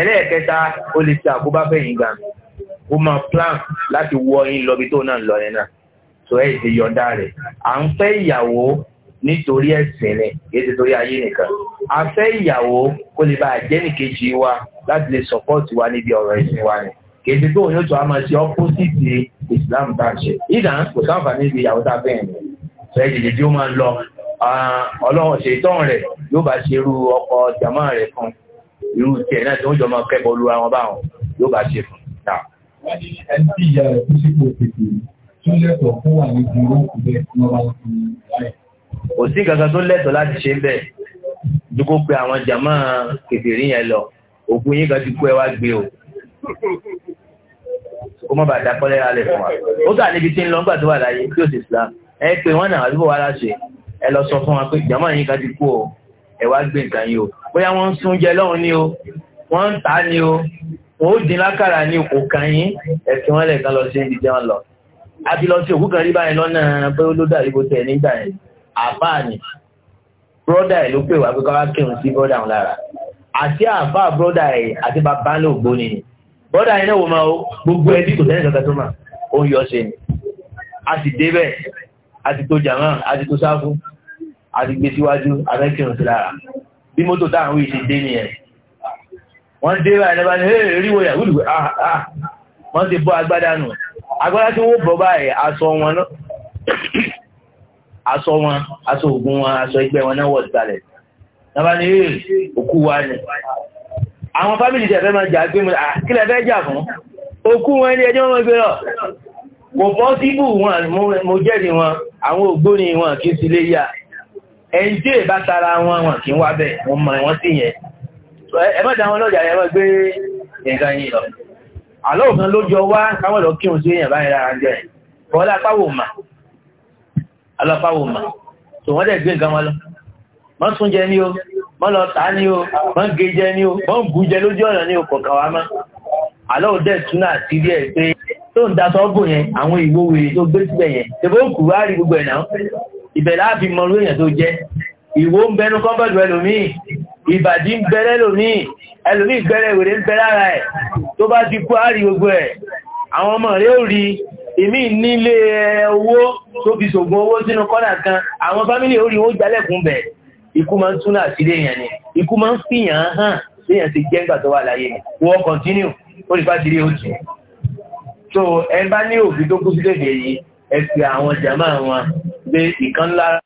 ẹlẹ́ẹ̀kẹta ó lè ṣe àkóbá fẹ̀yìn gbà ó máa plan láti wọ yín lọ bí tó náà lọ yẹn náà tó ẹ̀ ṣe yọ̀ǹda rẹ̀ à ń fẹ́ ìyàwó nítorí ẹ̀sìn ni èyí torí ayé nìkan a fẹ́ ìyàwó kó lè bá àjẹ́nìkejì wa láti lè sọ́pọ́ọ̀tì wa níbi ọ̀rọ̀ ìsìn wa ni kìí ṣe yóò tún á máa ṣe ọ́pọ́sìtì Islam tá à ń ṣe ìdá kò sáǹfààní ibi ìyàwó tá a fẹ́ yẹn fẹ́ jìjì tí ó máa ń lọ ọlọ́run ṣe ìtọ́n rẹ̀ yóò bá ṣe irú ọkọ jàmáà rẹ̀ fún irú tiẹ̀ náà tí wọ́n jọ máa kẹ́kọ̀ọ́ lu àwọn báwọn yóò bá ṣe fún ta. ẹni tí ìyá rẹ̀ kú sípò tètè tún lẹ́tọ̀ọ́ fún àwọn ìgbìmọ̀ òkú bẹ́ẹ̀ kò sí kankan tó lẹ́tọ̀ọ́ láti ṣe bẹ́ẹ̀ dúkó pé àwọn jàmá kèfèrí yẹn lọ òkú yín kan ti kú ẹ wá gbé o kó má bàa dákọ́ lẹ́yà fún wa ó kà níbi tí ń lọ nígbà tó wà láyé tí ó sì sá ẹ pé wọ́n náà àdúgbò wa láṣẹ ẹ lọ sọ fún wa pé jàmá yín kan ti kú o ẹ gbé nǹkan yìí o bóyá wọ́n ń sún jẹ lọ́hùn ni o wọ́n ń tà ni o wọ́n ó dín lákàrà ní òkàn yín ẹ fi wọ́n lẹ̀ kan lọ sí ibi tí lọ a lọ sí òkú kan rí báyìí lọ́nà pé ó ló dàrí bó tẹ̀ nígbà yẹn àfáà ni bróda ẹ̀ ló pè wá pé káwá kírun sí bróda òun lára àti àfáà bróda ẹ̀ àti bàbá ló gbóni ni bróda ẹ̀ náà wò máa gbogbo ẹbí kò sẹ́yìn kankan tó mà ó ń yọ ṣe ni a sì débẹ̀ a ti tó jàmá a ti tó sáfù a ti gbé síwájú abẹ́kírun sí lára bí mọ́tò táwọn wíì ṣe dé nìyẹn wọ́n dé báyìí lọ́ba ní ẹ̀rẹ́ ríwọ ìyàwó ìlú wọ́n ti bọ́ agbádá nù agbádá tí wọ́n bọ́ báyìí aṣọ wọn náà aṣọ wọn aṣọ ògùn wọn aṣọ ẹgbẹ́ wọn náà wọ̀ ìsàlẹ̀ nàbà ní èè òkú wa ni àwọn fámìlì tẹ̀fẹ́ máa jà gbé mu kí lẹ fẹ́ jà fún òkú wọn ní ẹjọ́ wọn gbé lọ kò bọ́ síbù wọn mo jẹ́rì wọn àwọn ògbóni wọn kì í sílé yá ẹni tí èbá tara wọn wọn kì í wá bẹ́ẹ̀ wọn mọ wọn sì yẹn ẹ má dá wọn lọ́jà ẹ má gbé nǹkan yìí lọ àlọ́ òkan ló jọ wá káwọn lọ kírun sí èèyàn báyìí lára jẹ bọ́lá pàwọ̀ mà aláfáwò mà tó wọ́n dẹ̀ gbé nǹkan wọn lọ mọ́ tún jẹ ní o mọ́ lọ tà ní o mọ́ gé jẹ ní o mọ́ bù jẹ lójú ọ̀nà ní o kọ̀ọ̀kan wa mọ́ àlọ́ ò dẹ̀ tún náà sí díẹ̀ pé tó ń da sọ́ọ̀bù yẹn àwọn ìwó wèrè tó gbé síbẹ̀ yẹn tèbó kù wá rí gbogbo ẹ̀nà ibẹ̀ láàbí mọ lórí tó jẹ́ ìwó ń bẹnu kọ́ńbọ̀dù ẹlòmíì ìbàdí ń bẹ̀rẹ̀ lòmíì ẹlòmíì gbẹ̀rẹ̀ wèrè ń bẹ lára ẹ̀ tó bá ti kú á rí gbogbo ẹ̀ àwọn ọmọ rẹ̀ ò rí èmi nílé eh, owó tó fi ṣògùn owó sínú kọ́nà kan àwọn fámílì orí wọn jálẹ̀kùn bẹ̀ ikú máa ń tún náà sílé èèyàn ni ikú máa ń fìyàn hàn léèyàn ti jẹ́ ńgbà tó wà láyé ni wọ́n kọ̀ntínú ó lè bá ti so ẹ bá ní òfin tó kú sí lèdè yìí ẹ fi àwọn jàmá wọn gbé ìkan lára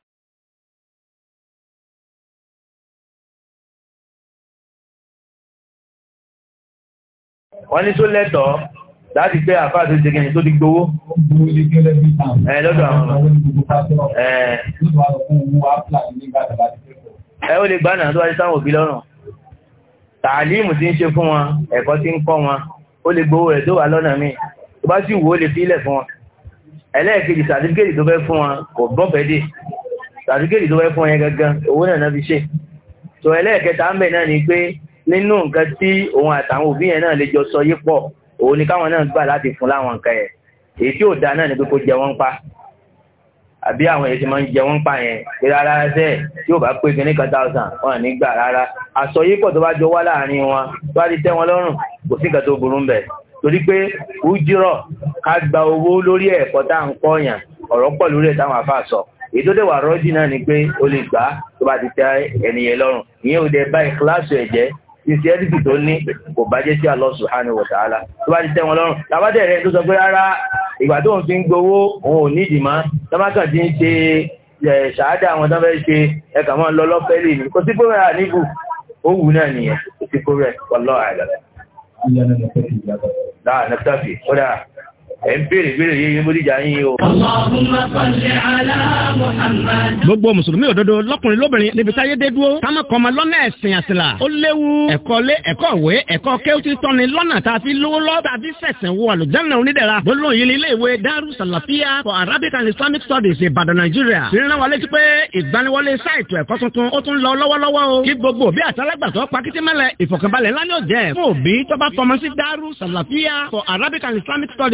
wọ́n ní tó lẹ́tọ̀ọ́ láti pé àfáà tó ṣe kẹ́yìn tó ti gbowó lọ́dọ̀ àwọn eh, ẹ ó lè gbánà tó wáyé sáwọn òbí lọ́rùn tààlímù tí ń ṣe fún wọn ẹ̀kọ́ tí ń kọ́ wọn ó lè gbowó rẹ̀ tó wà lọ́nà míì tó bá sì wò ó lè fílẹ̀ fún wọn ẹlẹ́ẹ̀kejì sàtífíkèjì tó fẹ́ fún wọn kò bọ́fẹ́ dé sàtífíkèjì tó fẹ́ fún yẹn gangan owó náà náà fi ṣe tó ẹlẹ́ẹ̀kẹta ń bẹ̀ náà ni pé nínú nǹkan tí òun àtàwọn òbí yẹn náà lè jọ sọ yípo òun ni káwọn náà gbà láti fún láwọn nǹkan yẹn èyí tí ò da náà ni pé kó jẹ wọ́n pa àbí àwọn èyí tí máa ń jẹ wọ́n pa yẹn pé rárá ṣe tí ò bá pé kí ní kan thousand wọn ní gbà rárá àsọ yìí pọ̀ tó bá jọ wá láàrin wọn tó bá ti tẹ́ wọn lọ́rùn kò sí nǹkan tó burú ń bẹ̀ torí pé ujirọ ká gba owó lórí ẹ̀kọ́ tá à ń kọ́ yàn ọ̀rọ̀ pọ̀ lórí ẹ̀ táwọn àfa sọ èyí tó dẹ̀ rọ́jì náà ni pé o lè gbà tó bá ti tẹ́ ẹnìyẹn lọ́rùn ìyẹn ò dẹ̀ bá ìkíláàsì ẹ̀jẹ̀ sincerity tó ní kò bá jẹ́ sí Allah subhanahu wa ta'ala tó bá ti tẹ́ wọn lọ́rùn tàbátẹ̀ rẹ̀ tó sọ pé rárá ìgbà tó ń fi ń gbowó òun ò nídìí mọ́ tọ́mátà ti ń ṣe ṣàádà àwọn tó fẹ́ ṣe ẹ̀kà mọ́ lọ lọ́fẹ́ lè ní kò sí kórè àníbù ó wù náà nìyẹn kò sí kórè wallahu a'lam. láà ẹ̀ ń bèèrè bèèrè yéyìn o. gbogbo mùsùlùmí òdodo lọ́kùnrin lóbìnrin níbi táyé dé dúró kámọ́ kọ́mọ lọ́nà ẹ̀sìn àṣìlá ó léwu ẹ̀kọ́ lé ẹ̀kọ́ ìwé ẹ̀kọ́ kéwútì tọ́ni lọ́nà tá lówó lọ́ tá a wọ àlùjáná onídẹ̀ra gbólóhùn yìí ní ilé ìwé Darus Salafia for Arabic and Islamic Studies Ìbàdàn Nàìjíríà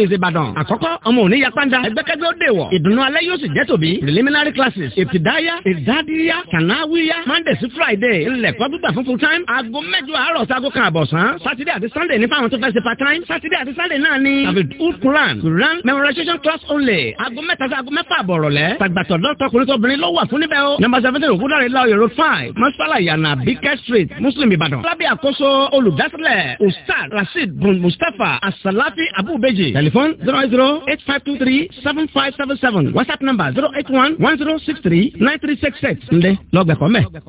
ìrìnà Ìbàdàn. Àkọ́kọ́ ọmọ òní ya pàǹdà ẹgbẹ́kẹ́gbẹ́ ó dè wọ̀. Ìdùnnú alẹ́ yóò sì jẹ́ tòbí. Preliminary classes ìfìdáyà ìdádíyà kànáwíyà Monday sí Friday ńlẹ̀kọ́ gbígbà fún full time. Aago mẹ́jọ àárọ̀ sago kan àbọ̀sán. Saturday àti Sunday ní fáwọn tó fẹ́ ṣe part time. Saturday àti Sunday náà ni. Tafidul Quran Quran memorization class only. Aago mẹ́ta sí aago mẹ́fà àbọ̀rọ̀lẹ́. Tàgbàtọ̀ dọ́tọ̀ kùnrin tóbìnrin ló wà fún o. Number seventeen Ògúndàrí Láòyè road five. Mọ́sálà Yànà Bíkẹ́ street Muslim Ìbàdàn. Lábẹ́ àkóso olùdásílẹ̀ Ustaz Rasheed Bun Mustapha Asalafi Abubeji. Tẹlifon zero zero eight five two three seven five seven seven whatsapp number zero eight one one zero six three nine three six six ǹdẹ lọ́gbẹ̀kọ́ mẹ́.